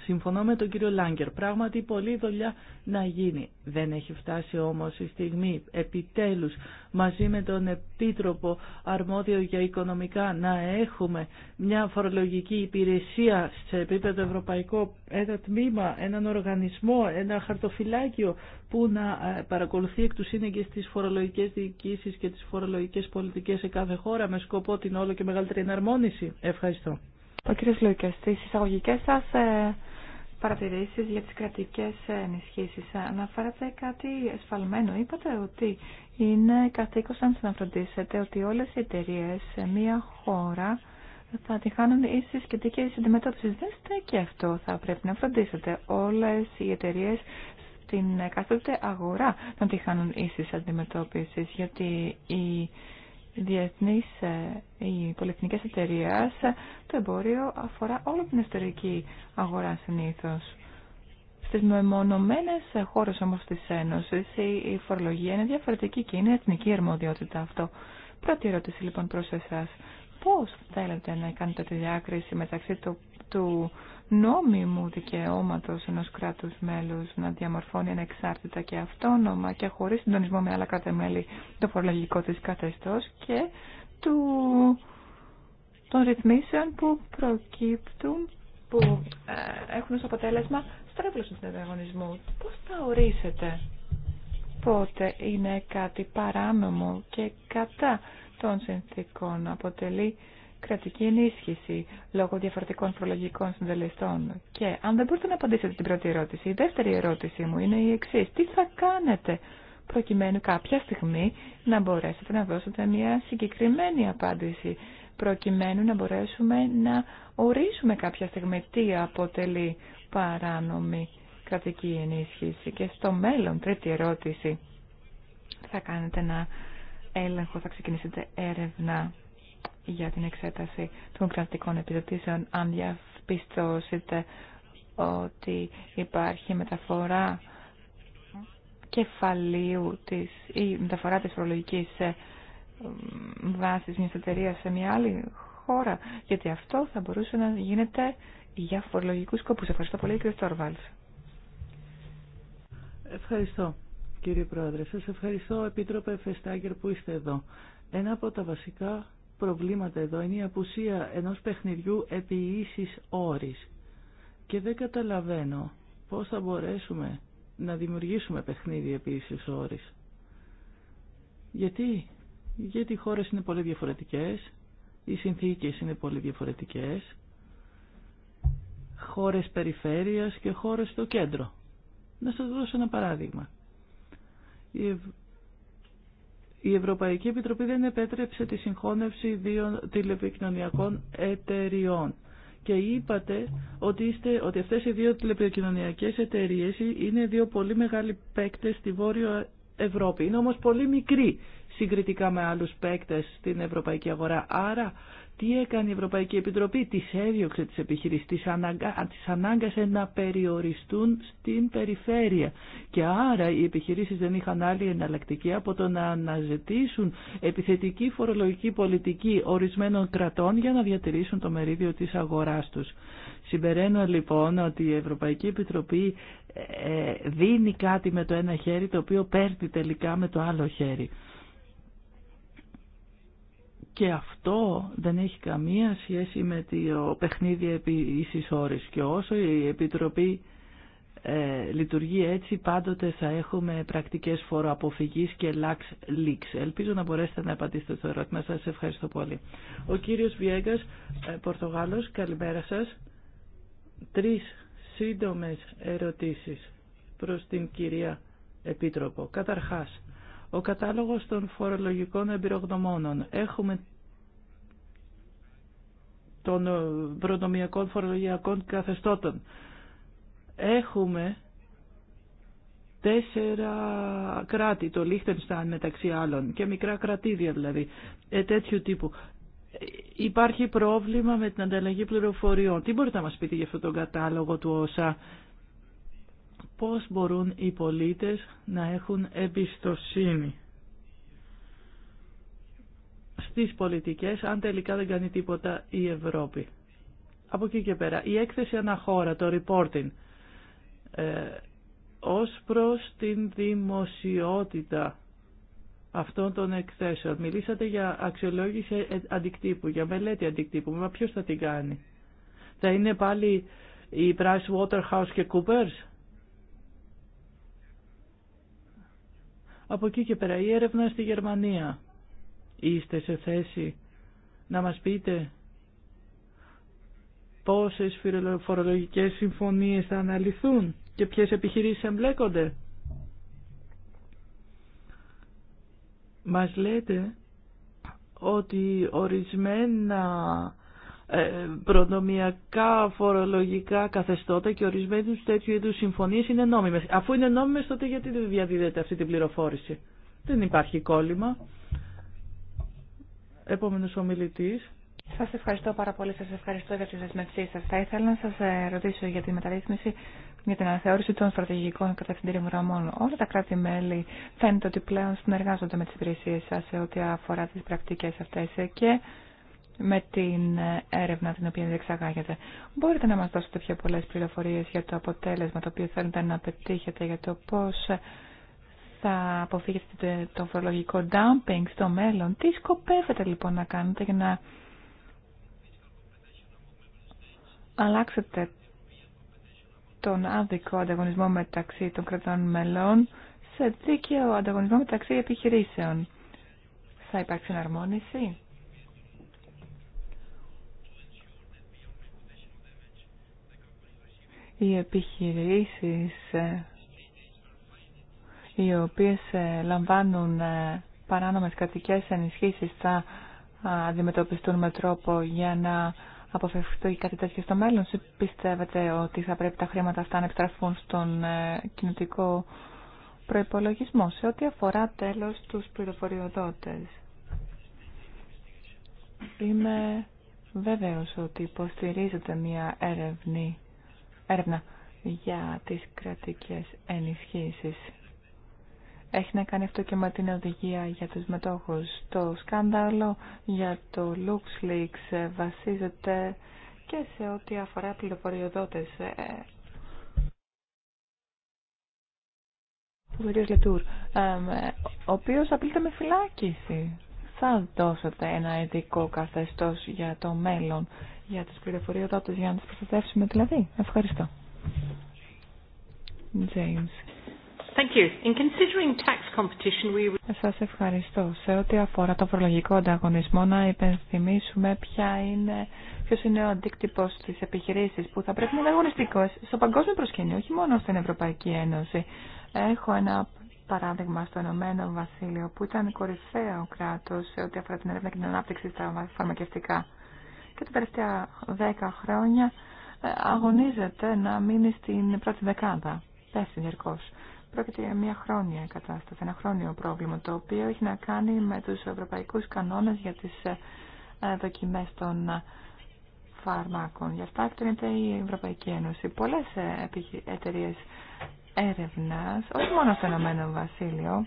Συμφωνώ με τον κύριο Λάγκερ. Πράγματι πολλή δουλειά να γίνει. Δεν έχει φτάσει όμως η στιγμή επιτέλους μαζί με τον Επίτροπο Αρμόδιο για Οικονομικά να έχουμε μια φορολογική υπηρεσία σε επίπεδο ευρωπαϊκό, ένα τμήμα, έναν οργανισμό, ένα χαρτοφυλάκιο που να ε, παρακολουθεί εκ του σύνεγγες τις φορολογικές διοικήσεις και τις φορολογικές πολιτικές σε κάθε χώρα με σκοπό την όλο και μεγαλύτερη εναρμόνιση. Ευχαριστώ. Ο κύριος Λούκες, στις εισαγωγικές σας ε, παρατηρήσεις για τις κρατικές ενισχύσεις. Αναφέρατε κάτι εσφαλμένο. Είπατε ότι είναι καθήκον να φροντίσετε ότι όλες οι εταιρείε σε μία χώρα θα τη χάνουν ίσες και δίκαιες αντιμετώπισης. Δεν στέκει αυτό. Θα πρέπει να φροντίσετε όλες οι εταιρείε στην καθόλου αγορά να τη χάνουν ίσες αντιμετώπισης γιατί οι διεθνής ή ε, πολυεθνικές εταιρείας, ε, το εμπόριο αφορά όλη την εσωτερική αγορά συνήθως. Στις μεμονωμένες χώρες όμως της Ένωσης η πολυεθνικης εταιρειας το εμποριο αφορα ολη την είναι διαφορετική και είναι εθνική αρμοδιότητα αυτό. Πρώτη ερώτηση λοιπόν προς εσάς. Πώς θέλετε να κάνετε τη διάκριση μεταξύ του νόμιμου δικαιώματο ενό κράτου μέλου να διαμορφώνει ανεξάρτητα και αυτόνομα και χωρί συντονισμό με άλλα κράτη-μέλη το φορολογικό τη Καθεστώ και του, των ρυθμίσεων που προκύπτουν, που ε, έχουν ως αποτέλεσμα στρέβλωση του ανταγωνισμού. Πώς θα ορίσετε πότε είναι κάτι παράνομο και κατά των συνθήκων αποτελεί κρατική ενίσχυση λόγω διαφορετικών προλογικών συντελεστών. Και αν δεν μπορείτε να απαντήσετε την πρώτη ερώτηση, η δεύτερη ερώτησή μου είναι η εξή. Τι θα κάνετε προκειμένου κάποια στιγμή να μπορέσετε να δώσετε μια συγκεκριμένη απάντηση, προκειμένου να μπορέσουμε να ορίσουμε κάποια στιγμή τι αποτελεί παράνομη κρατική ενίσχυση. Και στο μέλλον, τρίτη ερώτηση, θα κάνετε ένα έλεγχο, θα ξεκινήσετε έρευνα για την εξέταση των κρατικών επιδοτήσεων αν διαπιστώσετε ότι υπάρχει μεταφορά κεφαλίου της, ή μεταφορά της προλογικής ε, βάσης μιας εταιρείας σε μια άλλη χώρα, γιατί αυτό θα μπορούσε να γίνεται για φορολογικούς σκοπούς. Ευχαριστώ πολύ κύριε Στόρβαλς. Ευχαριστώ κύριε Πρόεδρε. Σας ευχαριστώ Επίτροπε Φεστάγκερ που είστε εδώ. Ένα από τα βασικά προβλήματα εδώ είναι η απουσία ενός παιχνιδιού επί ίσης όρης. Και δεν καταλαβαίνω πώς θα μπορέσουμε να δημιουργήσουμε παιχνίδι επί ίσης όρης. Γιατί, γιατί οι χώρες είναι πολύ διαφορετικές, οι συνθήκες είναι πολύ διαφορετικές, χώρες περιφέρειας και χώρες στο κέντρο. Να σας δώσω ένα παράδειγμα. Η Ευρωπαϊκή Επιτροπή δεν επέτρεψε τη συγχώνευση δύο τηλεπικοινωνιακών εταιριών και είπατε ότι, είστε, ότι αυτές οι δύο τηλεπικοινωνιακές εταιρείες είναι δύο πολύ μεγάλοι παίκτες στη Βόρεια Ευρώπη. Είναι όμως πολύ μικροί συγκριτικά με άλλους παίκτες στην ευρωπαϊκή αγορά. Άρα τι έκανε η Ευρωπαϊκή Επιτροπή, τις έδιωξε τις επιχειρήσεις, τις, αναγκα... τις ανάγκασε να περιοριστούν στην περιφέρεια. Και άρα οι επιχειρήσεις δεν είχαν άλλη εναλλακτική από το να αναζητήσουν επιθετική φορολογική πολιτική ορισμένων κρατών για να διατηρήσουν το μερίδιο της αγοράς τους. Συμπεραίνω λοιπόν ότι η Ευρωπαϊκή Επιτροπή ε, ε, δίνει κάτι με το ένα χέρι το οποίο παίρνει τελικά με το άλλο χέρι και αυτό δεν έχει καμία σχέση με το παιχνίδι επί ίσης όρης. Και όσο η Επιτροπή ε, λειτουργεί έτσι, πάντοτε θα έχουμε πρακτικές φοροαποφυγής και λαξ λίξ. Ελπίζω να μπορέσετε να απαντήσετε στο ερώτημα σας. Ευχαριστώ πολύ. Ο κύριος Βιέγκας, ε, Πορτογάλος, καλημέρα σας. Τρεις σύντομες ερωτήσεις προς την κυρία Επίτροπο. Καταρχάς, ο κατάλογος των φορολογικών εμπειρογνωμόνων. Έχουμε των προνομιακών ε, φορολογιακών καθεστώτων. Έχουμε τέσσερα κράτη, το Λίχτενσταν μεταξύ άλλων και μικρά κρατήδια δηλαδή, ε, τέτοιου τύπου. Ε, υπάρχει πρόβλημα με την ανταλλαγή πληροφοριών. Τι μπορείτε να μας πείτε για αυτόν τον κατάλογο του ΩΣΑ, πώς μπορούν οι πολίτες να έχουν εμπιστοσύνη στις πολιτικές αν τελικά δεν κάνει τίποτα η Ευρώπη. Από εκεί και πέρα. Η έκθεση αναχώρα, το reporting, ε, ως προς την δημοσιότητα αυτών των εκθέσεων. Μιλήσατε για αξιολόγηση αντικτύπου, για μελέτη αντικτύπου. Μα ποιος θα την κάνει. Θα είναι πάλι η Price Waterhouse και Coopers Από εκεί και πέρα, η έρευνα στη Γερμανία. Είστε σε θέση να μας πείτε πόσες φορολογικές συμφωνίες θα αναλυθούν και ποιες επιχειρήσεις εμπλέκονται. Μας λέτε ότι ορισμένα ε, προνομιακά φορολογικά καθεστώτα και ορισμένου τέτοιου είδου συμφωνίε είναι νόμιμε. Αφού είναι νόμιμε, τότε γιατί δεν διαδίδεται αυτή την πληροφόρηση. Δεν υπάρχει κόλλημα. Επόμενο ομιλητή. Σα ευχαριστώ πάρα πολύ. Σα ευχαριστώ για τη δεσμευσή σα. Θα ήθελα να σα ε, ρωτήσω για τη μεταρρύθμιση, για την αναθεώρηση των στρατηγικών κατευθυντήριων γραμμών. Όλα τα κράτη-μέλη φαίνεται ότι πλέον συνεργάζονται με τι υπηρεσίε σα σε ό,τι αφορά τι πρακτικέ αυτέ ε, και με την έρευνα την οποία διεξαγάγεται. Μπορείτε να μας δώσετε πιο πολλές πληροφορίες για το αποτέλεσμα το οποίο θέλετε να πετύχετε, για το πώς θα αποφύγετε το φορολογικό dumping στο μέλλον. Τι σκοπεύετε λοιπόν να κάνετε για να αλλάξετε τον άδικο ανταγωνισμό μεταξύ των κρατών μελών σε δίκαιο ανταγωνισμό μεταξύ επιχειρήσεων. Θα υπάρξει εναρμόνιση οι επιχειρήσεις ε, οι οποίες ε, λαμβάνουν ε, παράνομες κρατικές ενισχύσεις θα αντιμετωπιστούν με τρόπο για να αποφευθεί κάτι τέτοιο στο μέλλον. Πιστεύετε ότι θα πρέπει τα χρήματα αυτά να επιστραφούν στον κοινωτικό προϋπολογισμό σε ό,τι αφορά τέλος τους πληροφοριοδότες. Είμαι βέβαιος ότι υποστηρίζεται μια έρευνη έρευνα για τις κρατικές ενισχύσεις. Έχει να κάνει αυτό και με την οδηγία για τους μετόχους. Το σκάνδαλο για το LuxLeaks βασίζεται και σε ό,τι αφορά πληροφοριοδότες. Ε, ο κ. Λετούρ, ε, οποίος απειλείται με φυλάκιση θα δώσετε ένα ειδικό καθεστώς για το μέλλον, για τις πληροφοριοδότες, για να τις προστατεύσουμε δηλαδή. Ευχαριστώ. James. Thank you. In considering tax competition, we... Σας ευχαριστώ. Σε ό,τι αφορά το προλογικό ανταγωνισμό, να υπενθυμίσουμε ποια είναι, ποιος είναι ο αντίκτυπος της επιχειρήσης που θα πρέπει να είναι αγωνιστικός στο παγκόσμιο προσκήνιο, όχι μόνο στην Ευρωπαϊκή Ένωση. Έχω ένα παράδειγμα στο Ενωμένο Βασίλειο, που ήταν κορυφαίο κράτο σε ό,τι αφορά την έρευνα και την ανάπτυξη στα φαρμακευτικά. Και τα τελευταία δέκα χρόνια ε, αγωνίζεται να μείνει στην πρώτη δεκάδα. Πέσει διαρκώ. Πρόκειται για μια χρόνια κατάσταση, ένα χρόνιο πρόβλημα, το οποίο έχει να κάνει με του ευρωπαϊκού κανόνε για τι ε, ε, δοκιμέ των φαρμάκων. Γι' αυτά εκτείνεται η Ευρωπαϊκή Ένωση. Πολλέ εταιρείε έρευνας, όχι μόνο στο Ηνωμένο Βασίλειο,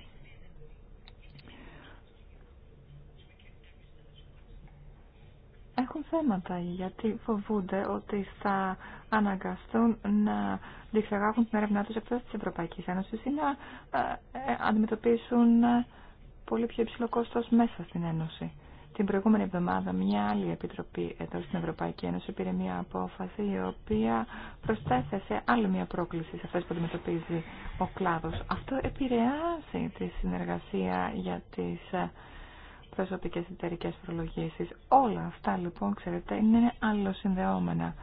έχουν θέματα γιατί φοβούνται ότι θα αναγκαστούν να διεξαγάγουν την έρευνά τους εκτό τη Ευρωπαϊκής Ένωσης ή να ε, ε, αντιμετωπίσουν πολύ πιο υψηλό κόστος μέσα στην Ένωση. Την προηγούμενη εβδομάδα μια άλλη επιτροπή εδώ στην Ευρωπαϊκή Ένωση πήρε μια απόφαση η οποία προσθέθεσε άλλη μια πρόκληση σε αυτές που αντιμετωπίζει ο κλάδος. Αυτό επηρεάζει τη συνεργασία για τις ε, προσωπικές εταιρικέ προλογίσεις. Όλα αυτά λοιπόν ξέρετε είναι αλλοσυνδεόμενα.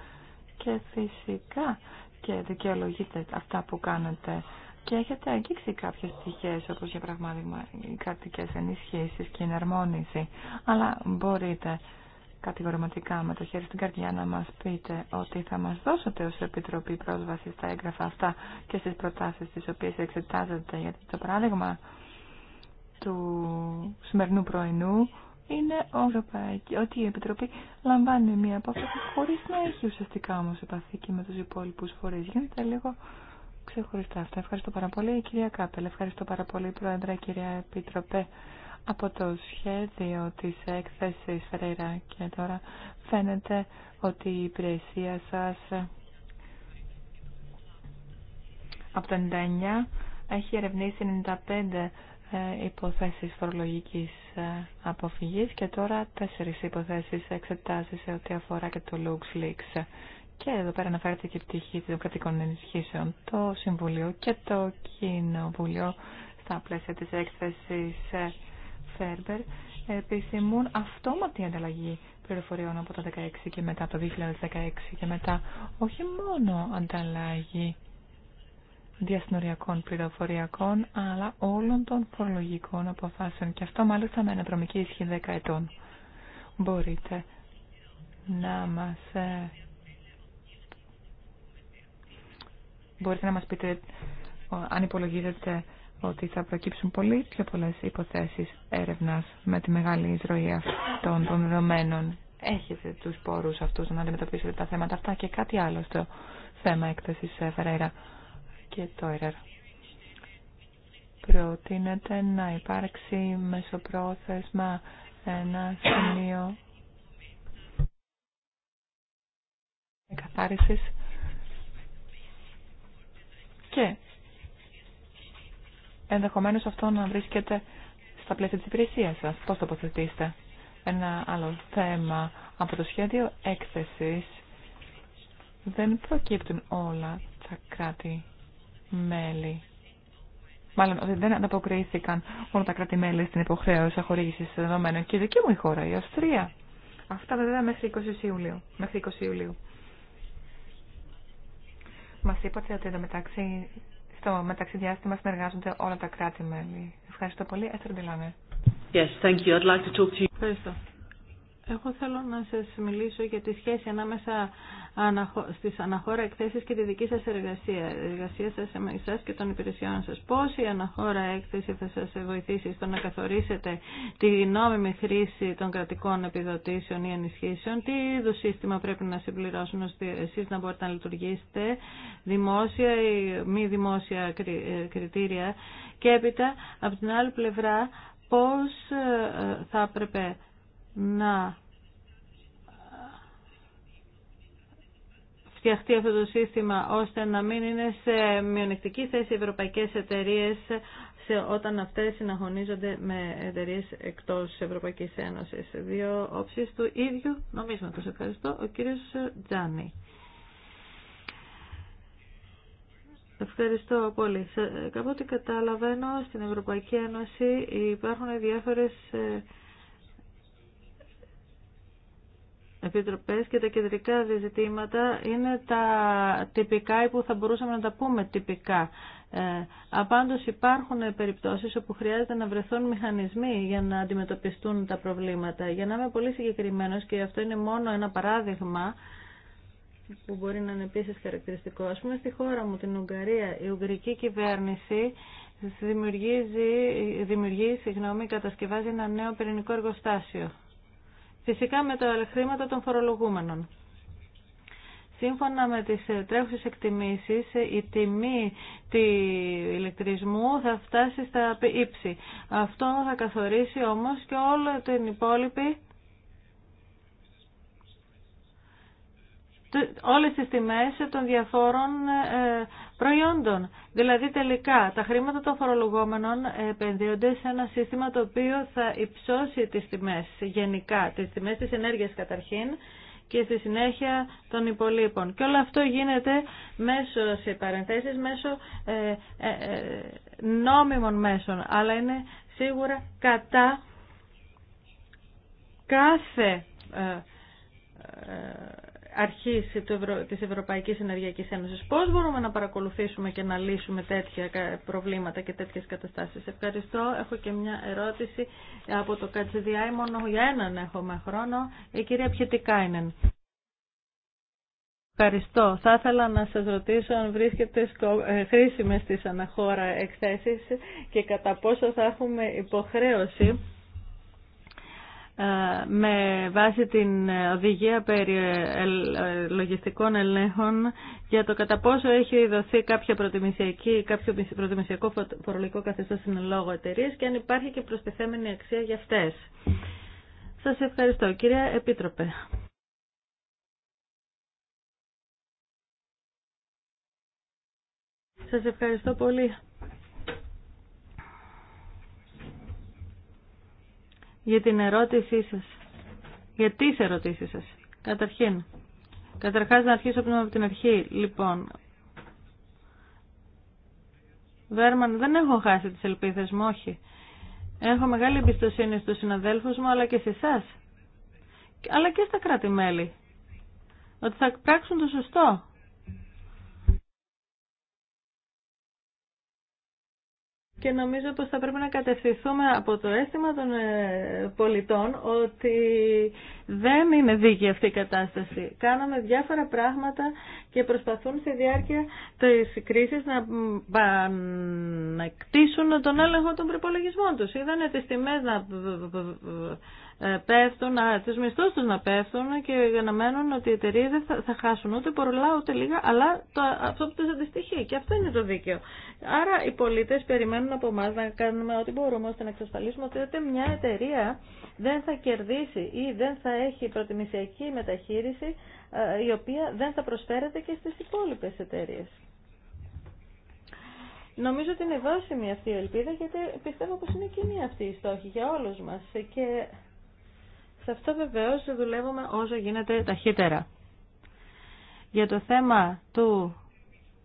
και φυσικά και δικαιολογείται αυτά που κάνετε και έχετε αγγίξει κάποιε πτυχέ, όπω για παράδειγμα οι κρατικέ ενισχύσει και η εναρμόνιση αλλά μπορείτε κατηγορηματικά με το χέρι στην καρδιά να μα πείτε ότι θα μα δώσετε ω Επιτροπή πρόσβαση στα έγγραφα αυτά και στι προτάσει τι οποίε εξετάζετε γιατί το παράδειγμα του σημερινού πρωινού είναι ότι η Επιτροπή λαμβάνει μία απόφαση χωρίς να έχει ουσιαστικά όμως επαφή και με τους υπόλοιπους φορείς. Γίνεται λίγο ξεχωριστά Ευχαριστώ πάρα πολύ, κυρία Κάπελ. Ευχαριστώ πάρα πολύ, Πρόεδρε, κυρία Επιτροπέ. Από το σχέδιο της έκθεσης Φεραϊρά και τώρα φαίνεται ότι η υπηρεσία σας από το 99 έχει ερευνήσει 95 ε, υποθέσεις φορολογικής ε, αποφυγής και τώρα τέσσερις υποθέσεις εξετάζει σε ό,τι αφορά και το LuxLeaks. Και εδώ πέρα αναφέρεται και η πτυχή των κρατικών ενισχύσεων. Το Συμβουλίο και το Κοινοβούλιο στα πλαίσια της έκθεσης ε, Φέρμπερ επιθυμούν αυτόματη ανταλλαγή πληροφοριών από το 2016 και μετά, από το 2016 και μετά. Όχι μόνο ανταλλαγή διασυνοριακών πληροφοριακών, αλλά όλων των φορολογικών αποφάσεων. Και αυτό μάλιστα με αναδρομική ισχύ 10 ετών. Μπορείτε να μας ε, μπορείτε να μας πείτε αν υπολογίζετε ότι θα προκύψουν πολύ πιο πολλές υποθέσεις έρευνας με τη μεγάλη εισρωή αυτών των δεδομένων. Έχετε τους πόρους αυτούς να αντιμετωπίσετε τα θέματα αυτά και κάτι άλλο στο θέμα έκθεσης ε, Φεραίρα και Τόιρερ. Προτείνεται να υπάρξει μεσοπρόθεσμα ένα σημείο εγκαθάρισης και ενδεχομένως αυτό να βρίσκεται στα πλαίσια της υπηρεσίας σας. Πώς τοποθετήσετε ένα άλλο θέμα από το σχέδιο έκθεσης. Δεν προκύπτουν όλα τα κράτη-μέλη. Μάλλον ότι δεν ανταποκρίθηκαν όλα τα κράτη-μέλη στην υποχρέωση χορήγηση δεδομένων και η δική μου η χώρα, η Αυστρία. Αυτά βέβαια μέχρι 20 Ιουλίου. Μέχρι 20 Ιουλίου μα είπατε ότι εδώ μεταξύ, στο μεταξύ διάστημα συνεργάζονται όλα τα κράτη-μέλη. Ευχαριστώ πολύ. Έστω Yes, thank you. I'd like to talk to you. Ευχαριστώ. Εγώ θέλω να σας μιλήσω για τη σχέση ανάμεσα στις αναχώρα εκθέσεις και τη δική σας εργασία, εργασία σας εσά και των υπηρεσιών σας. Πώς η αναχώρα έκθεση θα σας βοηθήσει στο να καθορίσετε τη νόμιμη χρήση των κρατικών επιδοτήσεων ή ενισχύσεων, τι είδου σύστημα πρέπει να συμπληρώσουν ώστε εσείς να μπορείτε να λειτουργήσετε, δημόσια ή μη δημόσια ε, κριτήρια και έπειτα από την άλλη πλευρά πώς ε, ε, θα έπρεπε να φτιαχτεί αυτό το σύστημα ώστε να μην είναι σε μειονεκτική θέση ευρωπαϊκές εταιρείες σε, όταν αυτές συναγωνίζονται με εταιρείες εκτός Ευρωπαϊκής Ένωσης. Δύο όψεις του ίδιου νομίσματος. Ευχαριστώ. Ο κύριος Τζάνι. Ευχαριστώ πολύ. Κάποτε καταλαβαίνω στην Ευρωπαϊκή Ένωση υπάρχουν διάφορες ε, επιτροπές και τα κεντρικά ζητήματα είναι τα τυπικά ή που θα μπορούσαμε να τα πούμε τυπικά. Ε, απάντως υπάρχουν περιπτώσεις όπου χρειάζεται να βρεθούν μηχανισμοί για να αντιμετωπιστούν τα προβλήματα. Για να είμαι πολύ συγκεκριμένος και αυτό είναι μόνο ένα παράδειγμα που μπορεί να είναι επίσης χαρακτηριστικό. Ας πούμε στη χώρα μου, την Ουγγαρία, η Ουγγρική κυβέρνηση δημιουργεί, δημιουργεί συγγνώμη, κατασκευάζει ένα νέο πυρηνικό εργοστάσιο φυσικά με τα χρήματα των φορολογούμενων. Σύμφωνα με τις ε, τρέχουσες εκτιμήσεις, ε, η τιμή του ηλεκτρισμού θα φτάσει στα ύψη. Αυτό θα καθορίσει όμως και όλο την υπόλοιπη όλες τις τιμές των διαφόρων ε, προϊόντων. Δηλαδή τελικά τα χρήματα των φορολογόμενων επενδύονται σε ένα σύστημα το οποίο θα υψώσει τις τιμές γενικά, τις τιμές της ενέργειας καταρχήν και στη συνέχεια των υπολείπων. Και όλο αυτό γίνεται μέσω, σε παρενθέσεις, μέσω ε, ε, ε νόμιμων μέσων, αλλά είναι σίγουρα κατά κάθε ε, Αρχή της Ευρωπαϊκής Ενεργειακής Ένωσης. Πώς μπορούμε να παρακολουθήσουμε και να λύσουμε τέτοια προβλήματα και τέτοιες καταστάσεις. Ευχαριστώ. Έχω και μια ερώτηση από το Κατσιδιάη. Μόνο για έναν έχουμε χρόνο. Η κυρία Πιετικάινεν. Ευχαριστώ. Θα ήθελα να σας ρωτήσω αν βρίσκεται ε, χρήσιμες τις αναχώρα εκθέσεις και κατά πόσο θα έχουμε υποχρέωση ε, με βάση την οδηγία περί ε, ε, λογιστικών ελέγχων για το κατά πόσο έχει δοθεί κάποια προτιμησιακή, κάποιο προτιμησιακό φορολογικό καθεστώς στην λόγω εταιρείε και αν υπάρχει και προστιθέμενη αξία για αυτές. Σας ευχαριστώ. Κυρία Επίτροπε. Σας ευχαριστώ πολύ. για την ερώτησή σας. Για τις ερωτήσεις σας. Καταρχήν. Καταρχάς να αρχίσω από την αρχή. Λοιπόν, Βέρμαν, δεν έχω χάσει τις ελπίδες μου, όχι. Έχω μεγάλη εμπιστοσύνη στους συναδέλφους μου, αλλά και σε εσά. Αλλά και στα κράτη-μέλη. Ότι θα πράξουν το σωστό. και νομίζω πως θα πρέπει να κατευθυνθούμε από το αίσθημα των ε, πολιτών ότι δεν είναι δίκαιη αυτή η κατάσταση. Κάναμε διάφορα πράγματα και προσπαθούν στη διάρκεια της κρίσης να εκτίσουν τον έλεγχο των προπολογισμών τους. Είδανε τις τιμές να ε, πέφτουν, α, τους μισθούς να πέφτουν και να μένουν ότι οι εταιρείε δεν θα, χάσουν ούτε πολλά ούτε λίγα, αλλά το, αυτό που τους αντιστοιχεί και αυτό είναι το δίκαιο. Άρα οι πολίτες περιμένουν από εμά να κάνουμε ό,τι μπορούμε ώστε να εξασφαλίσουμε ότι ούτε μια εταιρεία δεν θα κερδίσει ή δεν θα έχει προτιμησιακή μεταχείριση ε, η οποία δεν θα προσφέρεται και στις υπόλοιπες εταιρείε. Νομίζω ότι είναι βάσιμη αυτή η ελπίδα γιατί πιστεύω πως είναι κοινή αυτή η στόχη για όλους μας και σε αυτό βεβαίω δουλεύουμε όσο γίνεται ταχύτερα. Για το θέμα του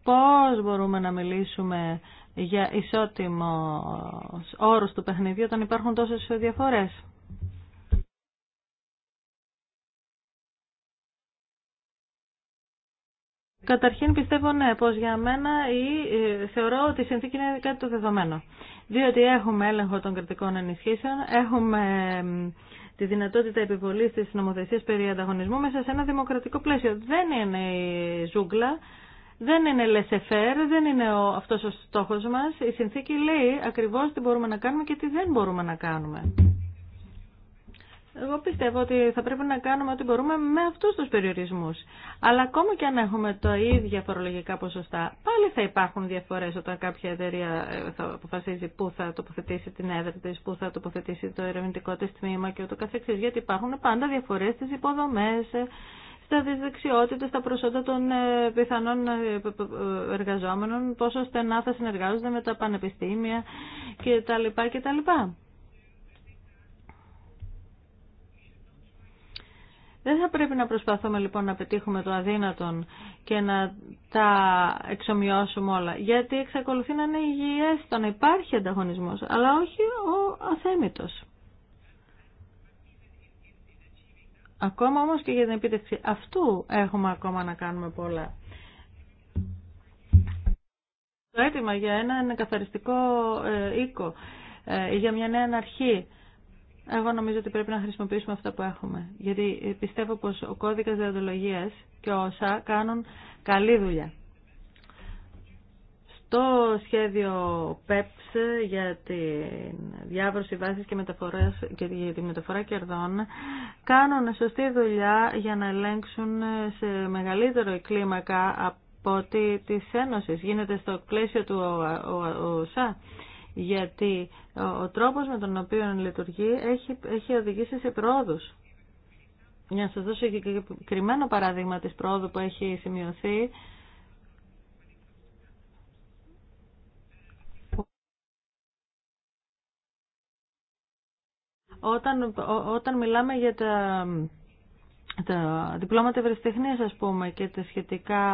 πώς μπορούμε να μιλήσουμε για ισότιμο όρος του παιχνιδιού όταν υπάρχουν τόσες διαφορές. Καταρχήν πιστεύω ναι, πως για μένα ή ε, θεωρώ ότι η συνθήκη είναι κάτι το δεδομένο. Διότι έχουμε έλεγχο των κρατικών ενισχύσεων, έχουμε τη δυνατότητα επιβολής της νομοθεσίας περί ανταγωνισμού μέσα σε ένα δημοκρατικό πλαίσιο. Δεν είναι η ζούγκλα, δεν είναι λεσεφέρ, δεν είναι ο, αυτός ο στόχος μας. Η συνθήκη λέει ακριβώς τι μπορούμε να κάνουμε και τι δεν μπορούμε να κάνουμε. Εγώ πιστεύω ότι θα πρέπει να κάνουμε ό,τι μπορούμε με αυτού του περιορισμού. Αλλά ακόμα και αν έχουμε τα ίδια φορολογικά ποσοστά, πάλι θα υπάρχουν διαφορέ όταν κάποια εταιρεία ε, θα αποφασίζει πού θα τοποθετήσει την έδρα τη, πού θα τοποθετήσει το ερευνητικό τη τμήμα και ούτω καθεξής. Γιατί υπάρχουν πάντα διαφορέ στι υποδομέ, ε, στα δεξιότητε, στα προσόντα των ε, πιθανών εργαζόμενων, πόσο στενά θα συνεργάζονται με τα πανεπιστήμια κτλ. κτλ. Δεν θα πρέπει να προσπαθούμε λοιπόν να πετύχουμε το αδύνατον και να τα εξομοιώσουμε όλα. Γιατί εξακολουθεί να είναι υγιές το να υπάρχει ανταγωνισμός, αλλά όχι ο αθέμητος. Ακόμα όμως και για την επίτευξη αυτού έχουμε ακόμα να κάνουμε πολλά. Το αίτημα για έναν καθαριστικό ε, οίκο, ε, για μια νέα αρχή. Εγώ νομίζω ότι πρέπει να χρησιμοποιήσουμε αυτά που έχουμε. Γιατί ε, πιστεύω πως ο κώδικας διοντολογίας και ο ΩΣΑ κάνουν καλή δουλειά. Στο σχέδιο PEPS για τη διάβρωση βάσης και, μεταφοράς, και τη μεταφορά κερδών κάνουν σωστή δουλειά για να ελέγξουν σε μεγαλύτερο κλίμακα από ότι της Ένωσης γίνεται στο πλαίσιο του ΟΣΑ γιατί ο τρόπος με τον οποίο λειτουργεί έχει, έχει οδηγήσει σε πρόοδους. Για να σας δώσω και κρυμμένο παράδειγμα της πρόοδου που έχει σημειωθεί, όταν, όταν μιλάμε για τα, τα διπλώματα ευρεσιτεχνίας, ας πούμε, και τα σχετικά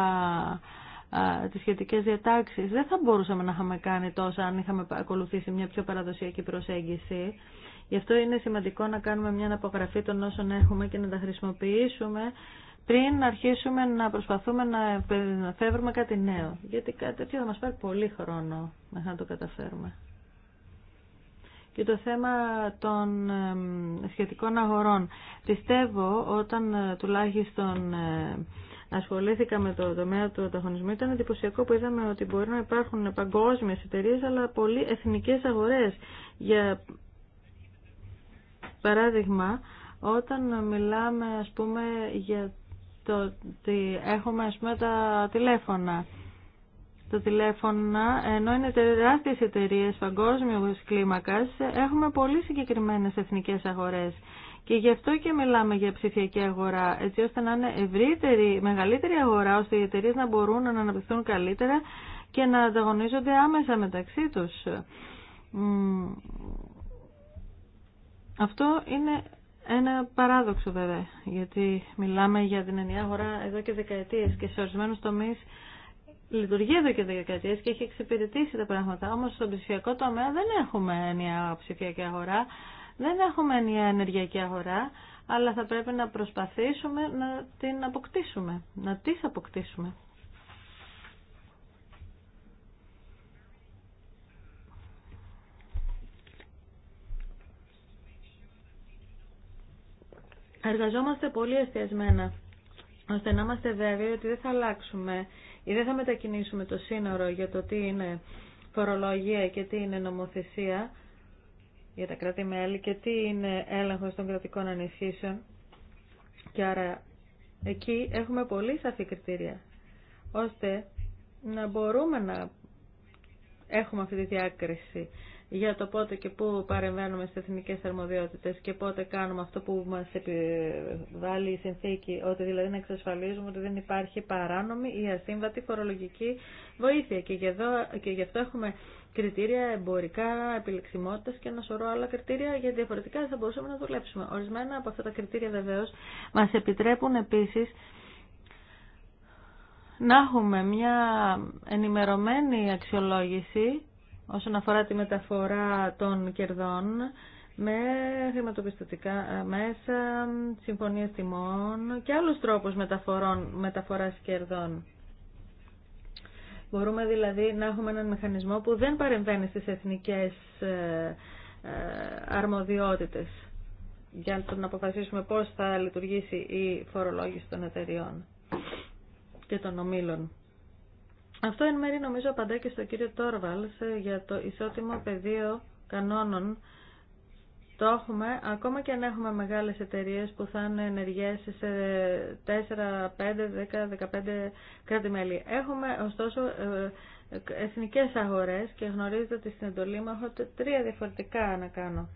τις σχετικές διατάξεις. Δεν θα μπορούσαμε να είχαμε κάνει τόσα αν είχαμε ακολουθήσει μια πιο παραδοσιακή προσέγγιση. Γι' αυτό είναι σημαντικό να κάνουμε μια αναπογραφή των όσων έχουμε και να τα χρησιμοποιήσουμε πριν αρχίσουμε να προσπαθούμε να φεύγουμε κάτι νέο. Γιατί κάτι τέτοιο θα μας πάρει πολύ χρόνο να το καταφέρουμε. Και το θέμα των σχετικών αγορών. Πιστεύω όταν ε, τουλάχιστον ε, ασχολήθηκα με το τομέα του ανταγωνισμού, ήταν εντυπωσιακό που είδαμε ότι μπορεί να υπάρχουν παγκόσμιε εταιρείε, αλλά πολύ εθνικέ αγορέ. Για παράδειγμα, όταν μιλάμε ας πούμε για το ότι έχουμε ας πούμε τα τηλέφωνα τα τηλέφωνα, ενώ είναι τεράστιες εταιρείε παγκόσμιου κλίμακα, έχουμε πολύ συγκεκριμένες εθνικές αγορές. Και γι' αυτό και μιλάμε για ψηφιακή αγορά, έτσι ώστε να είναι ευρύτερη, μεγαλύτερη αγορά, ώστε οι εταιρείε να μπορούν να αναπτυχθούν καλύτερα και να ανταγωνίζονται άμεσα μεταξύ τους. Αυτό είναι ένα παράδοξο βέβαια, γιατί μιλάμε για την ενιαία αγορά εδώ και δεκαετίες και σε ορισμένου τομεί λειτουργεί εδώ και δεκαετίες και έχει εξυπηρετήσει τα πράγματα. Όμως στον ψηφιακό τομέα δεν έχουμε ενιαία ψηφιακή αγορά. Δεν έχουμε μια ενεργειακή αγορά, αλλά θα πρέπει να προσπαθήσουμε να την αποκτήσουμε, να τις αποκτήσουμε. Εργαζόμαστε πολύ εστιασμένα, ώστε να είμαστε βέβαιοι ότι δεν θα αλλάξουμε ή δεν θα μετακινήσουμε το σύνορο για το τι είναι φορολογία και τι είναι νομοθεσία, για τα κράτη-μέλη και τι είναι έλεγχος των κρατικών ανισχύσεων. Και άρα εκεί έχουμε πολύ σαφή κριτήρια, ώστε να μπορούμε να έχουμε αυτή τη διάκριση για το πότε και πού παρεμβαίνουμε στις εθνικές αρμοδιότητες και πότε κάνουμε αυτό που μας επιβάλλει η συνθήκη, ότι δηλαδή να εξασφαλίζουμε ότι δεν υπάρχει παράνομη ή ασύμβατη φορολογική βοήθεια. Και, εδώ, και γι' αυτό έχουμε κριτήρια εμπορικά, επιλεξιμότητας και ένα σωρό άλλα κριτήρια, γιατί διαφορετικά θα μπορούσαμε να δουλέψουμε. Ορισμένα από αυτά τα κριτήρια βεβαίως μας επιτρέπουν επίσης να έχουμε μια ενημερωμένη αξιολόγηση όσον αφορά τη μεταφορά των κερδών με χρηματοπιστωτικά ε, μέσα, συμφωνίες τιμών και άλλους τρόπους μεταφορών, μεταφοράς κερδών. Μπορούμε δηλαδή να έχουμε έναν μηχανισμό που δεν παρεμβαίνει στις εθνικές ε, ε, αρμοδιότητες για να αποφασίσουμε πώς θα λειτουργήσει η φορολόγηση των εταιριών και των ομίλων. Αυτό εν μέρει νομίζω απαντά και στο κύριο Τόρβαλς ε, για το ισότιμο πεδίο κανόνων το έχουμε, ακόμα και αν έχουμε μεγάλες εταιρείες που θα είναι ενεργές σε 4, 5, 10, 15 κράτη-μέλη. Έχουμε ωστόσο ε, εθνικές αγορές και γνωρίζετε ότι στην εντολή μου έχω τρία διαφορετικά να κάνω.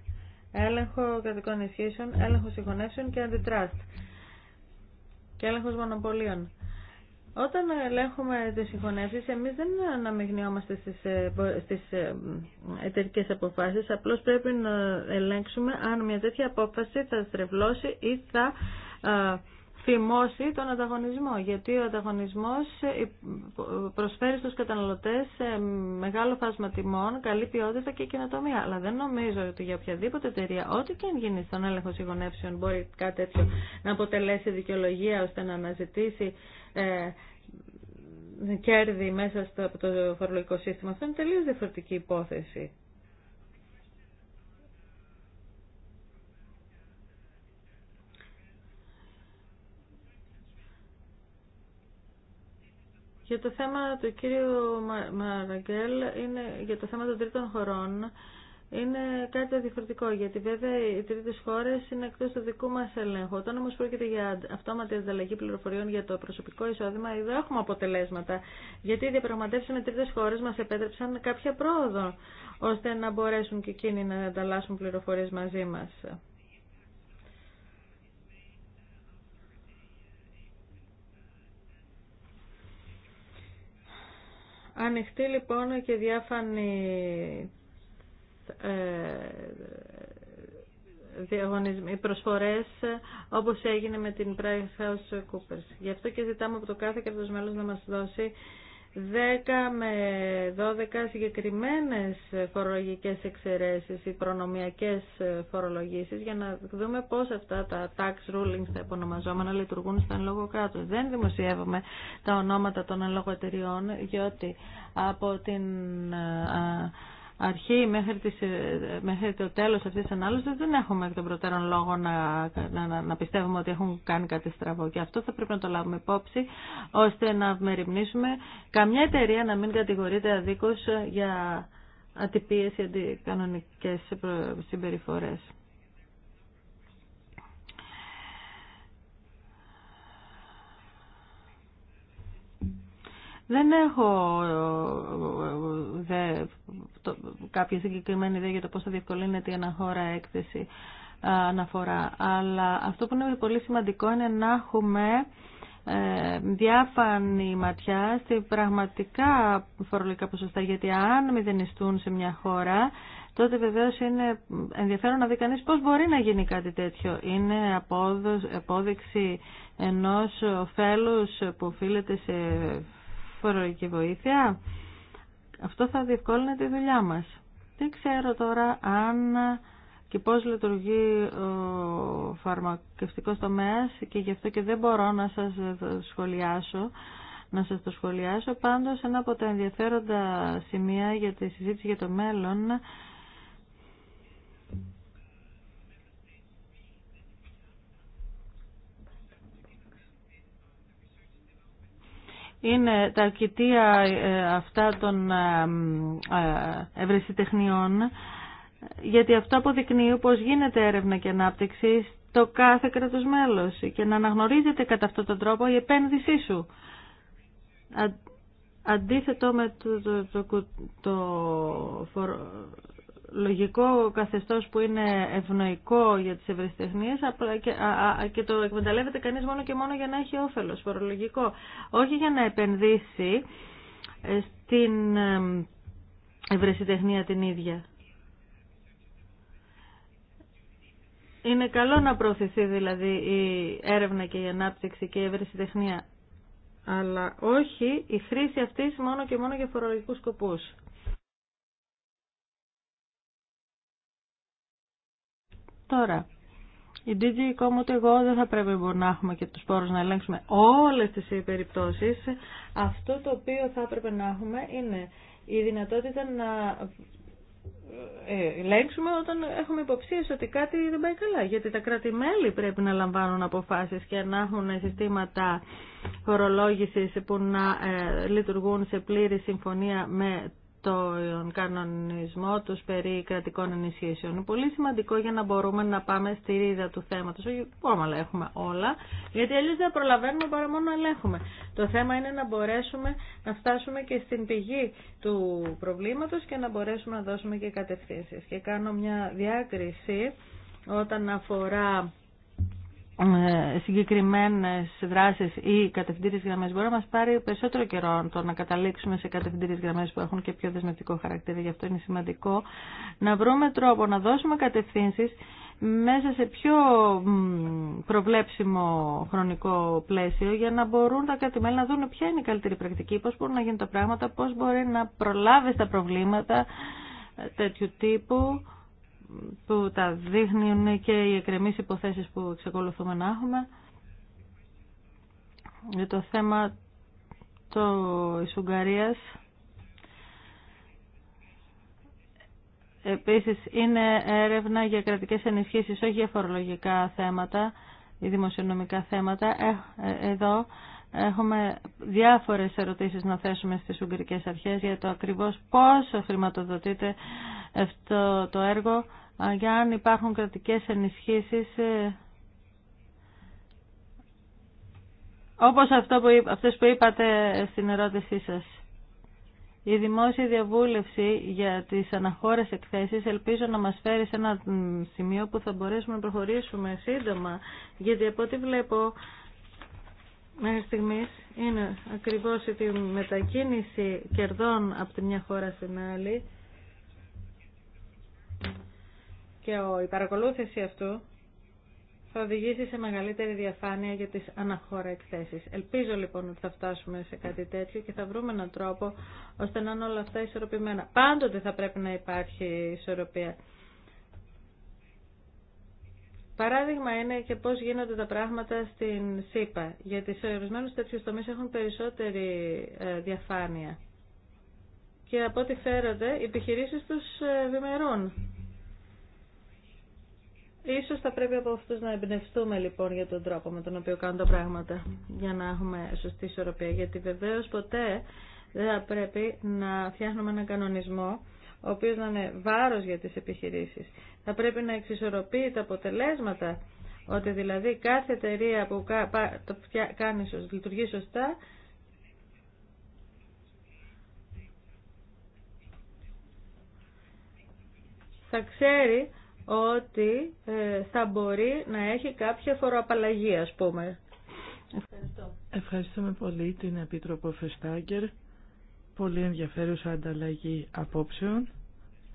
Έλεγχο κρατικών ισχύσεων, έλεγχο συγχωνεύσεων και αντιτράστ. Και έλεγχος μονοπωλίων. Όταν ελέγχουμε τι συγχωνεύσει, εμεί δεν αναμειγνιόμαστε στι ε, ε, εταιρικέ αποφάσει. Απλώ πρέπει να ελέγξουμε αν μια τέτοια απόφαση θα στρεβλώσει ή θα φημώσει τον ανταγωνισμό, γιατί ο ανταγωνισμός προσφέρει στους καταναλωτές ε, μεγάλο φάσμα τιμών, καλή ποιότητα και καινοτομία. Αλλά δεν νομίζω ότι για οποιαδήποτε εταιρεία, ό,τι και αν γίνει στον έλεγχο συγγονεύσεων, μπορεί κάτι τέτοιο να αποτελέσει δικαιολογία ώστε να αναζητήσει ε, κέρδη μέσα στο το φορολογικό σύστημα. Αυτό είναι τελείως διαφορετική υπόθεση. Για το θέμα του κύριου Μαραγκέλ, είναι, για το θέμα των τρίτων χωρών, είναι κάτι διαφορετικό, γιατί βέβαια οι τρίτε χώρε είναι εκτό του δικού μα ελέγχου. Όταν όμω πρόκειται για αυτόματη ανταλλαγή πληροφοριών για το προσωπικό εισόδημα, εδώ έχουμε αποτελέσματα. Γιατί οι διαπραγματεύσει με τρίτε χώρε μα επέτρεψαν κάποια πρόοδο, ώστε να μπορέσουν και εκείνοι να ανταλλάσσουν πληροφορίε μαζί μα. Ανοιχτή λοιπόν και διάφανη ε, διαγωνισμοί, προσφορές όπως έγινε με την Price House Coopers. Γι' αυτό και ζητάμε από το κάθε κερδός να μας δώσει 10 με 12 συγκεκριμένες φορολογικές εξαιρέσεις ή προνομιακές φορολογήσεις για να δούμε πώς αυτά τα tax rulings τα επωνομαζόμενα, λειτουργούν στα λόγο κράτος. Δεν δημοσιεύουμε τα ονόματα των λόγω εταιριών διότι από την αρχή μέχρι, τις, ε, μέχρι το τέλος αυτής της ανάλυσης δεν έχουμε εκ των προτέρων λόγο να, να, να, πιστεύουμε ότι έχουν κάνει κάτι στραβό και αυτό θα πρέπει να το λάβουμε υπόψη ώστε να μεριμνήσουμε καμιά εταιρεία να μην κατηγορείται αδίκως για ατυπίες ή αντικανονικές συμπεριφορές. Δεν έχω ε, δε, κάποια συγκεκριμένη ιδέα για το πώς θα διευκολύνεται η αναχώρα έκθεση αναφορά. Αλλά αυτό που είναι πολύ σημαντικό είναι να έχουμε ε, διάφανη ματιά στη πραγματικά φορολογικά ποσοστά γιατί αν μηδενιστούν σε μια χώρα τότε βεβαίω είναι ενδιαφέρον να δει κανείς πώς μπορεί να γίνει κάτι τέτοιο. Είναι απόδειξη ενός ωφέλους που οφείλεται σε φορολογική βοήθεια. Αυτό θα διευκόλυνε τη δουλειά μας. Δεν ξέρω τώρα αν και πώς λειτουργεί ο φαρμακευτικός τομέας και γι' αυτό και δεν μπορώ να σας σχολιάσω. Να σας το σχολιάσω. Πάντως, ένα από τα ενδιαφέροντα σημεία για τη συζήτηση για το μέλλον είναι τα κοιτία ε, αυτά των ε, ε, ευρεσιτεχνιών, γιατί αυτό αποδεικνύει πως γίνεται έρευνα και ανάπτυξη στο κάθε κράτος μέλος και να αναγνωρίζεται κατά αυτόν τον τρόπο η επένδυσή σου. Αντίθετο με το, το, το, λογικό καθεστώς που είναι ευνοϊκό για τις ευρεσιτεχνίες και το εκμεταλλεύεται κανείς μόνο και μόνο για να έχει όφελος φορολογικό. Όχι για να επενδύσει ε, στην ευρεσιτεχνία την ίδια. Είναι καλό να προωθηθεί δηλαδή η έρευνα και η ανάπτυξη και η ευρεσιτεχνία αλλά όχι η χρήση αυτής μόνο και μόνο για φορολογικούς σκοπούς. Τώρα, η DG ότι εγώ δεν θα πρέπει να έχουμε και τους πόρους να ελέγξουμε όλες τις περιπτώσεις. Αυτό το οποίο θα έπρεπε να έχουμε είναι η δυνατότητα να ε, ελέγξουμε όταν έχουμε υποψίες ότι κάτι δεν πάει καλά. Γιατί τα κράτη-μέλη πρέπει να λαμβάνουν αποφάσεις και να έχουν συστήματα φορολόγησης που να ε, λειτουργούν σε πλήρη συμφωνία με τον κανονισμό τους περί κρατικών ενισχύσεων. Είναι πολύ σημαντικό για να μπορούμε να πάμε στη ρίδα του θέματος, όχι ακόμα έχουμε όλα, γιατί αλλιώς δεν προλαβαίνουμε παρά μόνο ελέγχουμε. Το θέμα είναι να μπορέσουμε να φτάσουμε και στην πηγή του προβλήματος και να μπορέσουμε να δώσουμε και κατευθύνσεις. Και κάνω μια διάκριση όταν αφορά ε, συγκεκριμένες δράσεις ή κατευθυντήριες γραμμές μπορεί να μας πάρει περισσότερο καιρό το να καταλήξουμε σε κατευθυντήριες γραμμές που έχουν και πιο δεσμευτικό χαρακτήρα. Γι' αυτό είναι σημαντικό να βρούμε τρόπο να δώσουμε κατευθύνσεις μέσα σε πιο προβλέψιμο χρονικό πλαίσιο για να μπορούν τα κράτη-μέλη να δουν ποια είναι η καλύτερη πρακτική, πώς μπορούν να γίνουν τα πράγματα, πώς μπορεί να προλάβει τα προβλήματα τέτοιου τύπου που τα δείχνουν και οι εκκρεμείς υποθέσεις που εξακολουθούμε να έχουμε. Για το θέμα το, της Ουγγαρίας, επίσης είναι έρευνα για κρατικές ενισχύσεις, όχι για φορολογικά θέματα ή δημοσιονομικά θέματα. Ε, ε εδώ Έχουμε διάφορες ερωτήσεις να θέσουμε στις Ουγγρικές Αρχές για το ακριβώς πώς χρηματοδοτείται αυτό το έργο, για αν υπάρχουν κρατικές ενισχύσεις, ε, όπως αυτό που, αυτές που είπατε στην ερώτησή σας. Η δημόσια διαβούλευση για τις αναχώρες εκθέσεις ελπίζω να μας φέρει σε ένα σημείο που θα μπορέσουμε να προχωρήσουμε σύντομα, γιατί από ό,τι βλέπω μέχρι στιγμή είναι ακριβώς η μετακίνηση κερδών από τη μια χώρα στην άλλη και η παρακολούθηση αυτού θα οδηγήσει σε μεγαλύτερη διαφάνεια για τις αναχώρα εκθέσεις. Ελπίζω λοιπόν ότι θα φτάσουμε σε κάτι τέτοιο και θα βρούμε έναν τρόπο ώστε να είναι όλα αυτά ισορροπημένα. Πάντοτε θα πρέπει να υπάρχει ισορροπία. Παράδειγμα είναι και πώς γίνονται τα πράγματα στην ΣΥΠΑ, γιατί σε ορισμένους τέτοιους τομείς έχουν περισσότερη ε, διαφάνεια. Και από ό,τι φέρονται, οι επιχειρήσεις τους ε, ευημερούν. Ίσως θα πρέπει από αυτούς να εμπνευστούμε λοιπόν για τον τρόπο με τον οποίο κάνουν τα πράγματα, για να έχουμε σωστή ισορροπία. Γιατί βεβαίως ποτέ δεν θα πρέπει να φτιάχνουμε έναν κανονισμό ο οποίο να είναι βάρος για τις επιχειρήσεις. Θα πρέπει να εξισορροπεί τα αποτελέσματα, ότι δηλαδή κάθε εταιρεία που το κάνει, λειτουργεί σωστά, θα ξέρει ότι ε, θα μπορεί να έχει κάποια φοροαπαλλαγή, ας πούμε. Ευχαριστώ. Ευχαριστούμε πολύ την Επίτροπο Φεστάγκερ. Πολύ ενδιαφέρουσα ανταλλαγή απόψεων.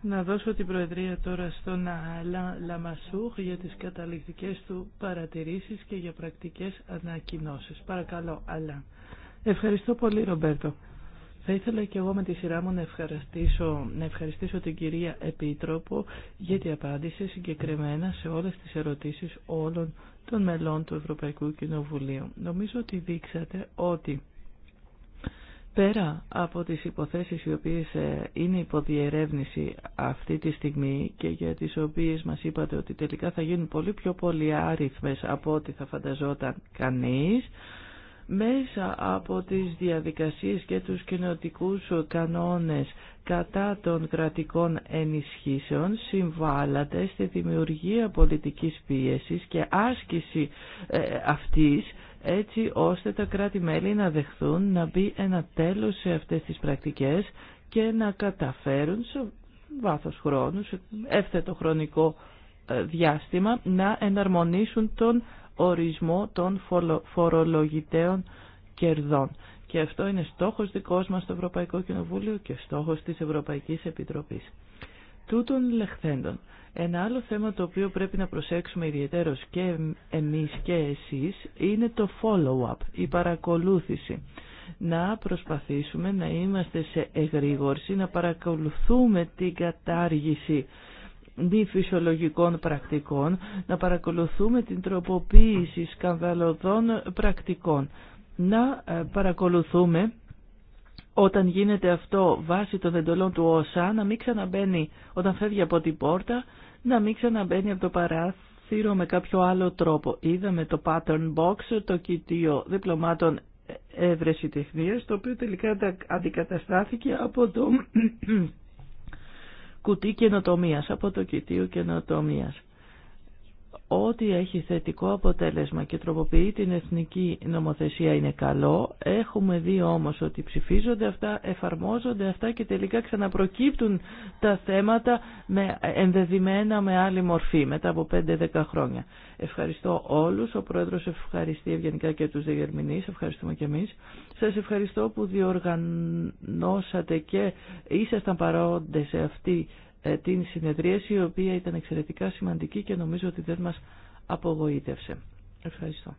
Να δώσω την Προεδρία τώρα στον Αλάν Λαμασούχ για τις καταληκτικές του παρατηρήσεις και για πρακτικές ανακοινώσεις. Παρακαλώ, Αλάν. Ευχαριστώ πολύ, Ρομπέρτο. Θα ήθελα και εγώ με τη σειρά μου να ευχαριστήσω, να ευχαριστήσω την κυρία Επίτροπο γιατί απάντηση συγκεκριμένα σε όλες τις ερωτήσεις όλων των μελών του Ευρωπαϊκού Κοινοβουλίου. Νομίζω ότι δείξατε ότι Πέρα από τις υποθέσεις οι οποίες ε, είναι υποδιερεύνηση αυτή τη στιγμή και για τις οποίες μας είπατε ότι τελικά θα γίνουν πολύ πιο πολλοί άριθμες από ό,τι θα φανταζόταν κανείς, μέσα από τις διαδικασίες και τους κοινοτικούς κανόνες κατά των κρατικών ενισχύσεων συμβάλλατε στη δημιουργία πολιτικής πίεσης και άσκηση ε, αυτής έτσι ώστε τα κράτη-μέλη να δεχθούν να μπει ένα τέλος σε αυτές τις πρακτικές και να καταφέρουν σε βάθος χρόνου, σε εύθετο χρονικό ε, διάστημα, να εναρμονίσουν τον ορισμό των φορολογητέων κερδών. Και αυτό είναι στόχος δικός μας στο Ευρωπαϊκό Κοινοβούλιο και στόχος της Ευρωπαϊκής Επιτροπής. Τούτων λεχθέντων. Ένα άλλο θέμα το οποίο πρέπει να προσέξουμε ιδιαιτέρως και εμείς και εσείς είναι το follow-up, η παρακολούθηση. Να προσπαθήσουμε να είμαστε σε εγρήγορση, να παρακολουθούμε την κατάργηση μη φυσιολογικών πρακτικών, να παρακολουθούμε την τροποποίηση σκανδαλωδών πρακτικών, να ε, παρακολουθούμε όταν γίνεται αυτό βάσει των εντολών του ΩΣΑ να μην ξαναμπαίνει, όταν φεύγει από την πόρτα, να μην ξαναμπαίνει από το παράθυρο με κάποιο άλλο τρόπο. Είδαμε το pattern box, το κοιτίο διπλωμάτων έβρεση τεχνίας, το οποίο τελικά αντικαταστάθηκε από το κουτί από το κοιτίο καινοτομία. Ό,τι έχει θετικό αποτέλεσμα και τροποποιεί την εθνική νομοθεσία είναι καλό. Έχουμε δει όμως ότι ψηφίζονται αυτά, εφαρμόζονται αυτά και τελικά ξαναπροκύπτουν τα θέματα με, ενδεδημένα με άλλη μορφή μετά από 5-10 χρόνια. Ευχαριστώ όλους. Ο Πρόεδρος ευχαριστεί ευγενικά και τους διερμηνείς. Ευχαριστούμε και εμείς. Σας ευχαριστώ που διοργανώσατε και ήσασταν παρόντες σε αυτή ε, την συνεδρίαση η οποία ήταν εξαιρετικά σημαντική και νομίζω ότι δεν μας απογοήτευσε. Ευχαριστώ.